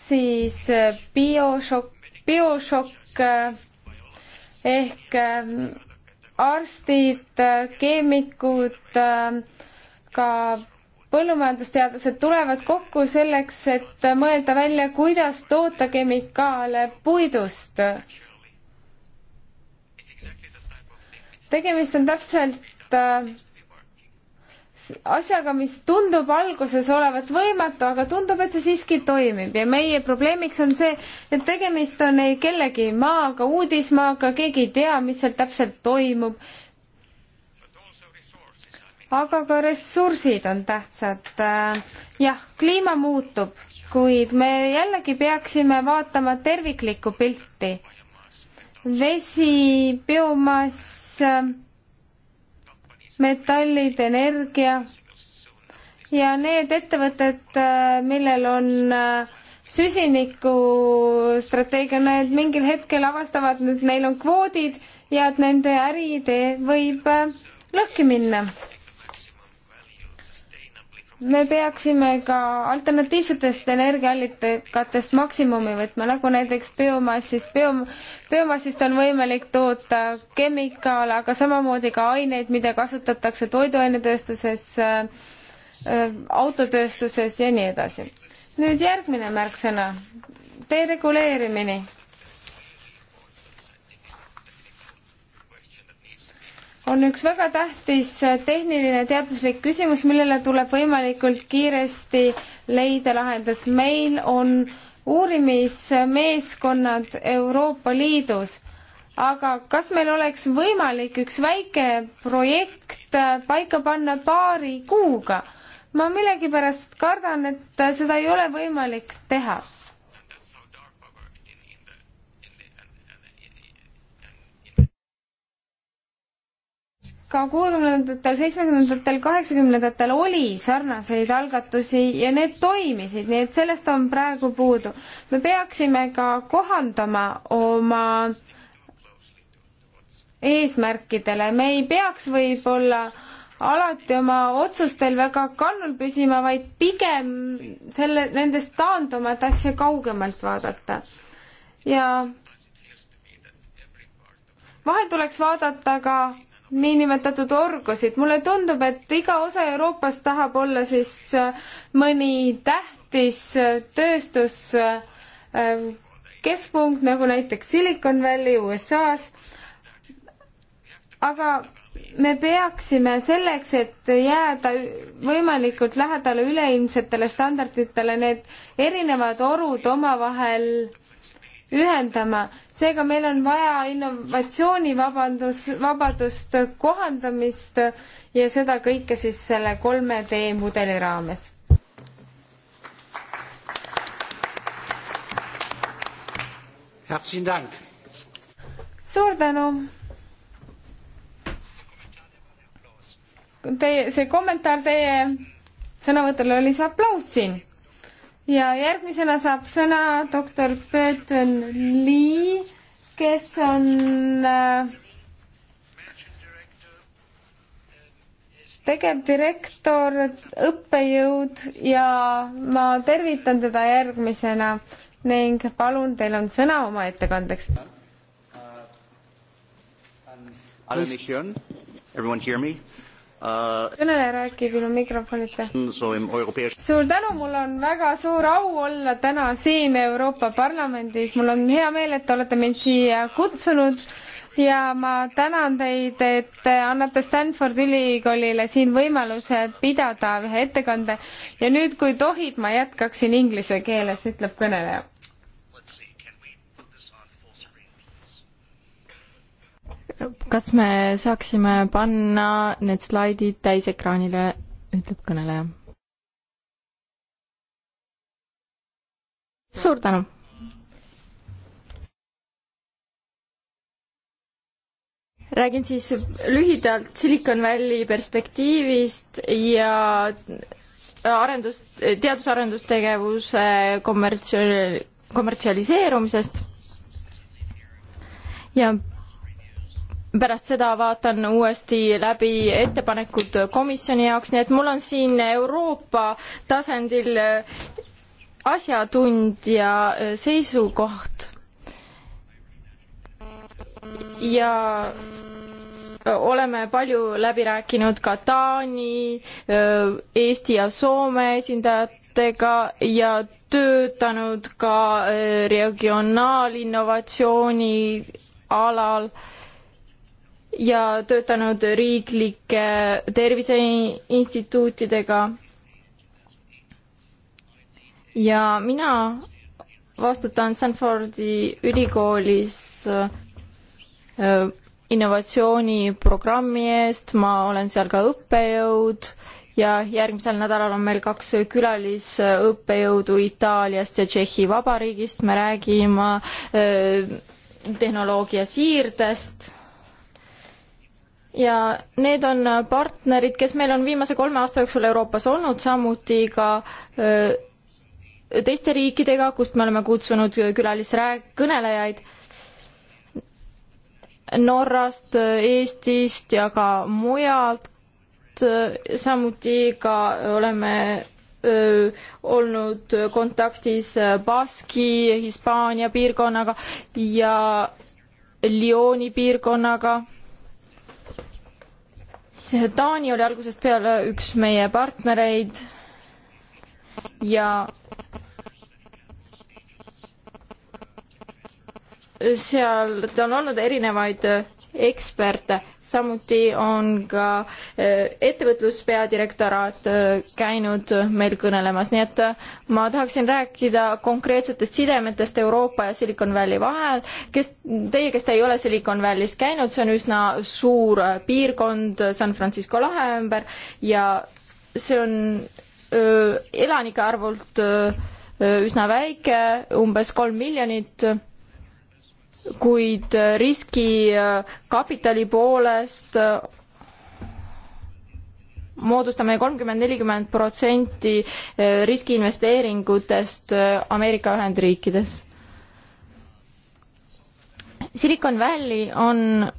siis äh, biošokk, biošokk äh, ehk äh, arstid, keemikud, ka põllumajandusteadlased tulevad kokku selleks, et mõelda välja, kuidas toota kemikaale puidust. tegemist on täpselt asjaga, mis tundub alguses olevat võimatu, aga tundub, et see siiski toimib ja meie probleemiks on see, et tegemist on ei kellegi maaga, uudismaaga, keegi ei tea, mis seal täpselt toimub. aga ka ressursid on tähtsad. jah, kliima muutub, kuid me jällegi peaksime vaatama terviklikku pilti. vesi, biomass metallid, energia ja need ettevõtted, äh, millel on äh, süsinikustrateegia, need mingil hetkel avastavad, et neil on kvoodid ja et nende äriidee võib äh, lõhki minna me peaksime ka alternatiivsetest energiaallikatest maksimumi võtma, nagu näiteks biomassist. bio, biomassist on võimalik toota kemikaale, aga samamoodi ka aineid, mida kasutatakse toiduainetööstuses, äh, autotööstuses ja nii edasi. nüüd järgmine märksõna, dereguleerimine on üks väga tähtis äh, tehniline teaduslik küsimus, millele tuleb võimalikult kiiresti leida lahendus. meil on uurimismeeskonnad Euroopa Liidus, aga kas meil oleks võimalik üks väike projekt äh, paika panna paari kuuga? ma millegipärast kardan, et äh, seda ei ole võimalik teha ka kuuekümnendatel, seitsmekümnendatel, kaheksakümnendatel oli sarnaseid algatusi ja need toimisid, nii et sellest on praegu puudu. me peaksime ka kohandama oma eesmärkidele, me ei peaks võib-olla alati oma otsustel väga kannul püsima, vaid pigem selle, nendest taanduma, et asja kaugemalt vaadata. ja vahel tuleks vaadata ka niinimetatud orgusid. mulle tundub, et iga osa Euroopast tahab olla siis äh, mõni tähtis äh, tööstuskeskpunkt, äh, nagu näiteks Silicon Valley USA-s. aga me peaksime selleks, et jääda võimalikult lähedale üleilmsetele standarditele, need erinevad orud omavahel ühendama. seega meil on vaja innovatsioonivabandus, vabadust, kohandamist ja seda kõike siis selle kolme D mudeli raames. suur tänu. Teie, see kommentaar teie sõnavõtule oli see aplaus siin ja järgmisena saab sõna doktor Burton Lee, kes on äh, tegevdirektor, õppejõud ja ma tervitan teda järgmisena ning palun, teil on sõna oma ettekandeks. Everyone hear me? kõneleja räägib ilma mikrofonita. suur tänu, mul on väga suur au olla täna siin Euroopa Parlamendis, mul on hea meel, et te olete mind siia kutsunud ja ma tänan teid, et te annate Stanfordi ülikoolile siin võimaluse pidada ühe ettekande ja nüüd, kui tohib, ma jätkaksin inglise keeles, ütleb kõneleja. kas me saaksime panna need slaidid täisekraanile, ütleb kõneleja. suur tänu! räägin siis lühidalt Silicon Valley perspektiivist ja arendus, teadus-arendustegevuse kommertsial-, kommertsialiseerumisest. ja pärast seda vaatan uuesti läbi ettepanekud komisjoni jaoks, nii et mul on siin Euroopa tasandil äh, asjatundja äh, seisukoht. ja äh, oleme palju läbi rääkinud ka Taani, Eesti ja Soome esindajatega ja töötanud ka regionaalinnovatsiooni alal äh, ja töötanud riiklike terviseinstituutidega. ja mina vastutan Stanfordi ülikoolis äh, innovatsiooniprogrammi eest, ma olen seal ka õppejõud ja järgmisel nädalal on meil kaks külalisõppejõudu Itaaliast ja Tšehhi Vabariigist, me räägime äh, tehnoloogia siirdest ja need on äh, partnerid, kes meil on viimase kolme aasta jooksul Euroopas olnud, samuti ka äh, teiste riikidega, kust me oleme kutsunud äh, külalisrää-, kõnelejaid Norrast, Eestist ja ka mujalt, samuti ka oleme öö, olnud kontaktis Baski, Hispaania piirkonnaga ja Lyoni piirkonnaga Taani oli algusest peale üks meie partnereid ja seal on olnud erinevaid eksperte samuti on ka eh, ettevõtluspeadirektoraat eh, käinud meil kõnelemas, nii et eh, ma tahaksin rääkida konkreetsetest sidemetest Euroopa ja Silicon Valley vahel. kes, teie, kes te ei ole Silicon Valley's käinud, see on üsna suur piirkond San Francisco lahe ümber ja see on öö, elanike arvult öö, üsna väike, umbes kolm miljonit kuid äh, riskikapitali äh, poolest äh, moodustame kolmkümmend, nelikümmend protsenti riskiinvesteeringutest Ameerika Ühendriikides. Silicon Valley on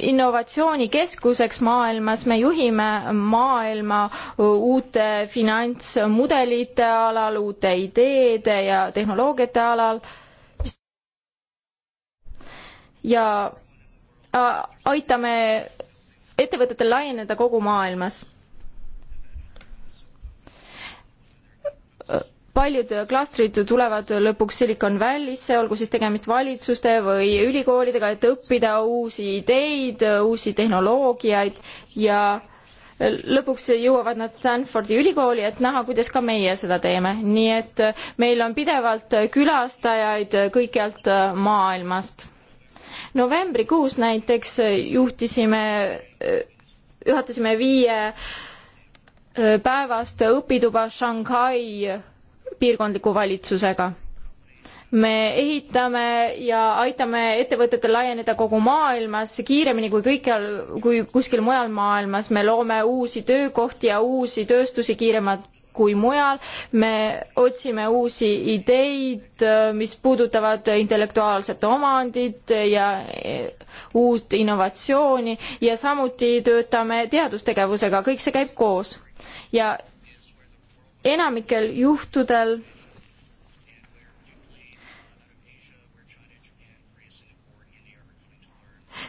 innovatsioonikeskuseks maailmas, me juhime maailma uute finantsmudelite alal, uute ideede ja tehnoloogiate alal ja äh, aitame ettevõtetel laieneda kogu maailmas. paljud klastrid tulevad lõpuks Silicon Valley'sse, olgu siis tegemist valitsuste või ülikoolidega, et õppida uusi ideid, uusi tehnoloogiaid ja lõpuks jõuavad nad Stanfordi ülikooli, et näha, kuidas ka meie seda teeme. nii et meil on pidevalt külastajaid kõikjalt maailmast novembrikuus näiteks juhtisime, juhatasime viie päevast õpituba Shanghai piirkondliku valitsusega. me ehitame ja aitame ettevõtetel laieneda kogu maailmas kiiremini kui kõikjal, kui kuskil mujal maailmas, me loome uusi töökohti ja uusi tööstusi kiiremat kui mujal. me otsime uusi ideid, äh, mis puudutavad intellektuaalset omandit ja äh, uut innovatsiooni ja samuti töötame teadustegevusega, kõik see käib koos. ja enamikel juhtudel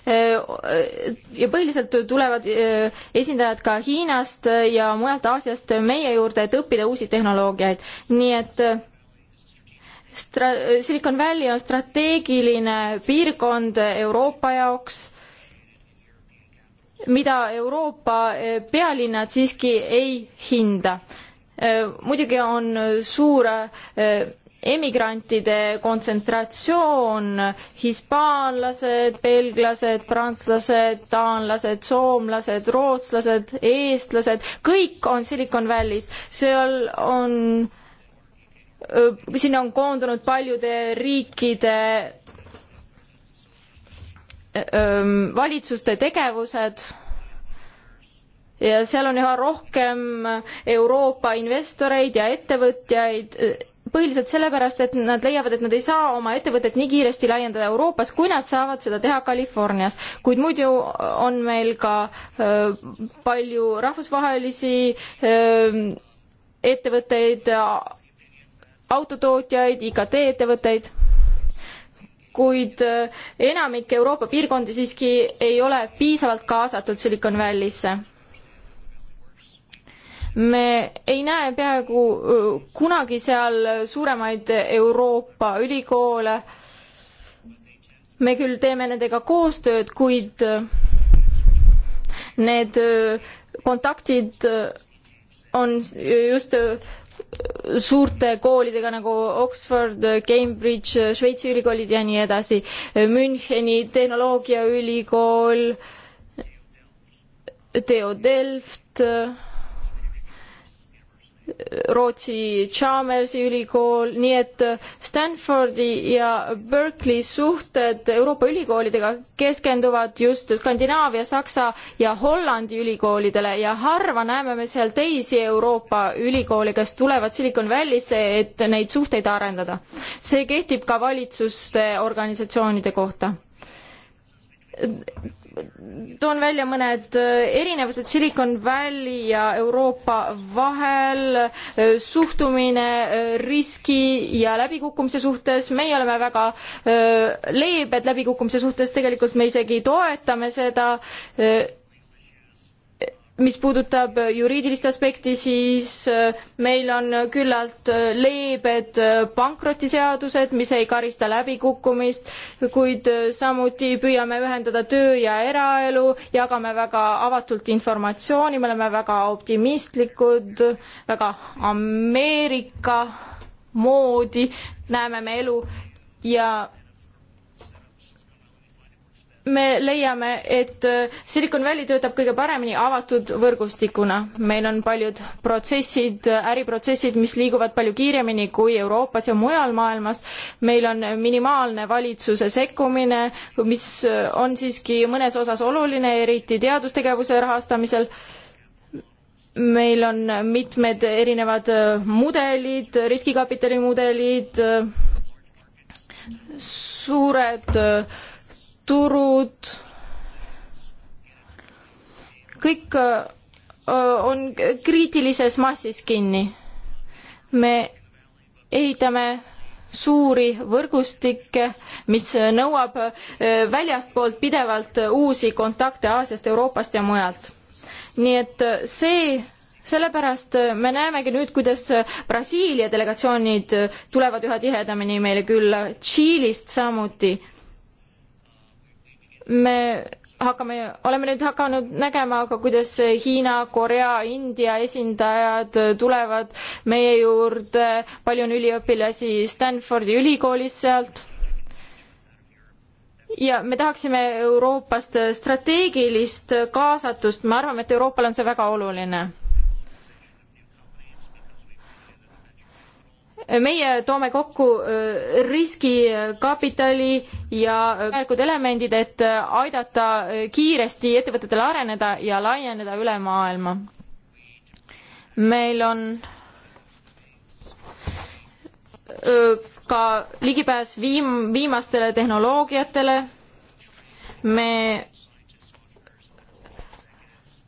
Äh, ja põhiliselt tulevad äh, esindajad ka Hiinast ja mujalt Aasiast meie juurde, et õppida uusi tehnoloogiaid, nii et äh, stra-, Silicon Valley on strateegiline piirkond Euroopa jaoks, mida Euroopa pealinnad siiski ei hinda. muidugi on suur emigrantide kontsentratsioon, hispaanlased, belglased, prantslased, taanlased, soomlased, rootslased, eestlased, kõik on Silicon Valley's, seal on, sinna on koondunud paljude riikide valitsuste tegevused ja seal on üha rohkem Euroopa investoreid ja ettevõtjaid põhiliselt sellepärast, et nad leiavad, et nad ei saa oma ettevõtet nii kiiresti laiendada Euroopas, kui nad saavad seda teha Californias. kuid muidu on meil ka öö, palju rahvusvahelisi öö, ettevõtteid, autotootjaid, IKT ettevõtteid, kuid öö, enamik Euroopa piirkondi siiski ei ole piisavalt kaasatud Silicon Valley'sse me ei näe peaaegu kunagi seal suuremaid Euroopa ülikoole. me küll teeme nendega koostööd, kuid need kontaktid on just suurte koolidega nagu Oxford, Cambridge, Šveitsi ülikoolid ja nii edasi, Müncheni tehnoloogiaülikool, Theo Delft Rootsi Chalmersi ülikool, nii et Stanfordi ja Berkeley suhted Euroopa ülikoolidega keskenduvad just Skandinaavia, Saksa ja Hollandi ülikoolidele ja harva näeme me seal teisi Euroopa ülikoole, kes tulevad Silicon Valley'sse, et neid suhteid arendada. see kehtib ka valitsuste organisatsioonide kohta toon välja mõned äh, erinevused Silicon Valley ja Euroopa vahel, äh, suhtumine äh, riski ja läbikukkumise suhtes, meie oleme väga leebed läbikukkumise suhtes, tegelikult me isegi toetame seda mis puudutab äh, juriidilist aspekti, siis äh, meil on äh, küllalt leebed pankrotiseadused, mis ei karista läbikukkumist, kuid samuti püüame ühendada töö ja eraelu, jagame väga avatult informatsiooni, me oleme väga optimistlikud, väga Ameerika moodi näeme me elu ja me leiame, et äh, Silicon Valley töötab kõige paremini avatud võrgustikuna. meil on paljud protsessid, äh, äriprotsessid, mis liiguvad palju kiiremini kui Euroopas ja mujal maailmas. meil on minimaalne valitsuse sekkumine, mis äh, on siiski mõnes osas oluline, eriti teadustegevuse rahastamisel meil on mitmed erinevad mudelid, riskikapitali mudelid, suured äh, turud, kõik äh, äh, on kriitilises massis kinni. me ehitame suuri võrgustikke, mis nõuab äh, väljastpoolt pidevalt uusi kontakte Aasiast, Euroopast ja mujalt. nii et see, sellepärast me näemegi nüüd, kuidas Brasiilia delegatsioonid tulevad üha tihedamini meile külla, Tšiilist samuti me hakkame, oleme nüüd hakanud nägema ka, kuidas Hiina, Korea, India esindajad tulevad meie juurde, palju on üliõpilasi Stanfordi ülikoolis sealt ja me tahaksime Euroopast strateegilist kaasatust, me arvame, et Euroopale on see väga oluline. meie toome kokku äh, riskikapitali ja vajalikud elemendid, et äh, aidata äh, kiiresti ettevõtetel areneda ja laieneda üle maailma. meil on ka ligipääs viim-, viimastele tehnoloogiatele, me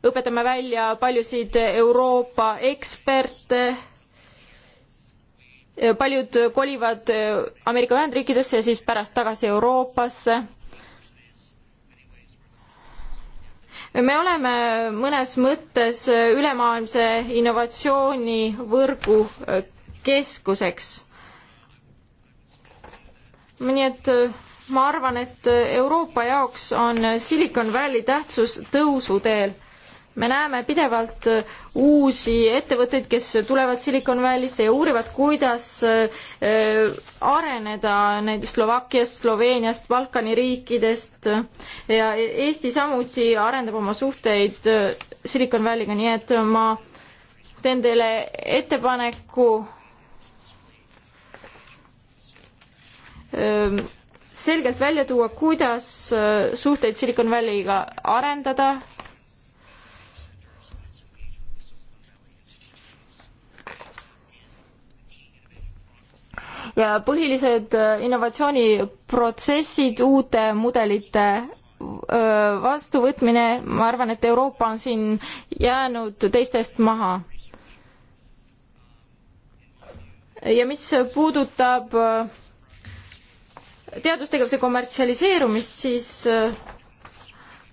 õpetame välja paljusid Euroopa eksperte Äh, paljud äh, kolivad äh, Ameerika Ühendriikidesse ja siis pärast tagasi Euroopasse. me oleme mõnes mõttes ülemaailmse innovatsioonivõrgu keskuseks. nii et ma arvan, et Euroopa jaoks on Silicon Valley tähtsus tõusuteel me näeme pidevalt äh, uusi ettevõtteid, kes tulevad Silicon Valley'sse ja uurivad, kuidas äh, areneda näiteks Slovakkiast, Sloveeniast, Balkani riikidest äh, ja Eesti samuti arendab oma suhteid Silicon Valley'ga, nii et ma teen teile ettepaneku ähm, selgelt välja tuua, kuidas suhteid Silicon Valley'ga arendada ja põhilised äh, innovatsiooniprotsessid uute mudelite äh, vastuvõtmine, ma arvan, et Euroopa on siin jäänud teistest maha. ja mis puudutab äh, teadustegevuse kommertsialiseerumist, siis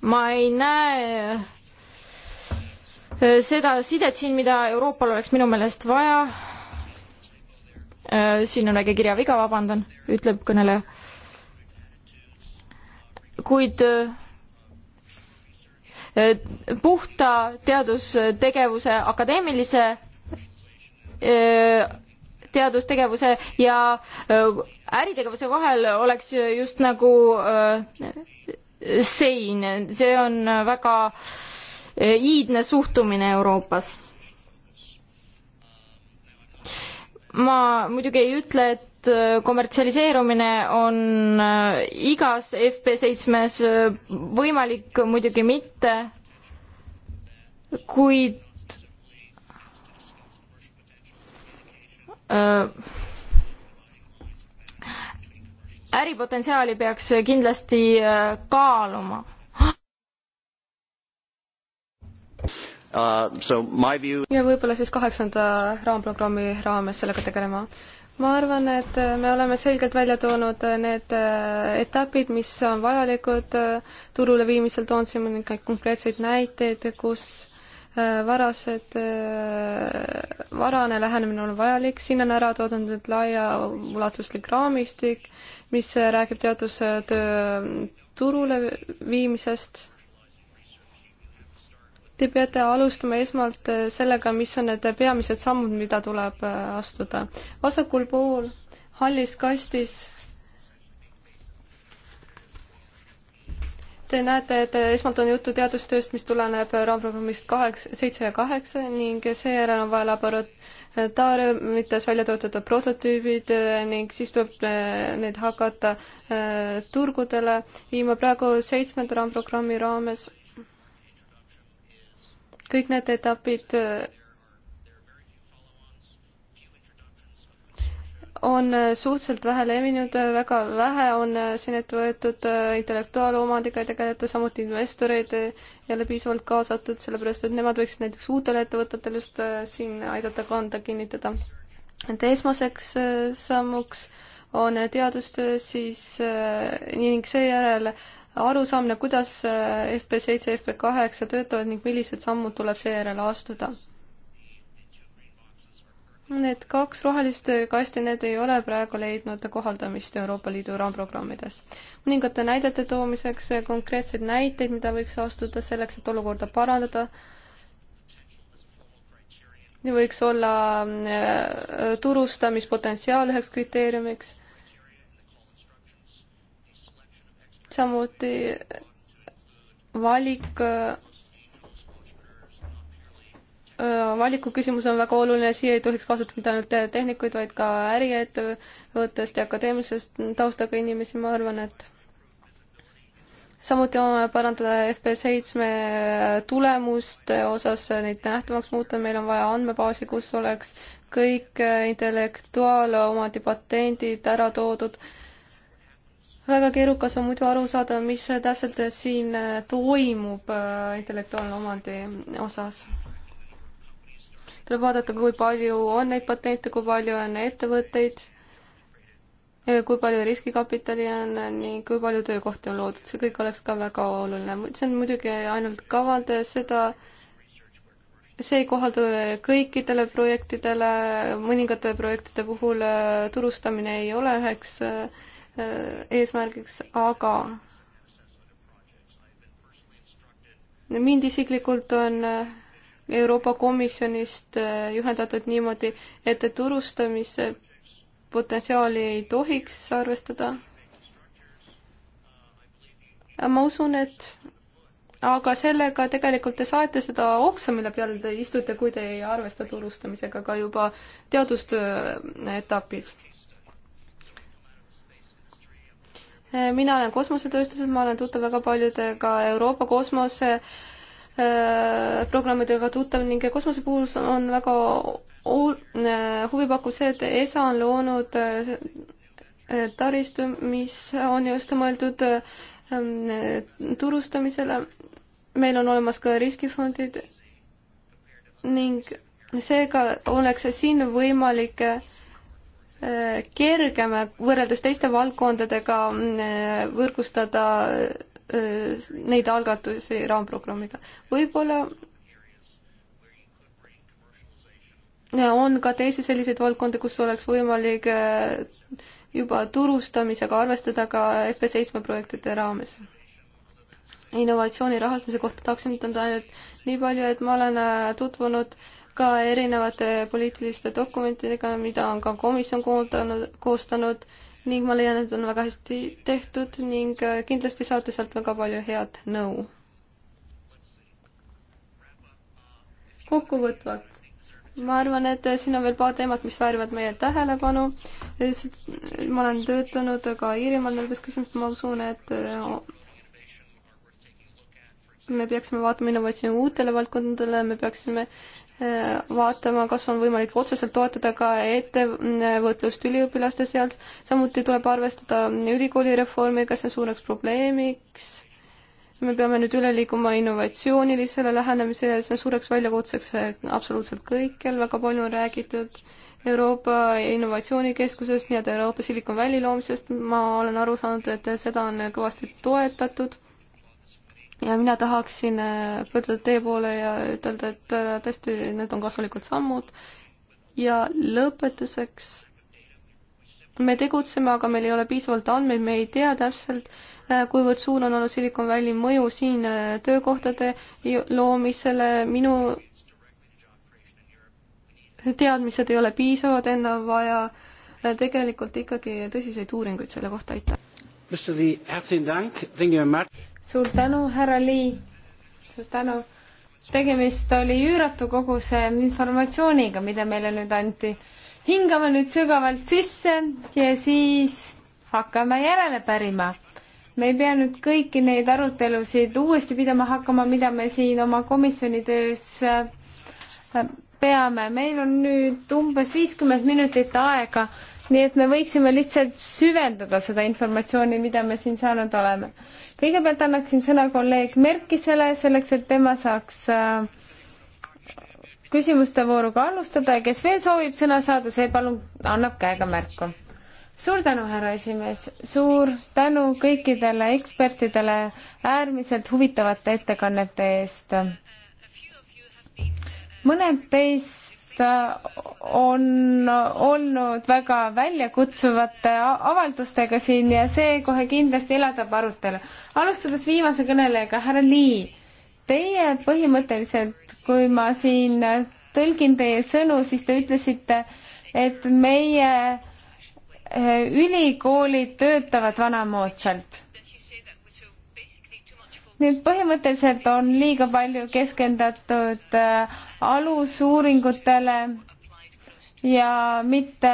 ma ei näe seda sidet siin, mida Euroopal oleks minu meelest vaja Äh, siin on väike kirjaviga, vabandan, ütleb kõneleja. kuid äh, äh, puhta teadustegevuse akadeemilise teadustegevuse ja äritegevuse vahel oleks just nagu sein, see on väga iidne suhtumine Euroopas ma muidugi ei ütle, et äh, kommertsialiseerumine on äh, igas FP seitsmes äh, võimalik, muidugi mitte, kuid äripotentsiaali peaks kindlasti kaaluma. Uh, view... ja võib-olla siis kaheksanda raamprogrammi raames sellega tegelema. ma arvan, et me oleme selgelt välja toonud need äh, etapid, mis on vajalikud äh, turule viimisel, toonsime nüüd ka konkreetseid näiteid, kus äh, varased, varane lähenemine on vajalik, siin on ära toodud nüüd laiaulatuslik raamistik, mis räägib teadustöö turule viimisest Te peate alustama esmalt äh, sellega, mis on need peamised sammud, mida tuleb äh, astuda. vasakul pool hallis kastis Te näete, et äh, esmalt on juttu teadustööst, mis tuleneb raamprogrammist kaheksa, seitse ja kaheksa ning seejärel on vaja laboratooriumites välja töötatud prototüübid ning siis tuleb neid hakata turgudele viima praegu seitsmenda raamprogrammi raames kõik need etapid äh, on äh, suhteliselt vähe levinud, äh, väga vähe on siin ette võetud intellektuaalomandiga tegeleda, samuti investoreid jälle piisavalt kaasatud, sellepärast et nemad võiksid näiteks uutele ettevõtetele just siin aidata kanda kinnitada. et esmaseks sammuks on teadustöö siis ning seejärel arusaamine, kuidas äh, FP seitse, FP kaheksa töötavad ning millised sammud tuleb seejärel astuda. Need kaks rohelist kasti, need ei ole praegu leidnud kohaldamist Euroopa Liidu raamprogrammides. mõningate näidete toomiseks konkreetseid näiteid, mida võiks astuda selleks, et olukorda parandada, võiks olla äh, turustamispotentsiaal üheks kriteeriumiks samuti valik äh, valiku küsimus on väga oluline, siia ei tohiks kaasata mitte ainult tehnikuid, vaid ka äriettevõttest ja akadeemilisest taustaga inimesi, ma arvan, et samuti on vaja parandada FP7 tulemuste osas, neid nähtavaks muuta, meil on vaja andmebaasi, kus oleks kõik intellektuaalomandi patendid ära toodud äh, väga keerukas on muidu aru saada, mis täpselt siin äh, toimub äh, intellektuaalne omandi osas. tuleb vaadata, kui palju on neid patente, kui palju on ettevõtteid, kui palju riskikapitali on ning kui palju töökohti on loodud, see kõik oleks ka väga oluline. see on muidugi ainult kavand, seda see ei kohaldu kõikidele projektidele, mõningate projektide puhul äh, turustamine ei ole üheks äh, Äh, eesmärgiks, aga mind isiklikult on äh, Euroopa Komisjonist äh, juhendatud niimoodi, et turustamise potentsiaali ei tohiks arvestada. ma usun, et aga sellega tegelikult te saete seda oksa, mille peal te istute, kui te ei arvesta turustamisega ka juba teadustöö etapis mina olen kosmosetööstuses, ma olen tuttav väga paljudega Euroopa kosmose äh, programmidega tuttav ning kosmose puhul on väga äh, huvipakkuv see, et ESA on loonud äh, taristu, mis on just mõeldud turustamisele. meil on olemas ka riskifondid ning seega oleks siin võimalik äh, kergem võrreldes teiste valdkondadega mm, eh, võrgustada eh, neid algatusi raamprogrammiga. võib-olla on ka teisi selliseid valdkondi, kus oleks võimalik eh, juba turustamisega arvestada ka FP7 projektide raames. innovatsiooni rahastamise kohta tahaksin ütelda ainult nii palju, et ma olen tutvunud äh, ka erinevate poliitiliste dokumentidega, mida on ka komisjon koondanud, koostanud ning ma leian, et on väga hästi tehtud ning kindlasti saate sealt väga palju head nõu. kokkuvõtvalt, ma arvan, et siin on veel paar teemat, mis väärivad meie tähelepanu. ma olen töötanud ka Iirimaal nendes küsimustes, ma usun, et me peaksime vaatama innovatsiooni uutele valdkondadele, me peaksime Äh, vaatama, kas on võimalik otseselt toetada ka ettevõtlust üliõpilaste seas, samuti tuleb arvestada ülikoolireformiga, see on suureks probleemiks. me peame nüüd üle liikuma innovatsioonilisele lähenemisele, see on suureks väljakutseks absoluutselt kõikjal, väga palju on räägitud Euroopa Innovatsioonikeskusest, nii-öelda Euroopa Silicon Valley loomisest, ma olen aru saanud, et seda on kõvasti toetatud ja mina tahaksin äh, pöörduda teie poole ja ütelda, et äh, tõesti, need on kasulikud sammud. ja lõpetuseks, me tegutseme, aga meil ei ole piisavalt andmeid, me ei tea täpselt, äh, kuivõrd suur on olnud Silicon Valley mõju siin töökohtade loomisele, minu teadmised ei ole piisavad, enne on vaja tegelikult ikkagi tõsiseid uuringuid selle kohta, aitäh suur tänu, härra Lii, suur tänu. tegemist oli üüratu koguse informatsiooniga, mida meile nüüd anti. hingame nüüd sügavalt sisse ja siis hakkame järele pärima. me ei pea nüüd kõiki neid arutelusid uuesti pidama hakkama, mida me siin oma komisjoni töös äh, peame, meil on nüüd umbes viiskümmend minutit aega, nii et me võiksime lihtsalt süvendada seda informatsiooni, mida me siin saanud oleme kõigepealt annaksin sõna kolleeg Merkisele, selleks et tema saaks äh, küsimuste vooruga alustada ja kes veel soovib sõna saada, see palun annab käega märku. suur tänu, härra esimees, suur tänu kõikidele ekspertidele äärmiselt huvitavate ettekannete eest. mõned teist Äh, on olnud väga väljakutsuvate avaldustega siin ja see kohe kindlasti elavdab arutelu. alustades viimase kõnelejaga, härra Lii, teie põhimõtteliselt, kui ma siin tõlgin teie sõnu, siis te ütlesite, et meie äh, ülikoolid töötavad vanamoodsalt nüüd põhimõtteliselt on liiga palju keskendatud äh, alusuuringutele ja mitte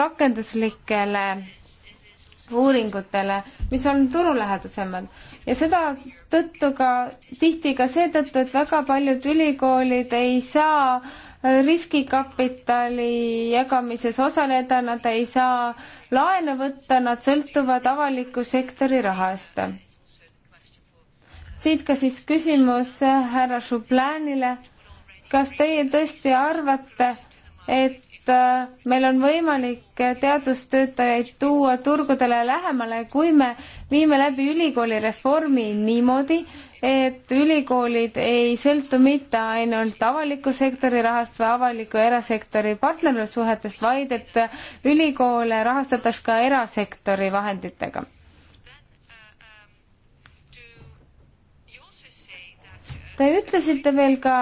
rakenduslikele uuringutele, mis on turulähedasemad ja seda tõttu ka tihti ka seetõttu, et väga paljud ülikoolid ei saa riskikapitali jagamises osaleda, nad ei saa laene võtta, nad sõltuvad avaliku sektori rahast siit ka siis küsimus äh, härra Šublanile. kas teie tõesti arvate, et äh, meil on võimalik äh, teadustöötajaid tuua turgudele lähemale, kui me viime läbi ülikoolireformi niimoodi, et ülikoolid ei sõltu mitte ainult avaliku sektori rahast või avaliku erasektori partnerlussuhetest, vaid et ülikoole rahastataks ka erasektori vahenditega Te ütlesite veel ka,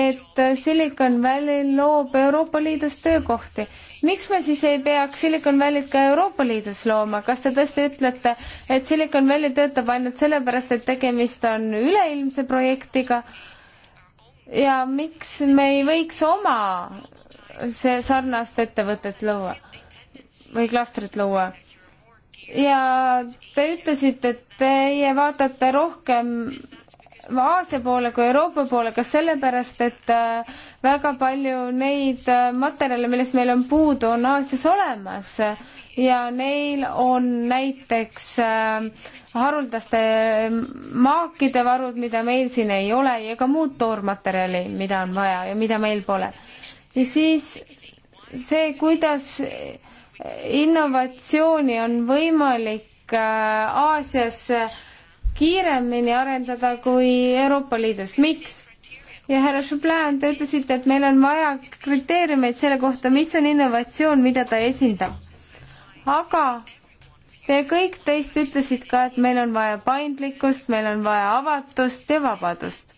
et Silicon Valley loob Euroopa Liidus töökohti. miks me siis ei peaks Silicon Valley't ka Euroopa Liidus looma, kas te tõesti ütlete, et Silicon Valley töötab ainult sellepärast, et tegemist on üleilmse projektiga ja miks me ei võiks oma see sarnast ettevõtet luua või klastrit luua? ja te ütlesite, et teie vaatate rohkem Aasia poole kui Euroopa poole, kas sellepärast, et äh, väga palju neid äh, materjale, millest meil on puudu, on Aasias olemas ja neil on näiteks äh, haruldaste maakide varud, mida meil siin ei ole, ja ka muud toormaterjali, mida on vaja ja mida meil pole. ja siis see, kuidas innovatsiooni on võimalik Aasias äh, kiiremini arendada kui Euroopa Liidus, miks? ja härra Šublään, te ütlesite, et meil on vaja kriteeriumeid selle kohta, mis on innovatsioon, mida ta esindab. aga te kõik teist ütlesid ka, et meil on vaja paindlikkust, meil on vaja avatust ja vabadust.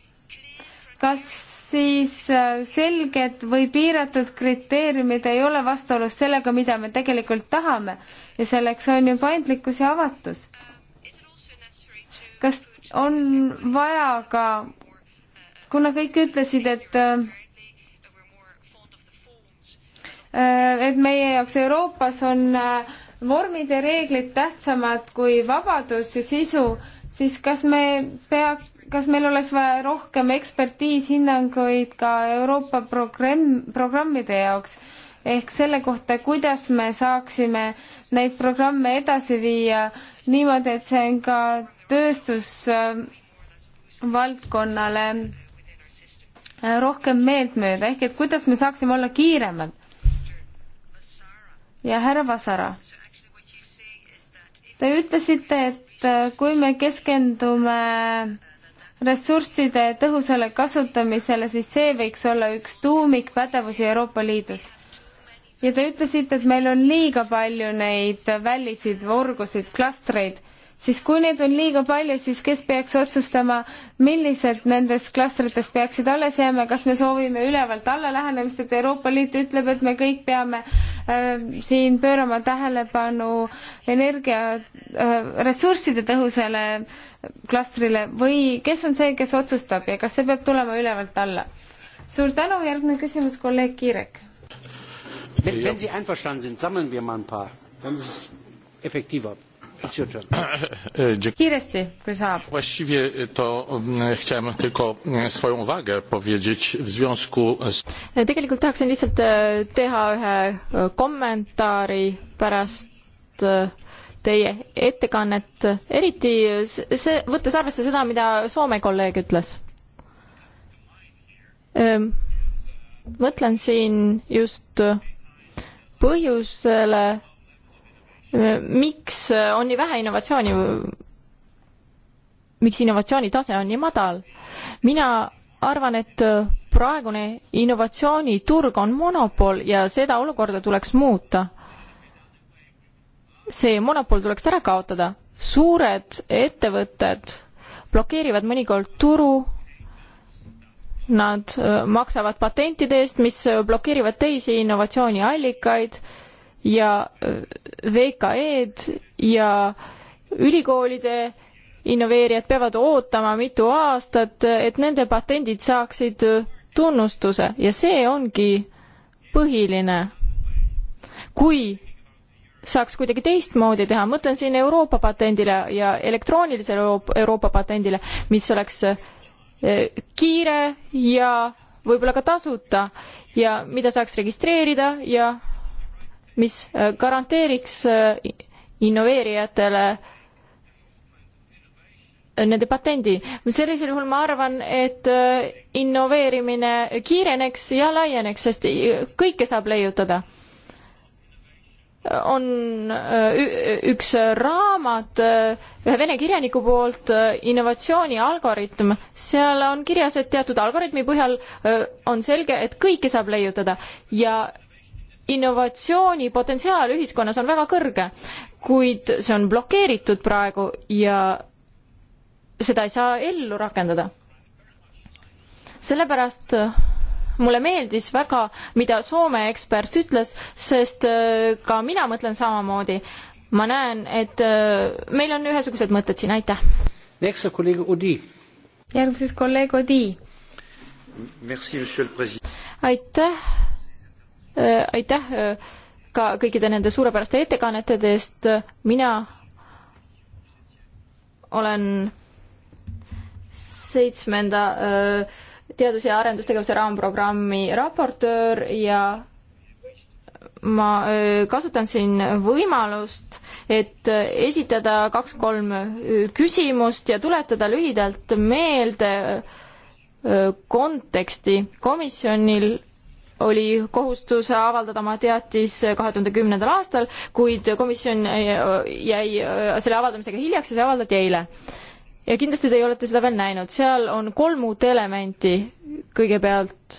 kas siis äh, selged või piiratud kriteeriumid ei ole vastuolus sellega, mida me tegelikult tahame ja selleks on ju paindlikkus ja avatus kas on vaja ka, kuna kõik ütlesid, et äh, et meie jaoks Euroopas on äh, vormid ja reeglid tähtsamad kui vabadus ja sisu, siis kas me pea, kas meil oleks vaja rohkem ekspertiishinnanguid ka Euroopa programm, programmide jaoks? ehk selle kohta, kuidas me saaksime neid programme edasi viia niimoodi, et see on ka tööstusvaldkonnale äh, rohkem meeltmööda, ehk et kuidas me saaksime olla kiiremad. ja härra Vasara, te ütlesite, et äh, kui me keskendume ressursside tõhusale kasutamisele, siis see võiks olla üks tuumikpädevusi Euroopa Liidus. ja te ütlesite, et meil on liiga palju neid välisid, võrgusid, klastreid siis kui neid on liiga palju, siis kes peaks otsustama, millised nendest klastritest peaksid alles jääma, kas me soovime ülevalt alla lähenemist, et Euroopa Liit ütleb, et me kõik peame äh, siin pöörama tähelepanu energia äh, ressursside tõhusale klastrile või kes on see, kes otsustab ja kas see peab tulema ülevalt alla? suur tänu, järgmine küsimus, kolleeg Kiirek. Wenn Sie einverstanden sind, sammeln wir mal ein paar. Dann ist es effektiver. Kiiresti, kui saab. Właściwie to mm, chciałem tylko mm, swoją uwagę powiedzieć w związku z... Tegelikult tahaksin lihtsalt e, teha ühe e, kommentaari pärast e, teie ettekannet, eriti see, võttes arvesse seda, mida Soome kolleeg ütles. Ehm, mõtlen siin just põhjusele, miks on nii vähe innovatsiooni, miks innovatsiooni tase on nii madal? mina arvan, et praegune innovatsiooniturg on monopol ja seda olukorda tuleks muuta. see monopol tuleks ära kaotada. suured ettevõtted blokeerivad mõnikord turu, nad äh, maksavad patentide eest, mis äh, blokeerivad teisi innovatsiooniallikaid ja äh, VKE-d ja ülikoolide innoveerijad peavad ootama mitu aastat, et nende patendid saaksid tunnustuse ja see ongi põhiline. kui saaks kuidagi teistmoodi teha, mõtlen siin Euroopa patendile ja elektroonilisele Euroopa, Euroopa patendile, mis oleks äh, kiire ja võib-olla ka tasuta ja mida saaks registreerida ja mis äh, garanteeriks äh, innoveerijatele äh, nende patendi. sellisel juhul ma arvan, et innoveerimine kiireneks ja laieneks, sest kõike saab leiutada on üks raamat ühe vene kirjaniku poolt Innovatsiooni algoritm, seal on kirjas, et teatud algoritmi põhjal on selge, et kõike saab leiutada ja innovatsioonipotentsiaal ühiskonnas on väga kõrge, kuid see on blokeeritud praegu ja seda ei saa ellu rakendada. sellepärast äh, mulle meeldis väga, mida Soome ekspert ütles, sest äh, ka mina mõtlen samamoodi. ma näen, et äh, meil on ühesugused mõtted siin, aitäh. järgmises kolleeg Odi. aitäh, Äh, aitäh äh, ka kõikide nende suurepäraste ettekannete eest, mina olen seitsmenda äh, teadus- ja arendustegevuse raamprogrammi raportöör ja ma kasutan siin võimalust, et esitada kaks-kolm küsimust ja tuletada lühidalt meelde konteksti. komisjonil oli kohustus avaldada oma teatis kahe tuhande kümnendal aastal, kuid komisjon jäi äh, selle avaldamisega hiljaks ja see avaldati eile. ja kindlasti teie olete seda veel näinud, seal on kolm uut elementi, kõigepealt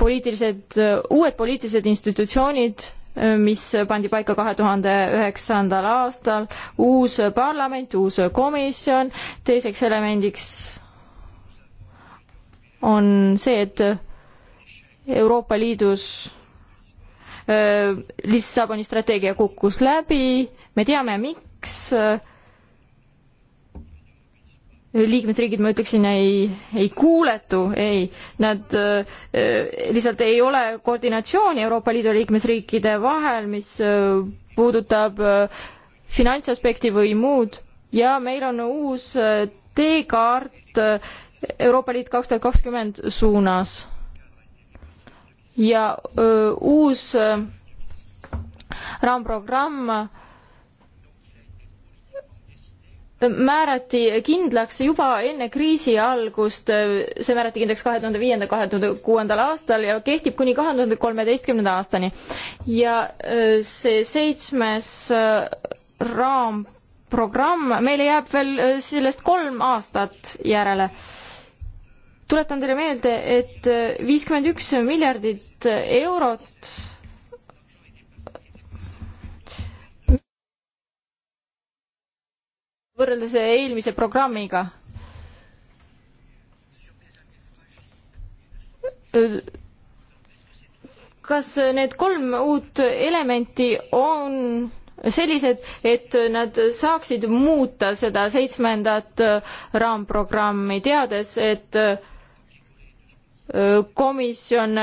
poliitilised, uued poliitilised institutsioonid, mis pandi paika kahe tuhande üheksandal aastal, uus parlament, uus komisjon, teiseks elemendiks on see, et Euroopa Liidus Lissaboni strateegia kukkus läbi, me teame, miks liikmesriigid, ma ütleksin, ei, ei kuuletu, ei, nad äh, lihtsalt ei ole koordinatsiooni Euroopa Liidu liikmesriikide vahel, mis äh, puudutab äh, finantsaspekti või muud ja meil on uus teekaart Euroopa Liit kaks tuhat kakskümmend suunas ja öö, uus raamprogramm määrati kindlaks juba enne kriisi algust, see määrati kindlaks kahe tuhande viienda, kahe tuhande kuuendal aastal ja kehtib kuni kahe tuhande kolmeteistkümnenda aastani. ja see seitsmes raamprogramm, meile jääb veel sellest kolm aastat järele tuletan teile meelde, et äh, viiskümmend üks miljardit äh, eurot võrreldes eelmise programmiga. kas need kolm uut elementi on sellised, et nad saaksid muuta seda seitsmendat äh, raamprogrammi, teades, et komisjon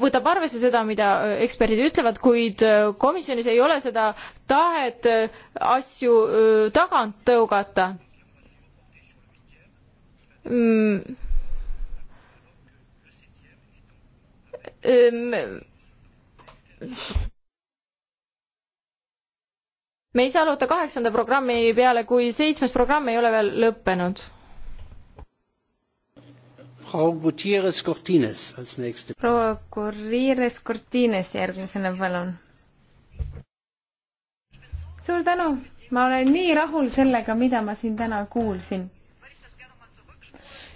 võtab arvesse seda, mida eksperdid ütlevad, kuid komisjonis ei ole seda tahet asju tagant tõugata. me ei saa loota kaheksanda programmi peale, kui seitsmes programm ei ole veel lõppenud Frau Gutierrez Cortines als nächste. proua Gutierrez Cortines järgmisena, palun. suur tänu, ma olen nii rahul sellega, mida ma siin täna kuulsin.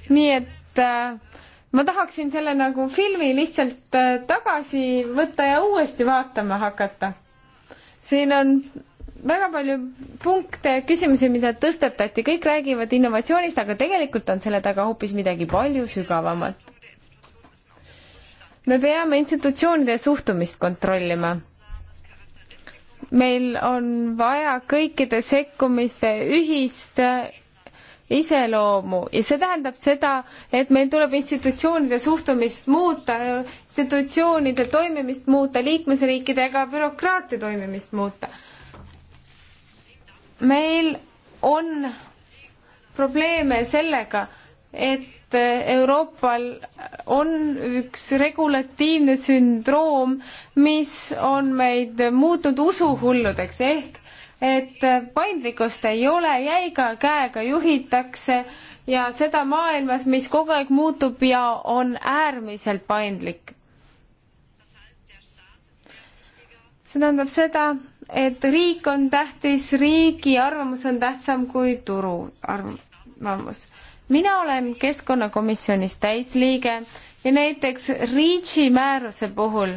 nii et äh, ma tahaksin selle nagu filmi lihtsalt äh, tagasi võtta ja uuesti vaatama hakata. siin on väga palju punkte, küsimusi, mida tõstatati, kõik räägivad innovatsioonist, aga tegelikult on selle taga hoopis midagi palju sügavamat. me peame institutsioonide suhtumist kontrollima. meil on vaja kõikide sekkumiste ühist iseloomu ja see tähendab seda, et meil tuleb institutsioonide suhtumist muuta, institutsioonide toimimist muuta, liikmesriikide ega bürokraatia toimimist muuta meil on probleeme sellega, et Euroopal on üks regulatiivne sündroom, mis on meid muutnud usuhulludeks ehk et paindlikkust ei ole, jäiga käega juhitakse ja seda maailmas, mis kogu aeg muutub ja on äärmiselt paindlik. see tähendab seda, et riik on tähtis, riigi arvamus on tähtsam kui turu arvamus. mina olen keskkonnakomisjonis täisliige ja näiteks REACH-i määruse puhul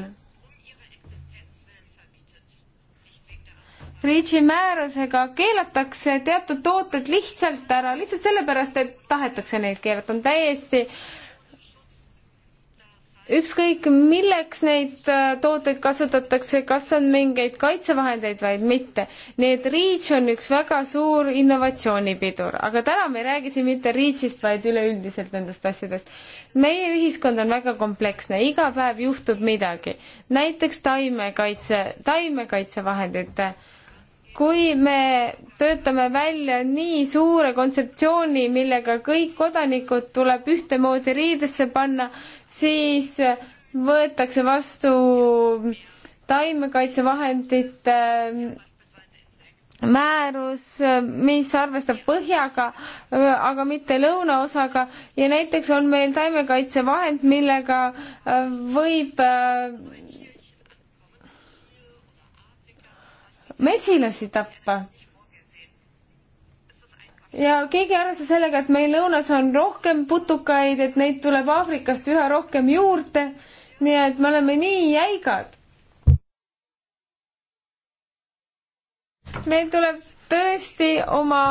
REACH-i määrusega keelatakse teatud tooted lihtsalt ära, lihtsalt sellepärast, et tahetakse neid keelata, on täiesti äh, ükskõik milleks neid äh, tooteid kasutatakse, kas on mingeid kaitsevahendeid või mitte. nii et REACH on üks väga suur innovatsioonipidur, aga täna me ei räägi siin mitte REACH-ist, vaid üleüldiselt nendest asjadest. meie ühiskond on väga kompleksne, iga päev juhtub midagi, näiteks taimekaitse, taimekaitsevahendite äh, kui me töötame välja nii suure kontseptsiooni, millega kõik kodanikud tuleb ühtemoodi riidesse panna, siis võetakse vastu taimekaitsevahendite ähm, määrus, mis arvestab põhjaga, äh, aga mitte lõunaosaga ja näiteks on meil taimekaitsevahend, millega äh, võib äh, mesilasi tappa. ja keegi ei arvesta sellega, et meil lõunas on rohkem putukaid, et neid tuleb Aafrikast üha rohkem juurde. nii et me oleme nii jäigad. meil tuleb tõesti oma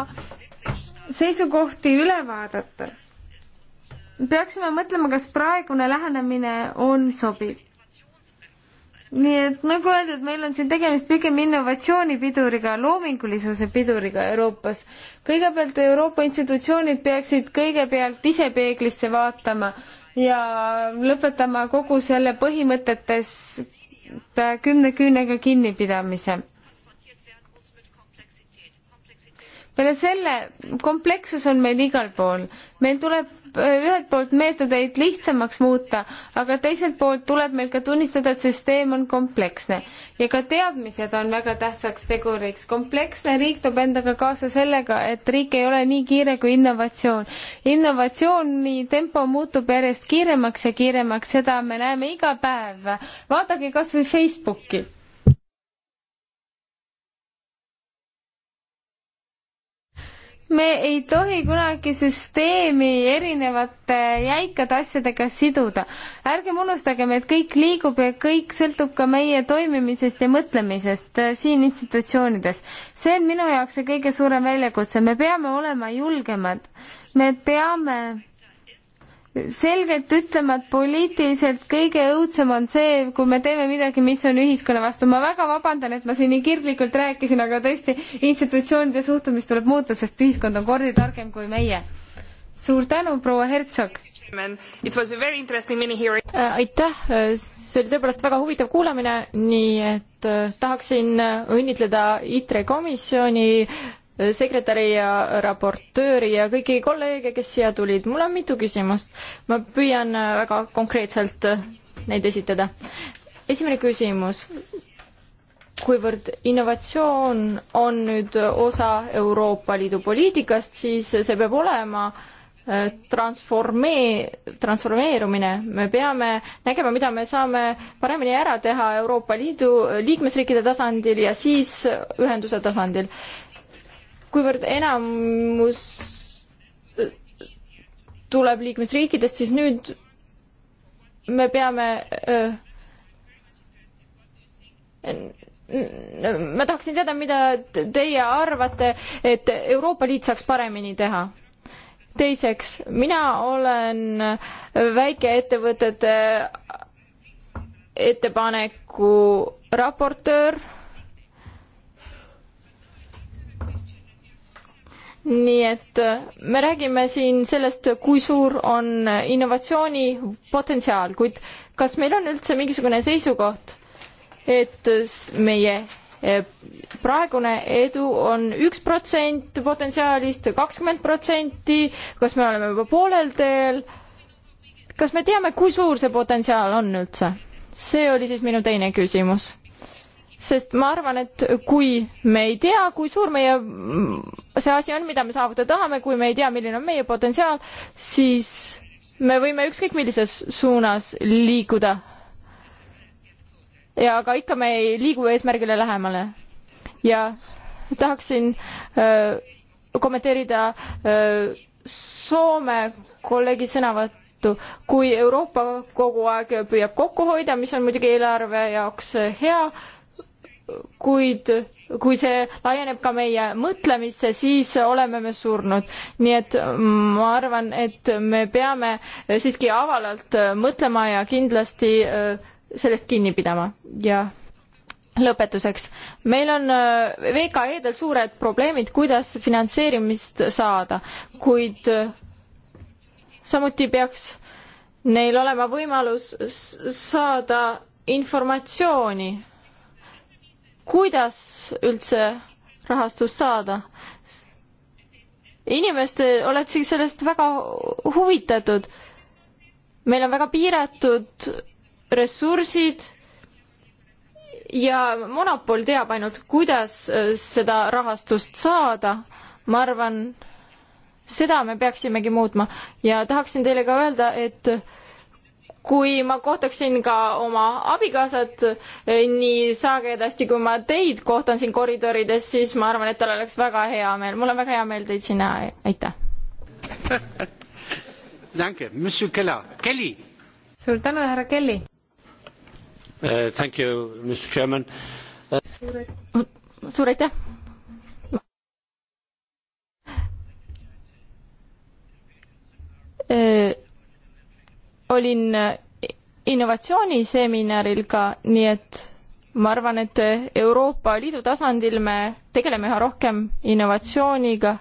seisukohti üle vaadata. peaksime mõtlema, kas praegune lähenemine on sobiv nii et nagu öeldud, meil on siin tegemist pigem innovatsioonipiduriga, loomingulisuse piduriga Euroopas. kõigepealt Euroopa institutsioonid peaksid kõigepealt ise peeglisse vaatama ja lõpetama kogu selle põhimõtetes kümne küünega kinnipidamise. peale selle, komplekssus on meil igal pool. meil tuleb äh, ühelt poolt meetodeid lihtsamaks muuta, aga teiselt poolt tuleb meil ka tunnistada, et süsteem on kompleksne. ja ka teadmised on väga tähtsaks teguriks. kompleksne riik toob endaga kaasa sellega, et riik ei ole nii kiire kui innovatsioon. innovatsiooni tempo muutub järjest kiiremaks ja kiiremaks, seda me näeme iga päev. vaadake kas või Facebooki me ei tohi kunagi süsteemi erinevate jäikade asjadega siduda. ärgem unustagem, et kõik liigub ja kõik sõltub ka meie toimimisest ja mõtlemisest äh, siin institutsioonides. see on minu jaoks see kõige suurem väljakutse, me peame olema julgemad. me peame selgelt ütlema, et poliitiliselt kõige õudsem on see, kui me teeme midagi, mis on ühiskonna vastu. ma väga vabandan, et ma siin nii kirglikult rääkisin, aga tõesti, institutsioonide suhtumist tuleb muuta, sest ühiskond on kordi targem kui meie. suur tänu, proua Hertsog! Äh, aitäh, see oli tõepoolest väga huvitav kuulamine, nii et äh, tahaksin õnnitleda ITRE komisjoni sekretäri ja raportööri ja kõiki kolleege, kes siia tulid. mul on mitu küsimust. ma püüan äh, väga konkreetselt äh, neid esitada. esimene küsimus. kuivõrd innovatsioon on nüüd osa Euroopa Liidu poliitikast, siis see peab olema äh, transformee-, transformeerumine, me peame nägema, mida me saame paremini ära teha Euroopa Liidu liikmesriikide tasandil ja siis ühenduse tasandil kuivõrd enamus tuleb liikmesriikidest, siis nüüd me peame öö, ma tahaksin teada, mida teie arvate, et Euroopa Liit saaks paremini teha? teiseks, mina olen väikeettevõtete ettepaneku raportöör nii et äh, me räägime siin sellest, kui suur on innovatsiooni potentsiaal, kuid kas meil on üldse mingisugune seisukoht, et äh, meie äh, praegune edu on üks protsent potentsiaalist, kakskümmend protsenti, kas me oleme juba poolel teel? kas me teame, kui suur see potentsiaal on üldse? see oli siis minu teine küsimus sest ma arvan, et kui me ei tea, kui suur meie see asi on, mida me saavutada tahame, kui me ei tea, milline on meie potentsiaal, siis me võime ükskõik millises suunas liikuda. ja aga ikka me ei liigu eesmärgile lähemale. ja tahaksin öö, äh, kommenteerida öö, äh, Soome kolleegi sõnavõttu, kui Euroopa kogu aeg püüab kokku hoida, mis on muidugi eelarve jaoks hea, kuid kui see laieneb ka meie mõtlemisse, siis oleme me surnud. nii et ma arvan, et me peame siiski avalalt mõtlema ja kindlasti äh, sellest kinni pidama ja lõpetuseks, meil on äh, VKE-del suured probleemid, kuidas finantseerimist saada, kuid äh, samuti peaks neil olema võimalus saada informatsiooni kuidas üldse rahastust saada. inimestel oleksid sellest väga huvitatud. meil on väga piiratud ressursid ja monopol teab ainult, kuidas äh, seda rahastust saada. ma arvan, seda me peaksimegi muutma ja tahaksin teile ka öelda, et kui ma kohtaksin ka oma abikaasat eh, nii sagedasti, kui ma teid kohtan siin koridorides, siis ma arvan, et tal oleks väga hea meel. mul on väga hea meel teid siin näha, aitäh. (laughs) Danke, monsieur Keller, Kelly. suur tänu, härra Kelly uh,. Thank you, Mr Chairman uh.... suur aitäh. Eh, uh olin innovatsiooniseminaril ka, nii et ma arvan, et Euroopa Liidu tasandil me tegeleme üha rohkem innovatsiooniga.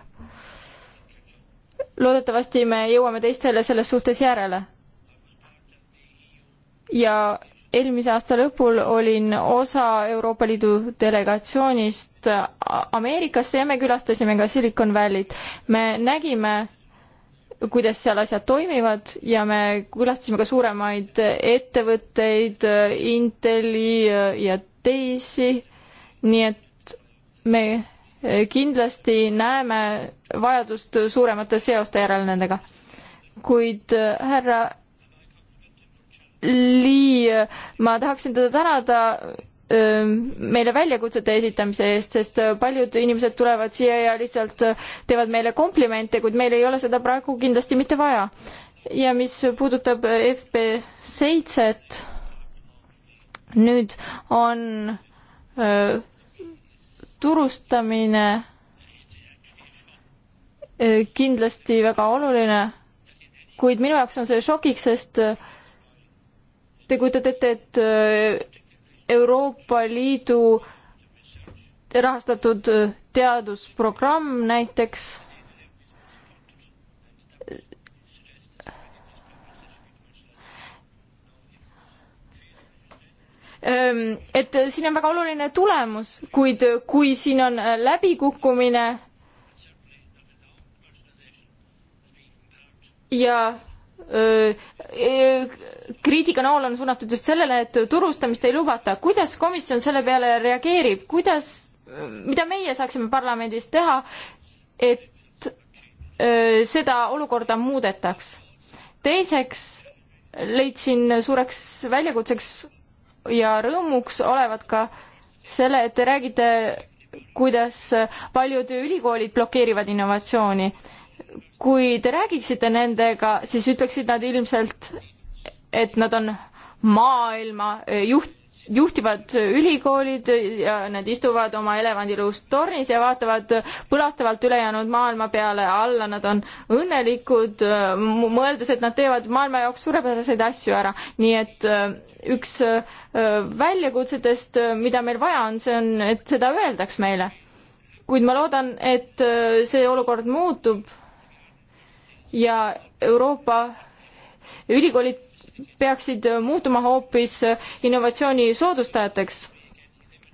loodetavasti me jõuame teistele selles suhtes järele. ja eelmise aasta lõpul olin osa Euroopa Liidu delegatsioonist Ameerikasse ja me külastasime ka Silicon Valley't. me nägime kuidas seal asjad toimivad ja me külastasime ka suuremaid ettevõtteid, Inteli ja teisi, nii et me kindlasti näeme vajadust suuremate seoste järel nendega. kuid härra Li, ma tahaksin teda tänada meile väljakutsete esitamise eest, sest paljud inimesed tulevad siia ja lihtsalt teevad meile komplimente, kuid meil ei ole seda praegu kindlasti mitte vaja. ja mis puudutab FB seitset, nüüd on öö, turustamine öö, kindlasti väga oluline, kuid minu jaoks on see šokiks, sest te kujutate ette, et öö, Euroopa Liidu rahastatud teadusprogramm näiteks ehm, et siin on väga oluline tulemus, kuid kui siin on läbikukkumine ja kriitika nool on suunatud just sellele, et turustamist ei lubata. kuidas komisjon selle peale reageerib, kuidas, mida meie saaksime parlamendis teha, et öö, seda olukorda muudetaks? teiseks leidsin suureks väljakutseks ja rõõmuks olevat ka selle, et te räägite, kuidas paljud ülikoolid blokeerivad innovatsiooni kui te räägiksite nendega, siis ütleksid nad ilmselt, et nad on maailma eh, juht, juhtivad ülikoolid ja nad istuvad oma elevandiluust tornis ja vaatavad põlastavalt ülejäänud maailma peale alla, nad on õnnelikud, eh, mõeldes, et nad teevad maailma jaoks suurepäraseid asju ära, nii et eh, üks väljakutsetest, mida meil vaja on, see on, et seda öeldaks meile. kuid ma loodan, et see olukord muutub ja Euroopa ülikoolid peaksid muutuma hoopis innovatsiooni soodustajateks.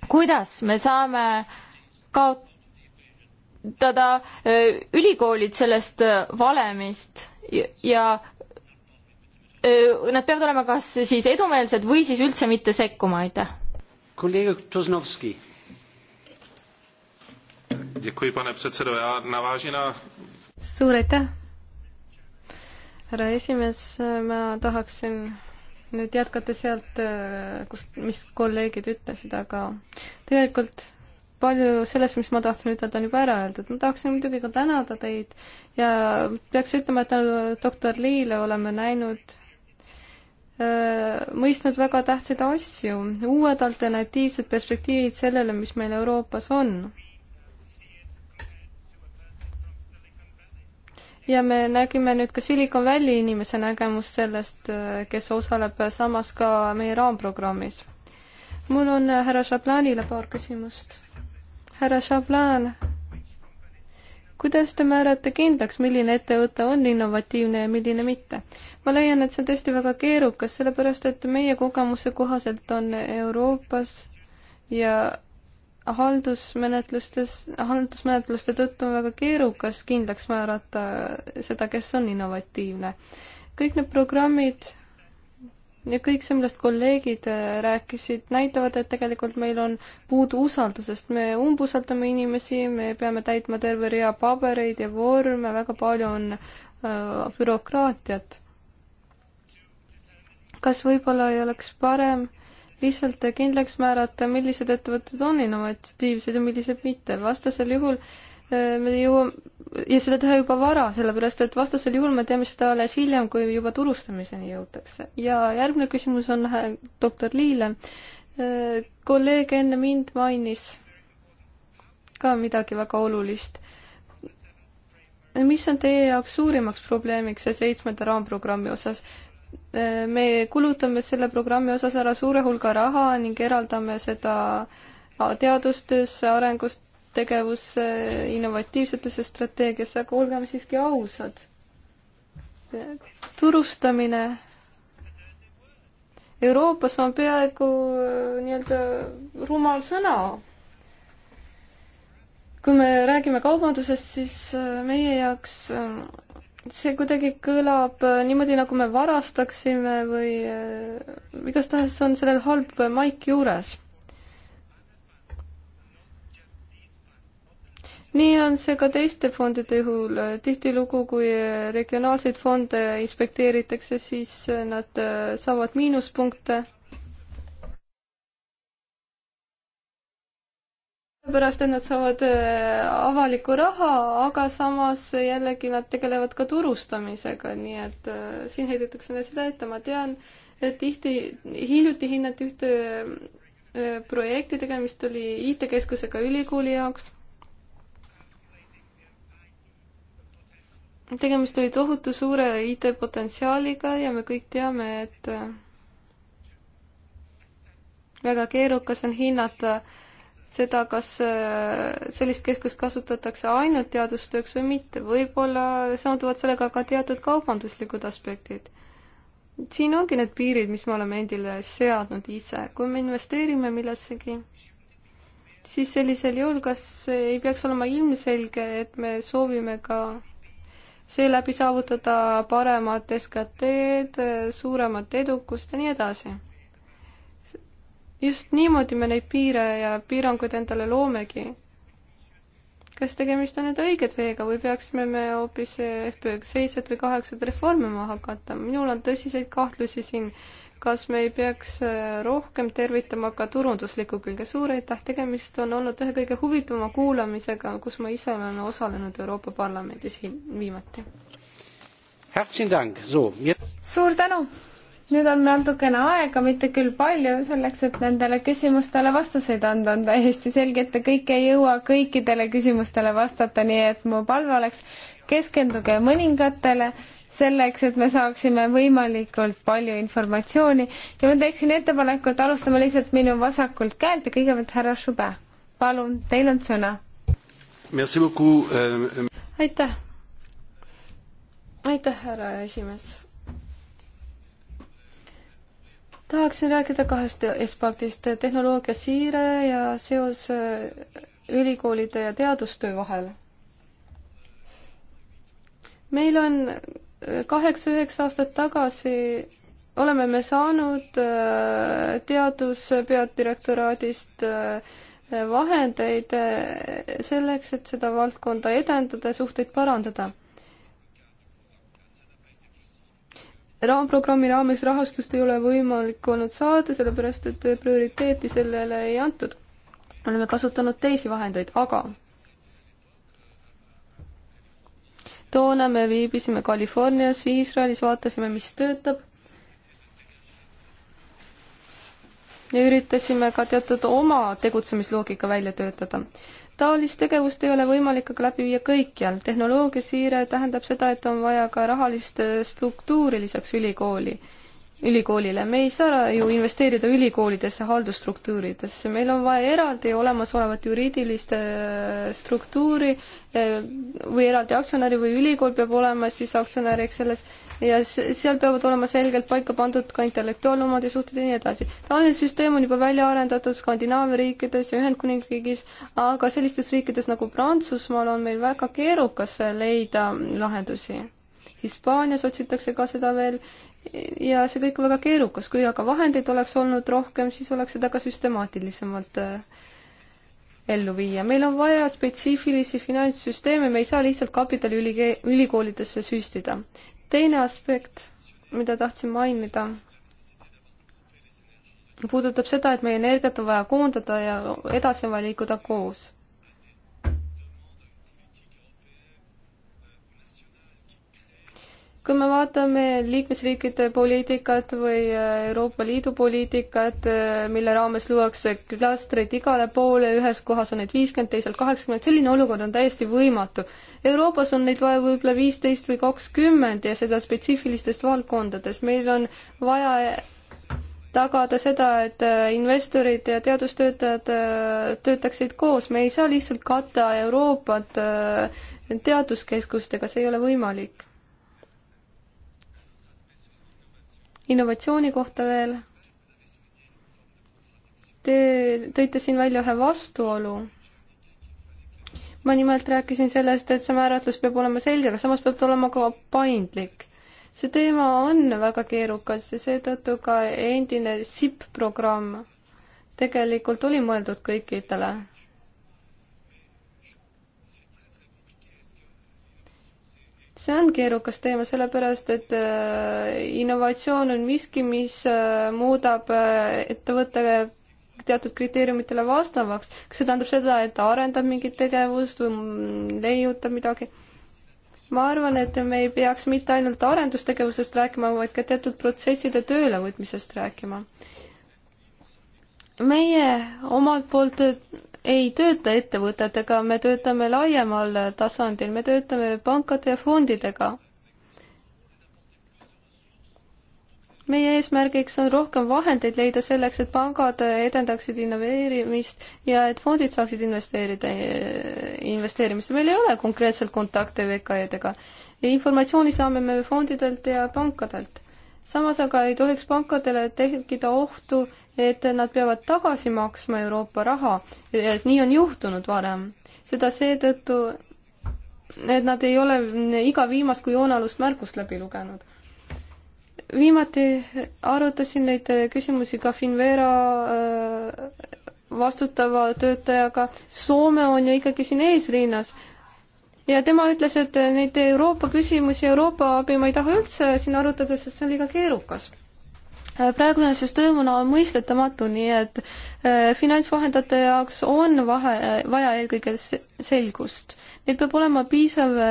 kuidas me saame kaotada äh, ülikoolid sellest äh, valemist ja äh, nad peavad olema kas siis edumeelsed või siis üldse mitte sekkuma, aitäh. kolleeg Tuznovski. suur aitäh härra esimees, ma tahaksin nüüd jätkata sealt, äh, kus, mis kolleegid ütlesid, aga tegelikult palju sellest, mis ma tahtsin ütelda, on juba ära öeldud. ma tahaksin muidugi ka tänada teid ja peaks ütlema, et tänu doktor Liile oleme näinud äh, mõistnud väga tähtsaid asju, uued alternatiivsed perspektiivid sellele, mis meil Euroopas on. ja me nägime nüüd ka Silicon Valley inimese nägemust sellest, kes osaleb samas ka meie raamprogrammis. mul on härra Šablanile paar küsimust. härra Šablan, kuidas te määrate kindlaks, milline ettevõte on innovatiivne ja milline mitte? ma leian, et see on tõesti väga keerukas, sellepärast et meie kogemuse kohaselt on Euroopas ja haldusmenetlustes, haldusmenetluste tõttu on väga keerukas kindlaks määrata seda, kes on innovatiivne. kõik need programmid ja kõik see, millest kolleegid äh, rääkisid, näitavad, et tegelikult meil on puudu usaldusest, me umbusaldame inimesi, me peame täitma terve rea pabereid ja vorme, väga palju on äh, bürokraatiat. kas võib-olla ei oleks parem lihtsalt kindlaks määrata, millised ettevõtted on innovatiivsed ja millised mitte. vastasel juhul eh, me jõuame ja seda teha juba vara, sellepärast et vastasel juhul me teame seda alles hiljem, kui juba turustamiseni jõutakse. ja järgmine küsimus on äh, doktor Liile. Eh, kolleeg enne mind mainis ka midagi väga olulist. mis on teie jaoks suurimaks probleemiks see seitsmenda raamprogrammi osas? me kulutame selle programmi osas ära suure hulga raha ning eraldame seda teadustöösse, arengustegevusse, innovatiivsetesse strateegiasse, aga olgem siiski ausad. turustamine Euroopas on peaaegu äh, nii-öelda rumal sõna. kui me räägime kaubandusest, siis äh, meie jaoks äh, see kuidagi kõlab äh, niimoodi, nagu me varastaksime või äh, igastahes on sellel halb maik juures. nii on see ka teiste fondide juhul, tihtilugu kui äh, regionaalseid fonde inspekteeritakse, siis nad saavad miinuspunkte sellepärast, et nad saavad äh, avalikku raha, aga samas jällegi nad tegelevad ka turustamisega, nii et äh, siin heidetakse neile seda ette, ma tean, et tihti, hiljuti hinnati ühte äh, projekti, tegemist oli IT-keskusega ülikooli jaoks. tegemist oli tohutu suure IT-potentsiaaliga ja me kõik teame, et väga keerukas on hinnata äh, seda, kas äh, sellist keskust kasutatakse ainult teadustööks või mitte, võib-olla seonduvad sellega ka teatud kaubanduslikud aspektid. siin ongi need piirid, mis me oleme endile seadnud ise, kui me investeerime millessegi, siis sellisel juhul, kas ei peaks olema ilmselge, et me soovime ka seeläbi saavutada paremat SKT-d, suuremat edukust ja nii edasi just niimoodi me neid piire ja piiranguid endale loomegi. kas tegemist on nüüd õige teega või peaksime me hoopis FPÖ-ga seitset või kaheksat reformima hakata? minul on tõsiseid kahtlusi siin, kas me ei peaks äh, rohkem tervitama ka turunduslikku külge. suur aitäh, tegemist on olnud ühe kõige huvitavama kuulamisega, kus ma ise olen osalenud Euroopa Parlamendis viimati. suur tänu! nüüd on natukene aega, mitte küll palju, selleks, et nendele küsimustele vastuseid anda. on täiesti selge, et te kõik ei jõua kõikidele küsimustele vastata, nii et mu palve oleks, keskenduge mõningatele, selleks, et me saaksime võimalikult palju informatsiooni ja ma teeksin ettepaneku, et alustame lihtsalt minu vasakult käelt ja kõigepealt härra Šube, palun, teil on sõna. Euh, euh, aitäh. aitäh, härra esimees tahaksin rääkida kahest aspektist, tehnoloogia siire ja seos äh, ülikoolide ja teadustöö vahel. meil on äh, kaheksa-üheksa aastat tagasi oleme me saanud äh, teaduspeadirektoraadist vahendeid selleks, et seda valdkonda edendada ja suhteid parandada. raamprogrammi raames rahastust ei ole võimalik olnud saada, sellepärast et prioriteeti sellele ei antud. oleme kasutanud teisi vahendeid, aga toona me viibisime Californias, Iisraelis, vaatasime, mis töötab. ja üritasime ka teatud oma tegutsemisloogika välja töötada taolist tegevust ei ole võimalik aga läbi viia kõikjal. tehnoloogiasiire tähendab seda, et on vaja ka rahalist struktuuri lisaks ülikooli ülikoolile, me ei saa ju investeerida ülikoolidesse, haldusstruktuuridesse, meil on vaja eraldi olemasolevat juriidilist äh, struktuuri äh, või eraldi aktsionäri või ülikool peab olema siis aktsionäriks selles ja seal peavad olema selgelt paika pandud ka intellektuaalomandi suhted ja nii edasi. taoline süsteem on juba välja arendatud Skandinaavia riikides ja Ühendkuningriigis, aga sellistes riikides nagu Prantsusmaal on meil väga keerukas leida lahendusi Hispaanias otsitakse ka seda veel ja see kõik on väga keerukas, kui aga vahendeid oleks olnud rohkem, siis oleks seda ka süstemaatilisemalt äh, ellu viia. meil on vaja spetsiifilisi finantssüsteeme, me ei saa lihtsalt kapitali üli, ülikoolidesse süstida. teine aspekt, mida tahtsin mainida, puudutab seda, et meie energiat on vaja koondada ja edasi on vaja liikuda koos kui me vaatame liikmesriikide poliitikat või äh, Euroopa Liidu poliitikat, äh, mille raames luuakse klastreid igale poole, ühes kohas on neid viiskümmend, teisel kaheksakümmend, selline olukord on täiesti võimatu. Euroopas on neid vaja võib-olla viisteist või kakskümmend ja seda spetsiifilistest valdkondadest. meil on vaja tagada seda, et äh, investorid ja teadustöötajad töötaksid koos, me ei saa lihtsalt katta Euroopat teaduskeskustega, see ei ole võimalik. innovatsiooni kohta veel. Te tõite siin välja ühe vastuolu. ma nimelt rääkisin sellest, et see määratlus peab olema selge, aga samas peab ta olema ka paindlik. see teema on väga keerukas ja seetõttu ka endine SIP programm tegelikult oli mõeldud kõikidele see on keerukas teema, sellepärast et äh, innovatsioon on miski, mis äh, muudab äh, ettevõtte teatud kriteeriumitele vastavaks. kas see tähendab seda, et ta arendab mingit tegevust või mm, leiutab midagi? ma arvan, et me ei peaks mitte ainult arendustegevusest rääkima, vaid ka teatud protsesside töölevõtmisest rääkima. meie omalt poolt ei tööta ettevõtetega, me töötame laiemal tasandil, me töötame pankade ja fondidega. meie eesmärgiks on rohkem vahendeid leida selleks, et pangad edendaksid innoveerimist ja et fondid saaksid investeerida, investeerimist. meil ei ole konkreetselt kontakte VKE-dega. informatsiooni saame me fondidelt ja pankadelt. samas aga ei tohiks pankadele tekkida ohtu, et nad peavad tagasi maksma Euroopa raha ja nii on juhtunud varem. seda seetõttu, et nad ei ole iga viimast kui joonealust märkust läbi lugenud. viimati arutasin neid küsimusi ka Finvera äh, vastutava töötajaga. Soome on ju ikkagi siin eesrinnas ja tema ütles, et neid Euroopa küsimusi, Euroopa abi ma ei taha üldse siin arutada, sest see on liiga keerukas praegune süsteem on mõistetamatu, nii et äh, finantsvahendajate jaoks on vahe, vaja eelkõige selgust. Neil peab olema piisav, äh,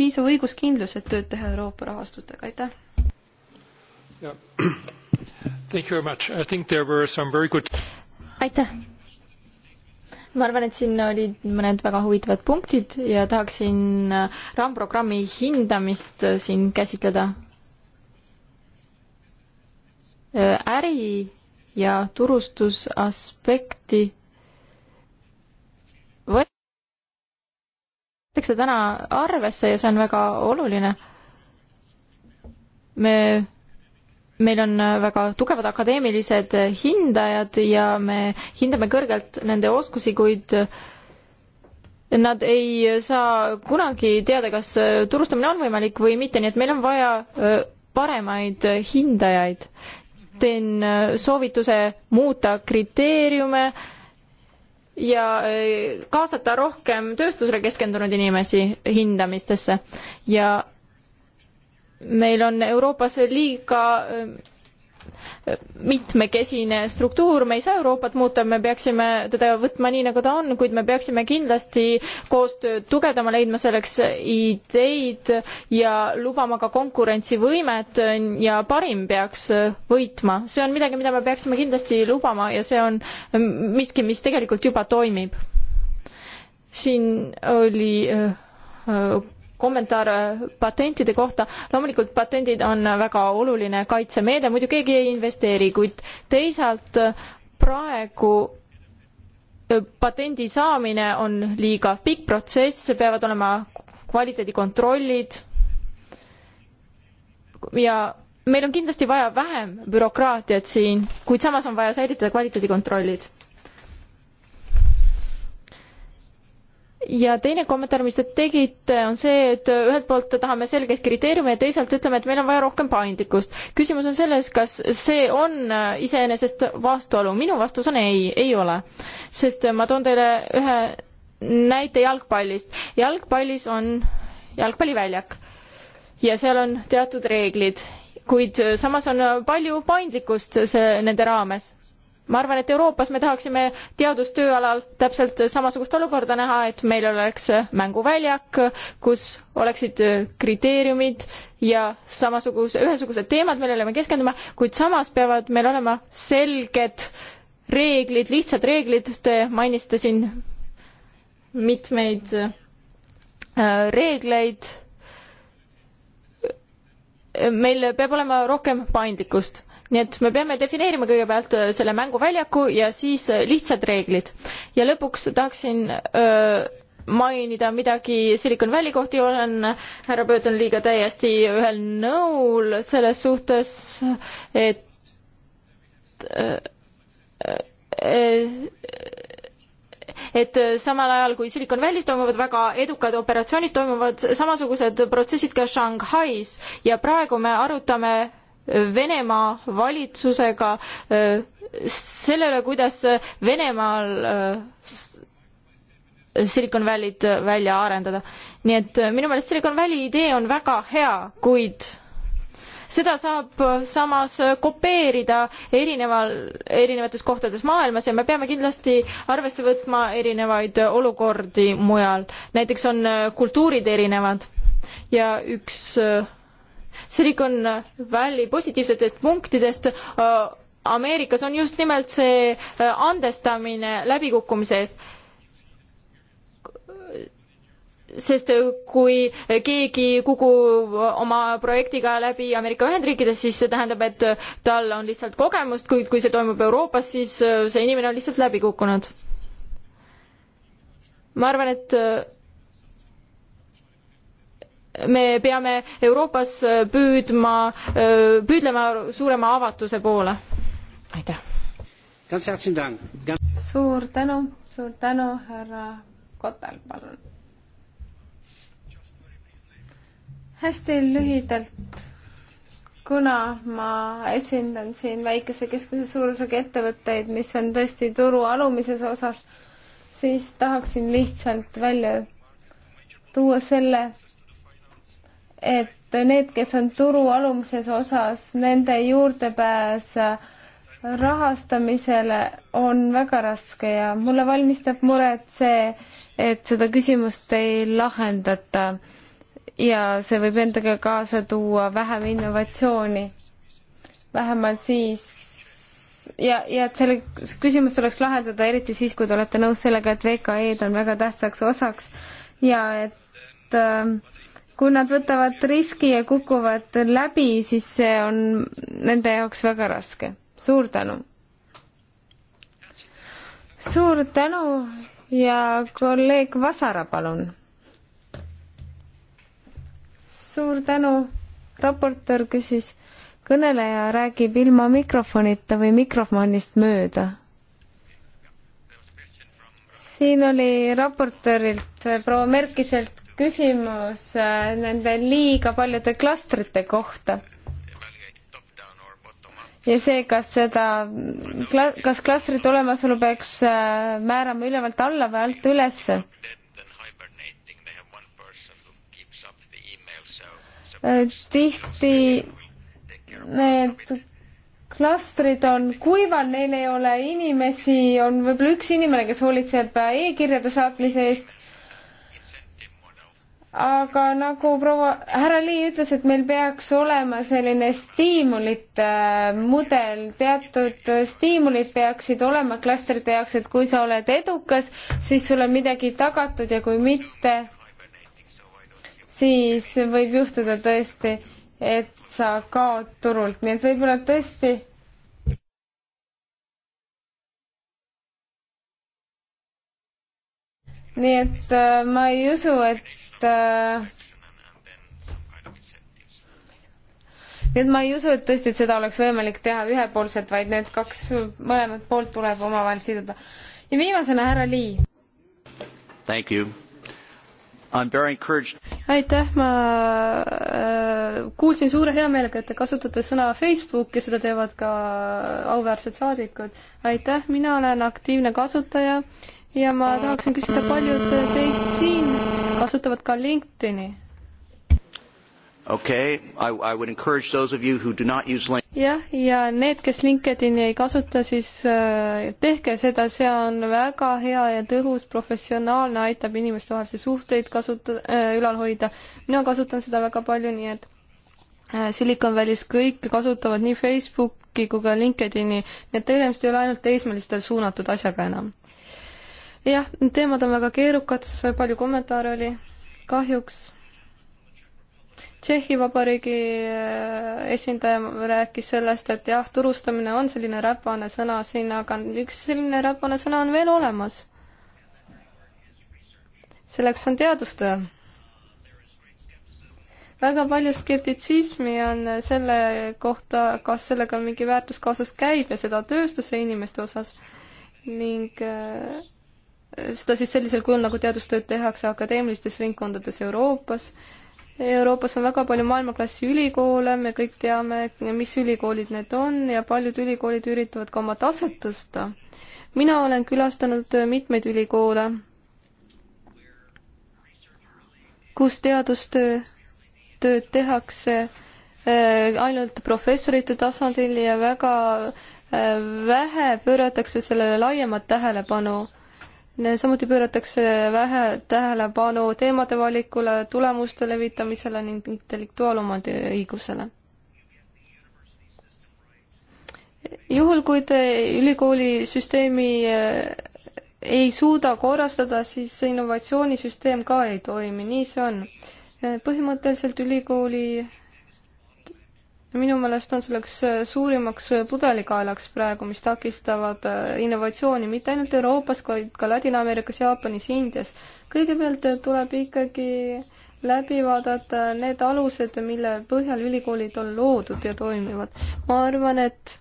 piisav õiguskindlus, et tööd teha Euroopa rahastutega, aitäh! (clears throat) Good... aitäh! ma arvan, et siin olid mõned väga huvitavad punktid ja tahaksin äh, RAM-programmi hindamist siin käsitleda äri ja turustusaspekti võetakse täna arvesse ja see on väga oluline. me, meil on väga tugevad akadeemilised hindajad ja me hindame kõrgelt nende oskusi, kuid nad ei saa kunagi teada, kas turustamine on võimalik või mitte, nii et meil on vaja paremaid hindajaid teen äh, soovituse muuta kriteeriume ja äh, kaasata rohkem tööstusele keskendunud inimesi hindamistesse ja meil on Euroopas liiga äh, mitmekesine struktuur, me ei saa Euroopat muuta, me peaksime teda võtma nii, nagu ta on, kuid me peaksime kindlasti koostööd tugevdama, leidma selleks ideid ja lubama ka konkurentsivõimet ja parim peaks võitma. see on midagi, mida me peaksime kindlasti lubama ja see on miski, mis tegelikult juba toimib. siin oli äh, äh, kommentaar äh, patentide kohta. loomulikult patendid on väga oluline kaitsemeede, muidu keegi ei investeeri, kuid teisalt äh, praegu äh, patendi saamine on liiga pikk protsess, peavad olema kvaliteedikontrollid ja meil on kindlasti vaja vähem bürokraatiat siin, kuid samas on vaja säilitada kvaliteedikontrollid ja teine kommentaar, mis te tegite, on see, et ühelt poolt tahame selgeid kriteeriume ja teisalt ütleme, et meil on vaja rohkem paindlikkust. küsimus on selles, kas see on iseenesest vastuolu. minu vastus on ei, ei ole. sest ma toon teile ühe näite jalgpallist. jalgpallis on jalgpalliväljak ja seal on teatud reeglid, kuid samas on palju paindlikkust see, nende raames ma arvan, et Euroopas me tahaksime teadustöö alal täpselt samasugust olukorda näha, et meil oleks mänguväljak, kus oleksid kriteeriumid ja samasuguse, ühesugused teemad, millele me keskendume, kuid samas peavad meil olema selged reeglid, lihtsad reeglid, te mainisite siin mitmeid äh, reegleid. meil peab olema rohkem paindlikkust nii et me peame defineerima kõigepealt äh, selle mänguväljaku ja siis äh, lihtsad reeglid. ja lõpuks tahaksin öö, äh, mainida midagi Silicon Valley kohti, olen härra Pöötonliiga täiesti ühel nõul selles suhtes, et et samal ajal, kui Silicon Valley's toimuvad väga edukad operatsioonid, toimuvad samasugused protsessid ka Shanghai's ja praegu me arutame Venemaa valitsusega äh, selle üle, kuidas Venemaal äh, Silicon Valley'd välja arendada. nii et äh, minu meelest Silicon Valley idee on väga hea, kuid seda saab samas kopeerida erineval, erinevates kohtades maailmas ja me peame kindlasti arvesse võtma erinevaid olukordi mujal. näiteks on kultuurid erinevad ja üks äh, Silicon Valley positiivsetest punktidest äh, Ameerikas on just nimelt see äh, andestamine läbikukkumise eest. sest äh, kui keegi kukub oma projektiga läbi Ameerika Ühendriikides, siis see tähendab, et tal on lihtsalt kogemust, kuid kui see toimub Euroopas, siis see inimene on lihtsalt läbi kukkunud. ma arvan, et me peame Euroopas äh, püüdma, äh, püüdlema suurema avatuse poole. aitäh! suur tänu, suur tänu, härra Kotel, palun! hästi lühidalt, kuna ma esindan siin väikese keskmise suurusega ettevõtteid, mis on tõesti turu alumises osas, siis tahaksin lihtsalt välja tuua selle, et need, kes on turu alumises osas, nende juurdepääs rahastamisele on väga raske ja mulle valmistab muret see, et seda küsimust ei lahendata ja see võib endaga kaasa tuua vähem innovatsiooni. vähemalt siis ja, ja et selle küsimus tuleks lahendada eriti siis, kui te olete nõus sellega, et VKE-d on väga tähtsaks osaks ja et äh, kui nad võtavad riski ja kukuvad läbi, siis see on nende jaoks väga raske. suur tänu! suur tänu ja kolleeg Vasara, palun! suur tänu, raportöör küsis, kõneleja räägib ilma mikrofonita või mikrofonist mööda siin oli raportöörilt proua Merkiselt küsimus äh, nende liiga paljude klastrite kohta. ja see, kas seda, kas klastrite olemasolu peaks äh, määrama ülevalt alla või alt ülesse? Äh, tihti need klastrid on kuival, neil ei ole inimesi, on võib-olla üks inimene, kes hoolitseb e-kirjade saatmise eest aga nagu proua härra Lii ütles, et meil peaks olema selline stiimulite äh, mudel, teatud äh, stiimulid peaksid olema klastrite jaoks, et kui sa oled edukas, siis sulle midagi tagatud ja kui mitte, siis võib juhtuda tõesti, et sa kaod turult, nii et võib-olla tõesti nii et äh, ma ei usu, et et nii äh, et ma ei usu, et tõesti, et seda oleks võimalik teha ühepoolselt, vaid need kaks mõlemat poolt tuleb omavahel siduda. ja viimasena härra Lii. Thank you. I'm very encouraged. aitäh, ma äh, kuulsin suure heameelega, et te kasutate sõna Facebook ja seda teevad ka auväärsed saadikud. aitäh, mina olen aktiivne kasutaja ja ma tahaksin küsida paljud teist siin kasutavad ka LinkedIni. Okay, I, I would encourage those of you who do not use LinkedIn. jah, ja need, kes LinkedIni ei kasuta, siis äh, tehke seda, see on väga hea ja tõhus, professionaalne, aitab inimeste vahelisi suhteid kasuta-, äh, ülal hoida. mina kasutan seda väga palju, nii et äh, Silicon Valley's kõik kasutavad nii Facebooki kui ka LinkedIni, nii et tegemist ei ole ainult teismelistel suunatud asjaga enam jah, teemad on väga keerukad, palju kommentaare oli, kahjuks. Tšehhi Vabariigi äh, esindaja rääkis sellest, et jah, turustamine on selline räpane sõna siin, aga üks selline räpane sõna on veel olemas. selleks on teadustöö. väga palju skeptitsismi on selle kohta, kas sellega mingi väärtus kaasas käib ja seda tööstuse inimeste osas ning äh, seda siis sellisel kujul, nagu teadustööd tehakse akadeemilistes ringkondades Euroopas. Euroopas on väga palju maailmaklassi ülikoole, me kõik teame, mis ülikoolid need on ja paljud ülikoolid üritavad ka oma taset tõsta. mina olen külastanud mitmeid ülikoole, kus teadustöö, tööd tehakse äh, ainult professorite tasandil ja väga äh, vähe pööratakse sellele laiemat tähelepanu samuti pööratakse vähe tähelepanu teemade valikule, tulemuste levitamisele ning intellektuaalomandi õigusele. juhul, kui te ülikoolisüsteemi eh, ei suuda korrastada, siis innovatsioonisüsteem ka ei toimi, nii see on. põhimõtteliselt ülikooli minu meelest on selleks äh, suurimaks äh, pudelikaelaks praegu, mis takistavad äh, innovatsiooni mitte ainult Euroopas, vaid ka Ladina-Ameerikas, Jaapanis, Indias. kõigepealt tuleb ikkagi läbi vaadata need alused, mille põhjal ülikoolid on loodud ja toimivad. ma arvan, et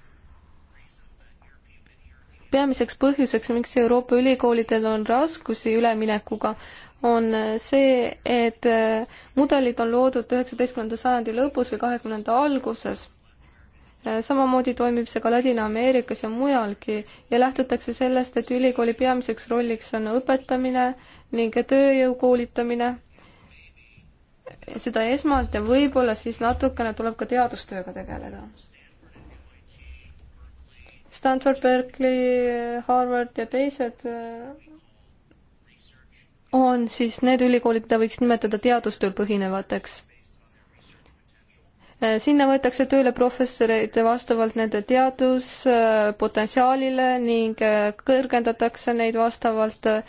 peamiseks põhjuseks, miks Euroopa ülikoolidel on raskusi üleminekuga, on see, et äh, mudelid on loodud üheksateistkümnenda sajandi lõpus või kahekümnenda alguses. Äh, samamoodi toimib see ka Ladina-Ameerikas ja mujalgi ja lähtutakse sellest, et ülikooli peamiseks rolliks on õpetamine ning tööjõu koolitamine. seda esmalt ja võib-olla siis natukene tuleb ka teadustööga tegeleda. Stanford, Berkeley, Harvard ja teised äh, on siis need ülikoolid, mida võiks nimetada teadustööl põhinevateks. Äh, sinna võetakse tööle professoreid vastavalt nende teaduspotentsiaalile ning äh, kõrgendatakse neid vastavalt äh,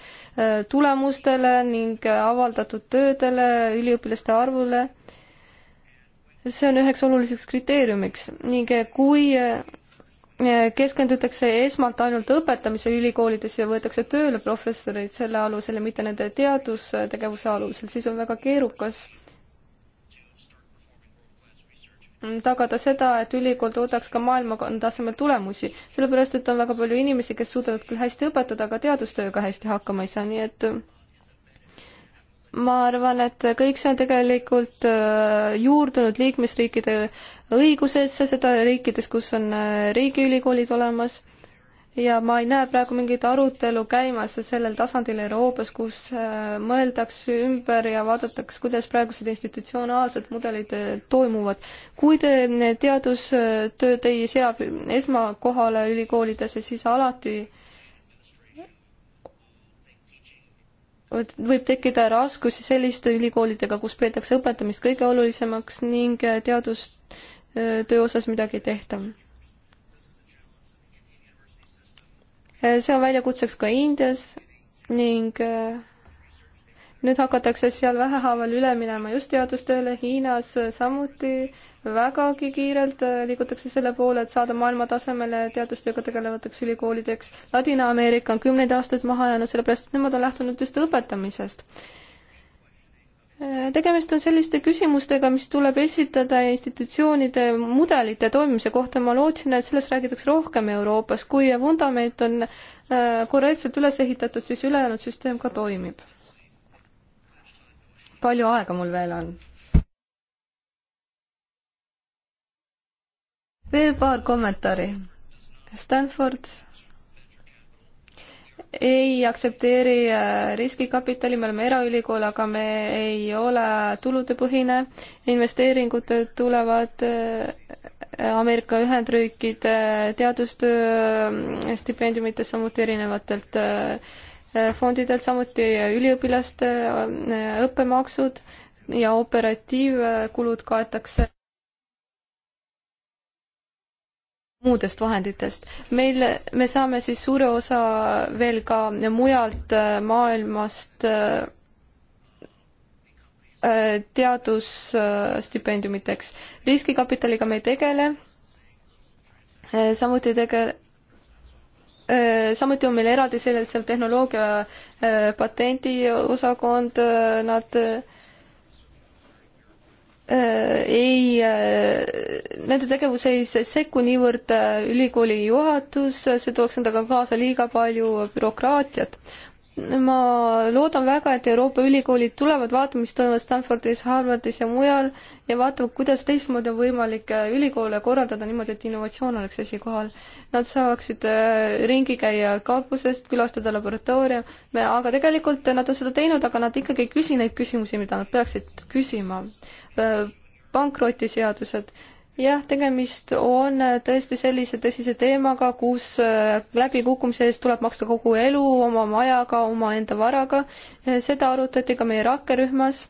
tulemustele ning avaldatud töödele, üliõpilaste arvule see on üheks oluliseks kriteeriumiks ning kui keskendutakse esmalt ainult õpetamisele ülikoolides ja võetakse tööle professoreid selle alusel ja mitte nende teadustegevuse alusel, siis on väga keerukas tagada seda, et ülikool toodaks ka maailma tasemel tulemusi, sellepärast et on väga palju inimesi, kes suudavad küll hästi õpetada, aga teadustööga hästi hakkama ei saa, nii et ma arvan, et kõik see on tegelikult äh, juurdunud liikmesriikide õigusesse, seda riikides, kus on äh, riigiülikoolid olemas ja ma ei näe praegu mingit arutelu käimas sellel tasandil Euroopas, kus äh, mõeldakse ümber ja vaadatakse, kuidas praegused institutsionaalsed mudelid toimuvad. kui te teadustööd ei sea esmakohale ülikoolidesse, siis alati võib tekkida raskusi selliste ülikoolidega, kus peetakse õpetamist kõige olulisemaks ning äh, teadustöö osas midagi ei tehta. Äh, see on väljakutseks ka Indias ning äh, nüüd hakatakse seal vähehaaval üle minema just teadustööle, Hiinas samuti vägagi kiirelt äh, liigutakse selle poole, et saada maailma tasemele teadustööga tegelevateks ülikoolideks. Ladina-Ameerika on kümneid aastaid maha jäänud, sellepärast et nemad on lähtunud just õpetamisest. Äh, tegemist on selliste küsimustega, mis tuleb esitada institutsioonide mudelite toimimise kohta, ma lootsin, et sellest räägitakse rohkem Euroopas, kui vundament on äh, korrektselt üles ehitatud, siis ülejäänud süsteem ka toimib palju aega mul veel on? veel paar kommentaari. Stanford ei aktsepteeri äh, riskikapitali, me oleme eraülikool, aga me ei ole tuludepõhine. investeeringud tulevad äh, Ameerika Ühendriikide teadustöö äh, stipendiumitest, samuti erinevatelt äh, fondidelt, samuti üliõpilaste äh, õppemaksud ja operatiivkulud kaetakse muudest vahenditest. meil, me saame siis suure osa veel ka mujalt äh, maailmast äh, teadusstipendiumiteks. riskikapitaliga me ei tegele, samuti tege-, Äh, samuti on meil eraldi sellise tehnoloogia äh, patendiosakond, äh, nad ei, nende tegevus ei sekku niivõrd ülikooli juhatus, see tooks endaga kaasa liiga palju bürokraatiat ma loodan väga, et Euroopa ülikoolid tulevad vaatama, mis toimub Stanfordis, Harvardis ja mujal ja vaatavad, kuidas teistmoodi on võimalik äh, ülikoole korraldada niimoodi, et innovatsioon oleks esikohal. Nad saaksid äh, ringi käia kampusest, külastada laboratooriume, aga tegelikult nad on seda teinud, aga nad ikkagi ei küsi neid küsimusi, mida nad peaksid küsima. Äh, pankrotiseadused jah, tegemist on äh, tõesti sellise tõsise teemaga, kus äh, läbikukkumise eest tuleb maksta kogu elu oma majaga, omaenda varaga. Äh, seda arutati ka meie rakkerühmas.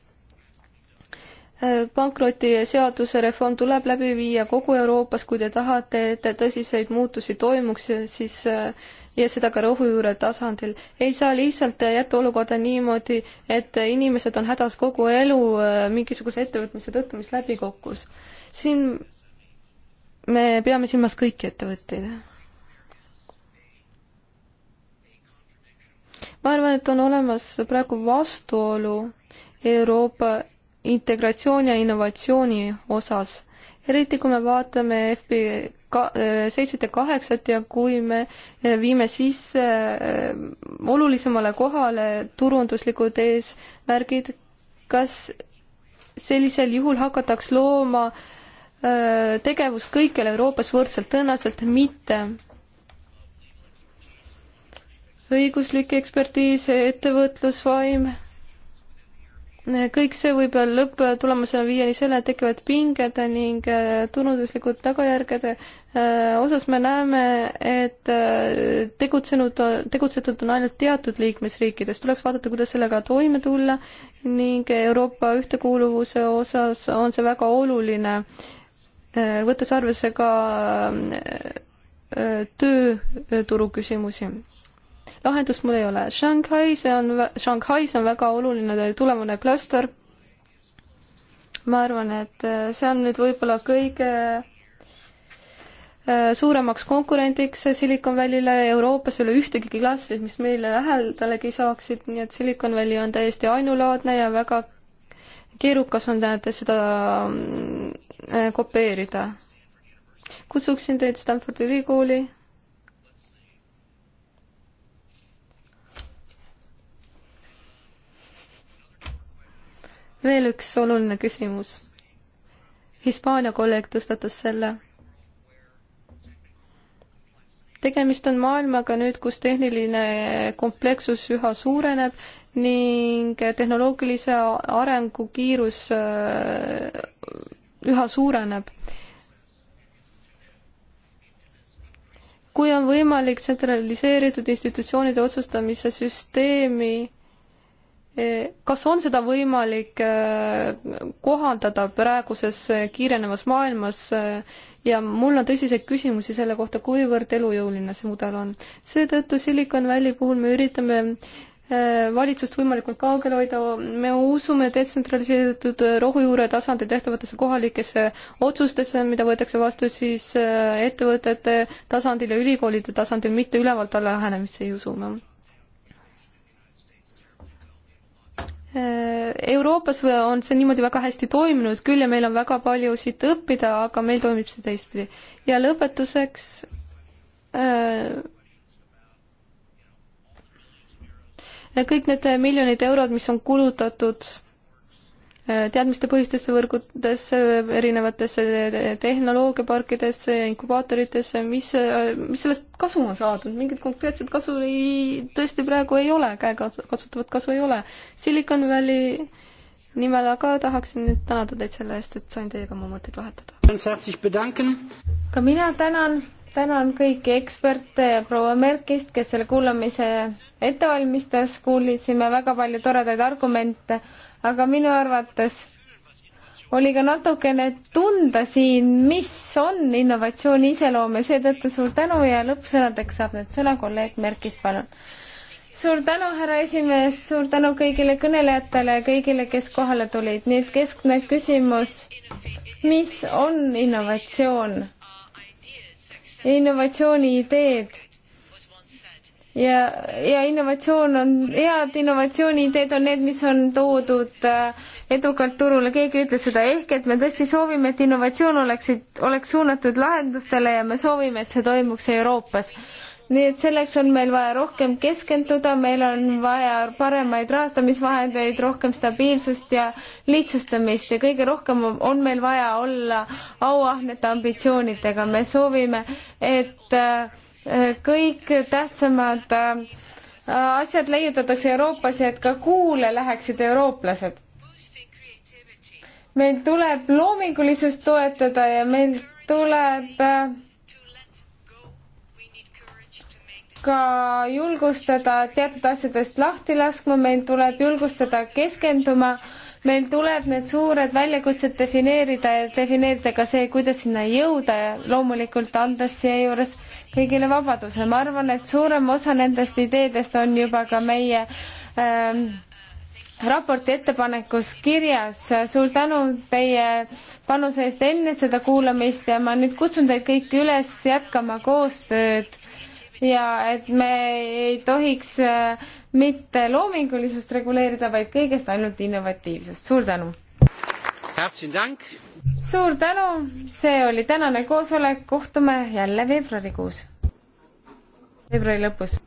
pankrotiseaduse reform tuleb läbi viia kogu Euroopas, kui te tahate, et tõsiseid muutusi toimuks, siis ja seda ka rohujuure tasandil. ei saa lihtsalt jätta olukorda niimoodi, et inimesed on hädas kogu elu mingisuguse ettevõtmise tõttu, mis läbi kukkus. siin me peame silmas kõiki ettevõtteid. ma arvan, et on olemas praegu vastuolu Euroopa integratsiooni ja innovatsiooni osas, eriti kui me vaatame FB ka-, eh, seitset ja kaheksat ja kui me eh, viime sisse eh, olulisemale kohale turunduslikud eesmärgid, kas sellisel juhul hakataks looma äh, tegevus kõikjal Euroopas võrdselt, tõenäoliselt mitte. õiguslik ekspertiis, ettevõtlusvaim, kõik see võib lõpptulemusena viia nii selle, et tekivad pinged ning turunduslikud tagajärged. osas me näeme, et tegutsenud, tegutsetud on ainult teatud liikmesriikides, tuleks vaadata, kuidas sellega toime tulla ning Euroopa ühtekuuluvuse osas on see väga oluline Äh, võttes arvesse ka äh, tööturu küsimusi. lahendust mul ei ole. Shanghais on, Shanghais on väga oluline tulevane klaster. ma arvan, et äh, see on nüüd võib-olla kõige suuremaks konkurendiks Silicon Valley'le Euroopas ei ole ühtegi klastrit, mis meile lähedalegi saaksid, nii et Silicon Valley on täiesti ainulaadne ja väga keerukas on tähendab seda mm, äh, kopeerida. kutsuksin teid Stanfordi ülikooli. veel üks oluline küsimus. Hispaania kolleeg tõstatas selle tegemist on maailmaga nüüd, kus tehniline komplekssus üha suureneb ning tehnoloogilise arengu kiirus äh, üha suureneb. kui on võimalik tsentraliseeritud institutsioonide otsustamise süsteemi, äh, kas on seda võimalik äh, kohandada praeguses kiirenevas maailmas ja mul on tõsiseid küsimusi selle kohta, kuivõrd elujõuline see mudel on. seetõttu Silicon Valley puhul me üritame Äh, valitsust võimalikult kaugel hoida, me usume detsentraliseeritud rohujuure tasandil tehtavatesse kohalikesse otsustesse, mida võetakse vastu siis äh, ettevõtete tasandil ja ülikoolide tasandil, mitte ülevalt alla lähenemisse ei usu me. Äh, Euroopas on see niimoodi väga hästi toiminud küll ja meil on väga palju siit õppida, aga meil toimib see teistpidi. ja lõpetuseks äh, kõik need miljonid eurod, mis on kulutatud äh, teadmistepõhistesse võrgudesse, erinevatesse tehnoloogiaparkidesse ja inkubaatoritesse, mis, äh, mis sellest kasu on saadud, mingit konkreetset kasu ei, tõesti praegu ei ole, käekatsutavat kasu ei ole. Silicon Valley nimel aga tahaksin nüüd tänada teid selle eest, et sain teiega oma mõtteid vahetada. ka mina tänan tänan kõiki eksperte ja proua Merkist, kes selle kuulamise ette valmistas, kuulisime väga palju toredaid argumente, aga minu arvates oli ka natukene tunda siin, mis on innovatsiooni iseloom ja seetõttu suur tänu ja lõppsõnadeks saab nüüd sõna kolleeg Merkis, palun. suur tänu, härra esimees, suur tänu kõigile kõnelejatele ja kõigile, kes kohale tulid. nüüd keskne küsimus, mis on innovatsioon? innovatsiooniideed. ja, ja innovatsioon on, head innovatsiooniideed on need, mis on toodud äh, edukalt turule, keegi ütles seda, ehk et me tõesti soovime, et innovatsioon oleksid, oleks suunatud lahendustele ja me soovime, et see toimuks Euroopas nii et selleks on meil vaja rohkem keskenduda, meil on vaja paremaid rahastamisvahendeid, rohkem stabiilsust ja lihtsustamist ja kõige rohkem on meil vaja olla auahnete ambitsioonidega. me soovime, et äh, kõik tähtsamad äh, asjad leiutatakse Euroopas ja et ka kuule läheksid eurooplased. meil tuleb loomingulisust toetada ja meil tuleb äh, ka julgustada teatud asjadest lahti laskma, meil tuleb julgustada keskenduma, meil tuleb need suured väljakutsed defineerida ja defineerida ka see, kuidas sinna jõuda ja loomulikult andes seejuures kõigile vabaduse. ma arvan, et suurem osa nendest ideedest on juba ka meie ähm, raporti ettepanekus kirjas. suur tänu teie panuse eest enne seda kuulamist ja ma nüüd kutsun teid kõiki üles jätkama koostööd ja et me ei tohiks äh, mitte loomingulisust reguleerida, vaid kõigest ainult innovatiivsust. suur tänu! suur tänu, see oli tänane koosolek, kohtume jälle veebruarikuus, veebruari lõpus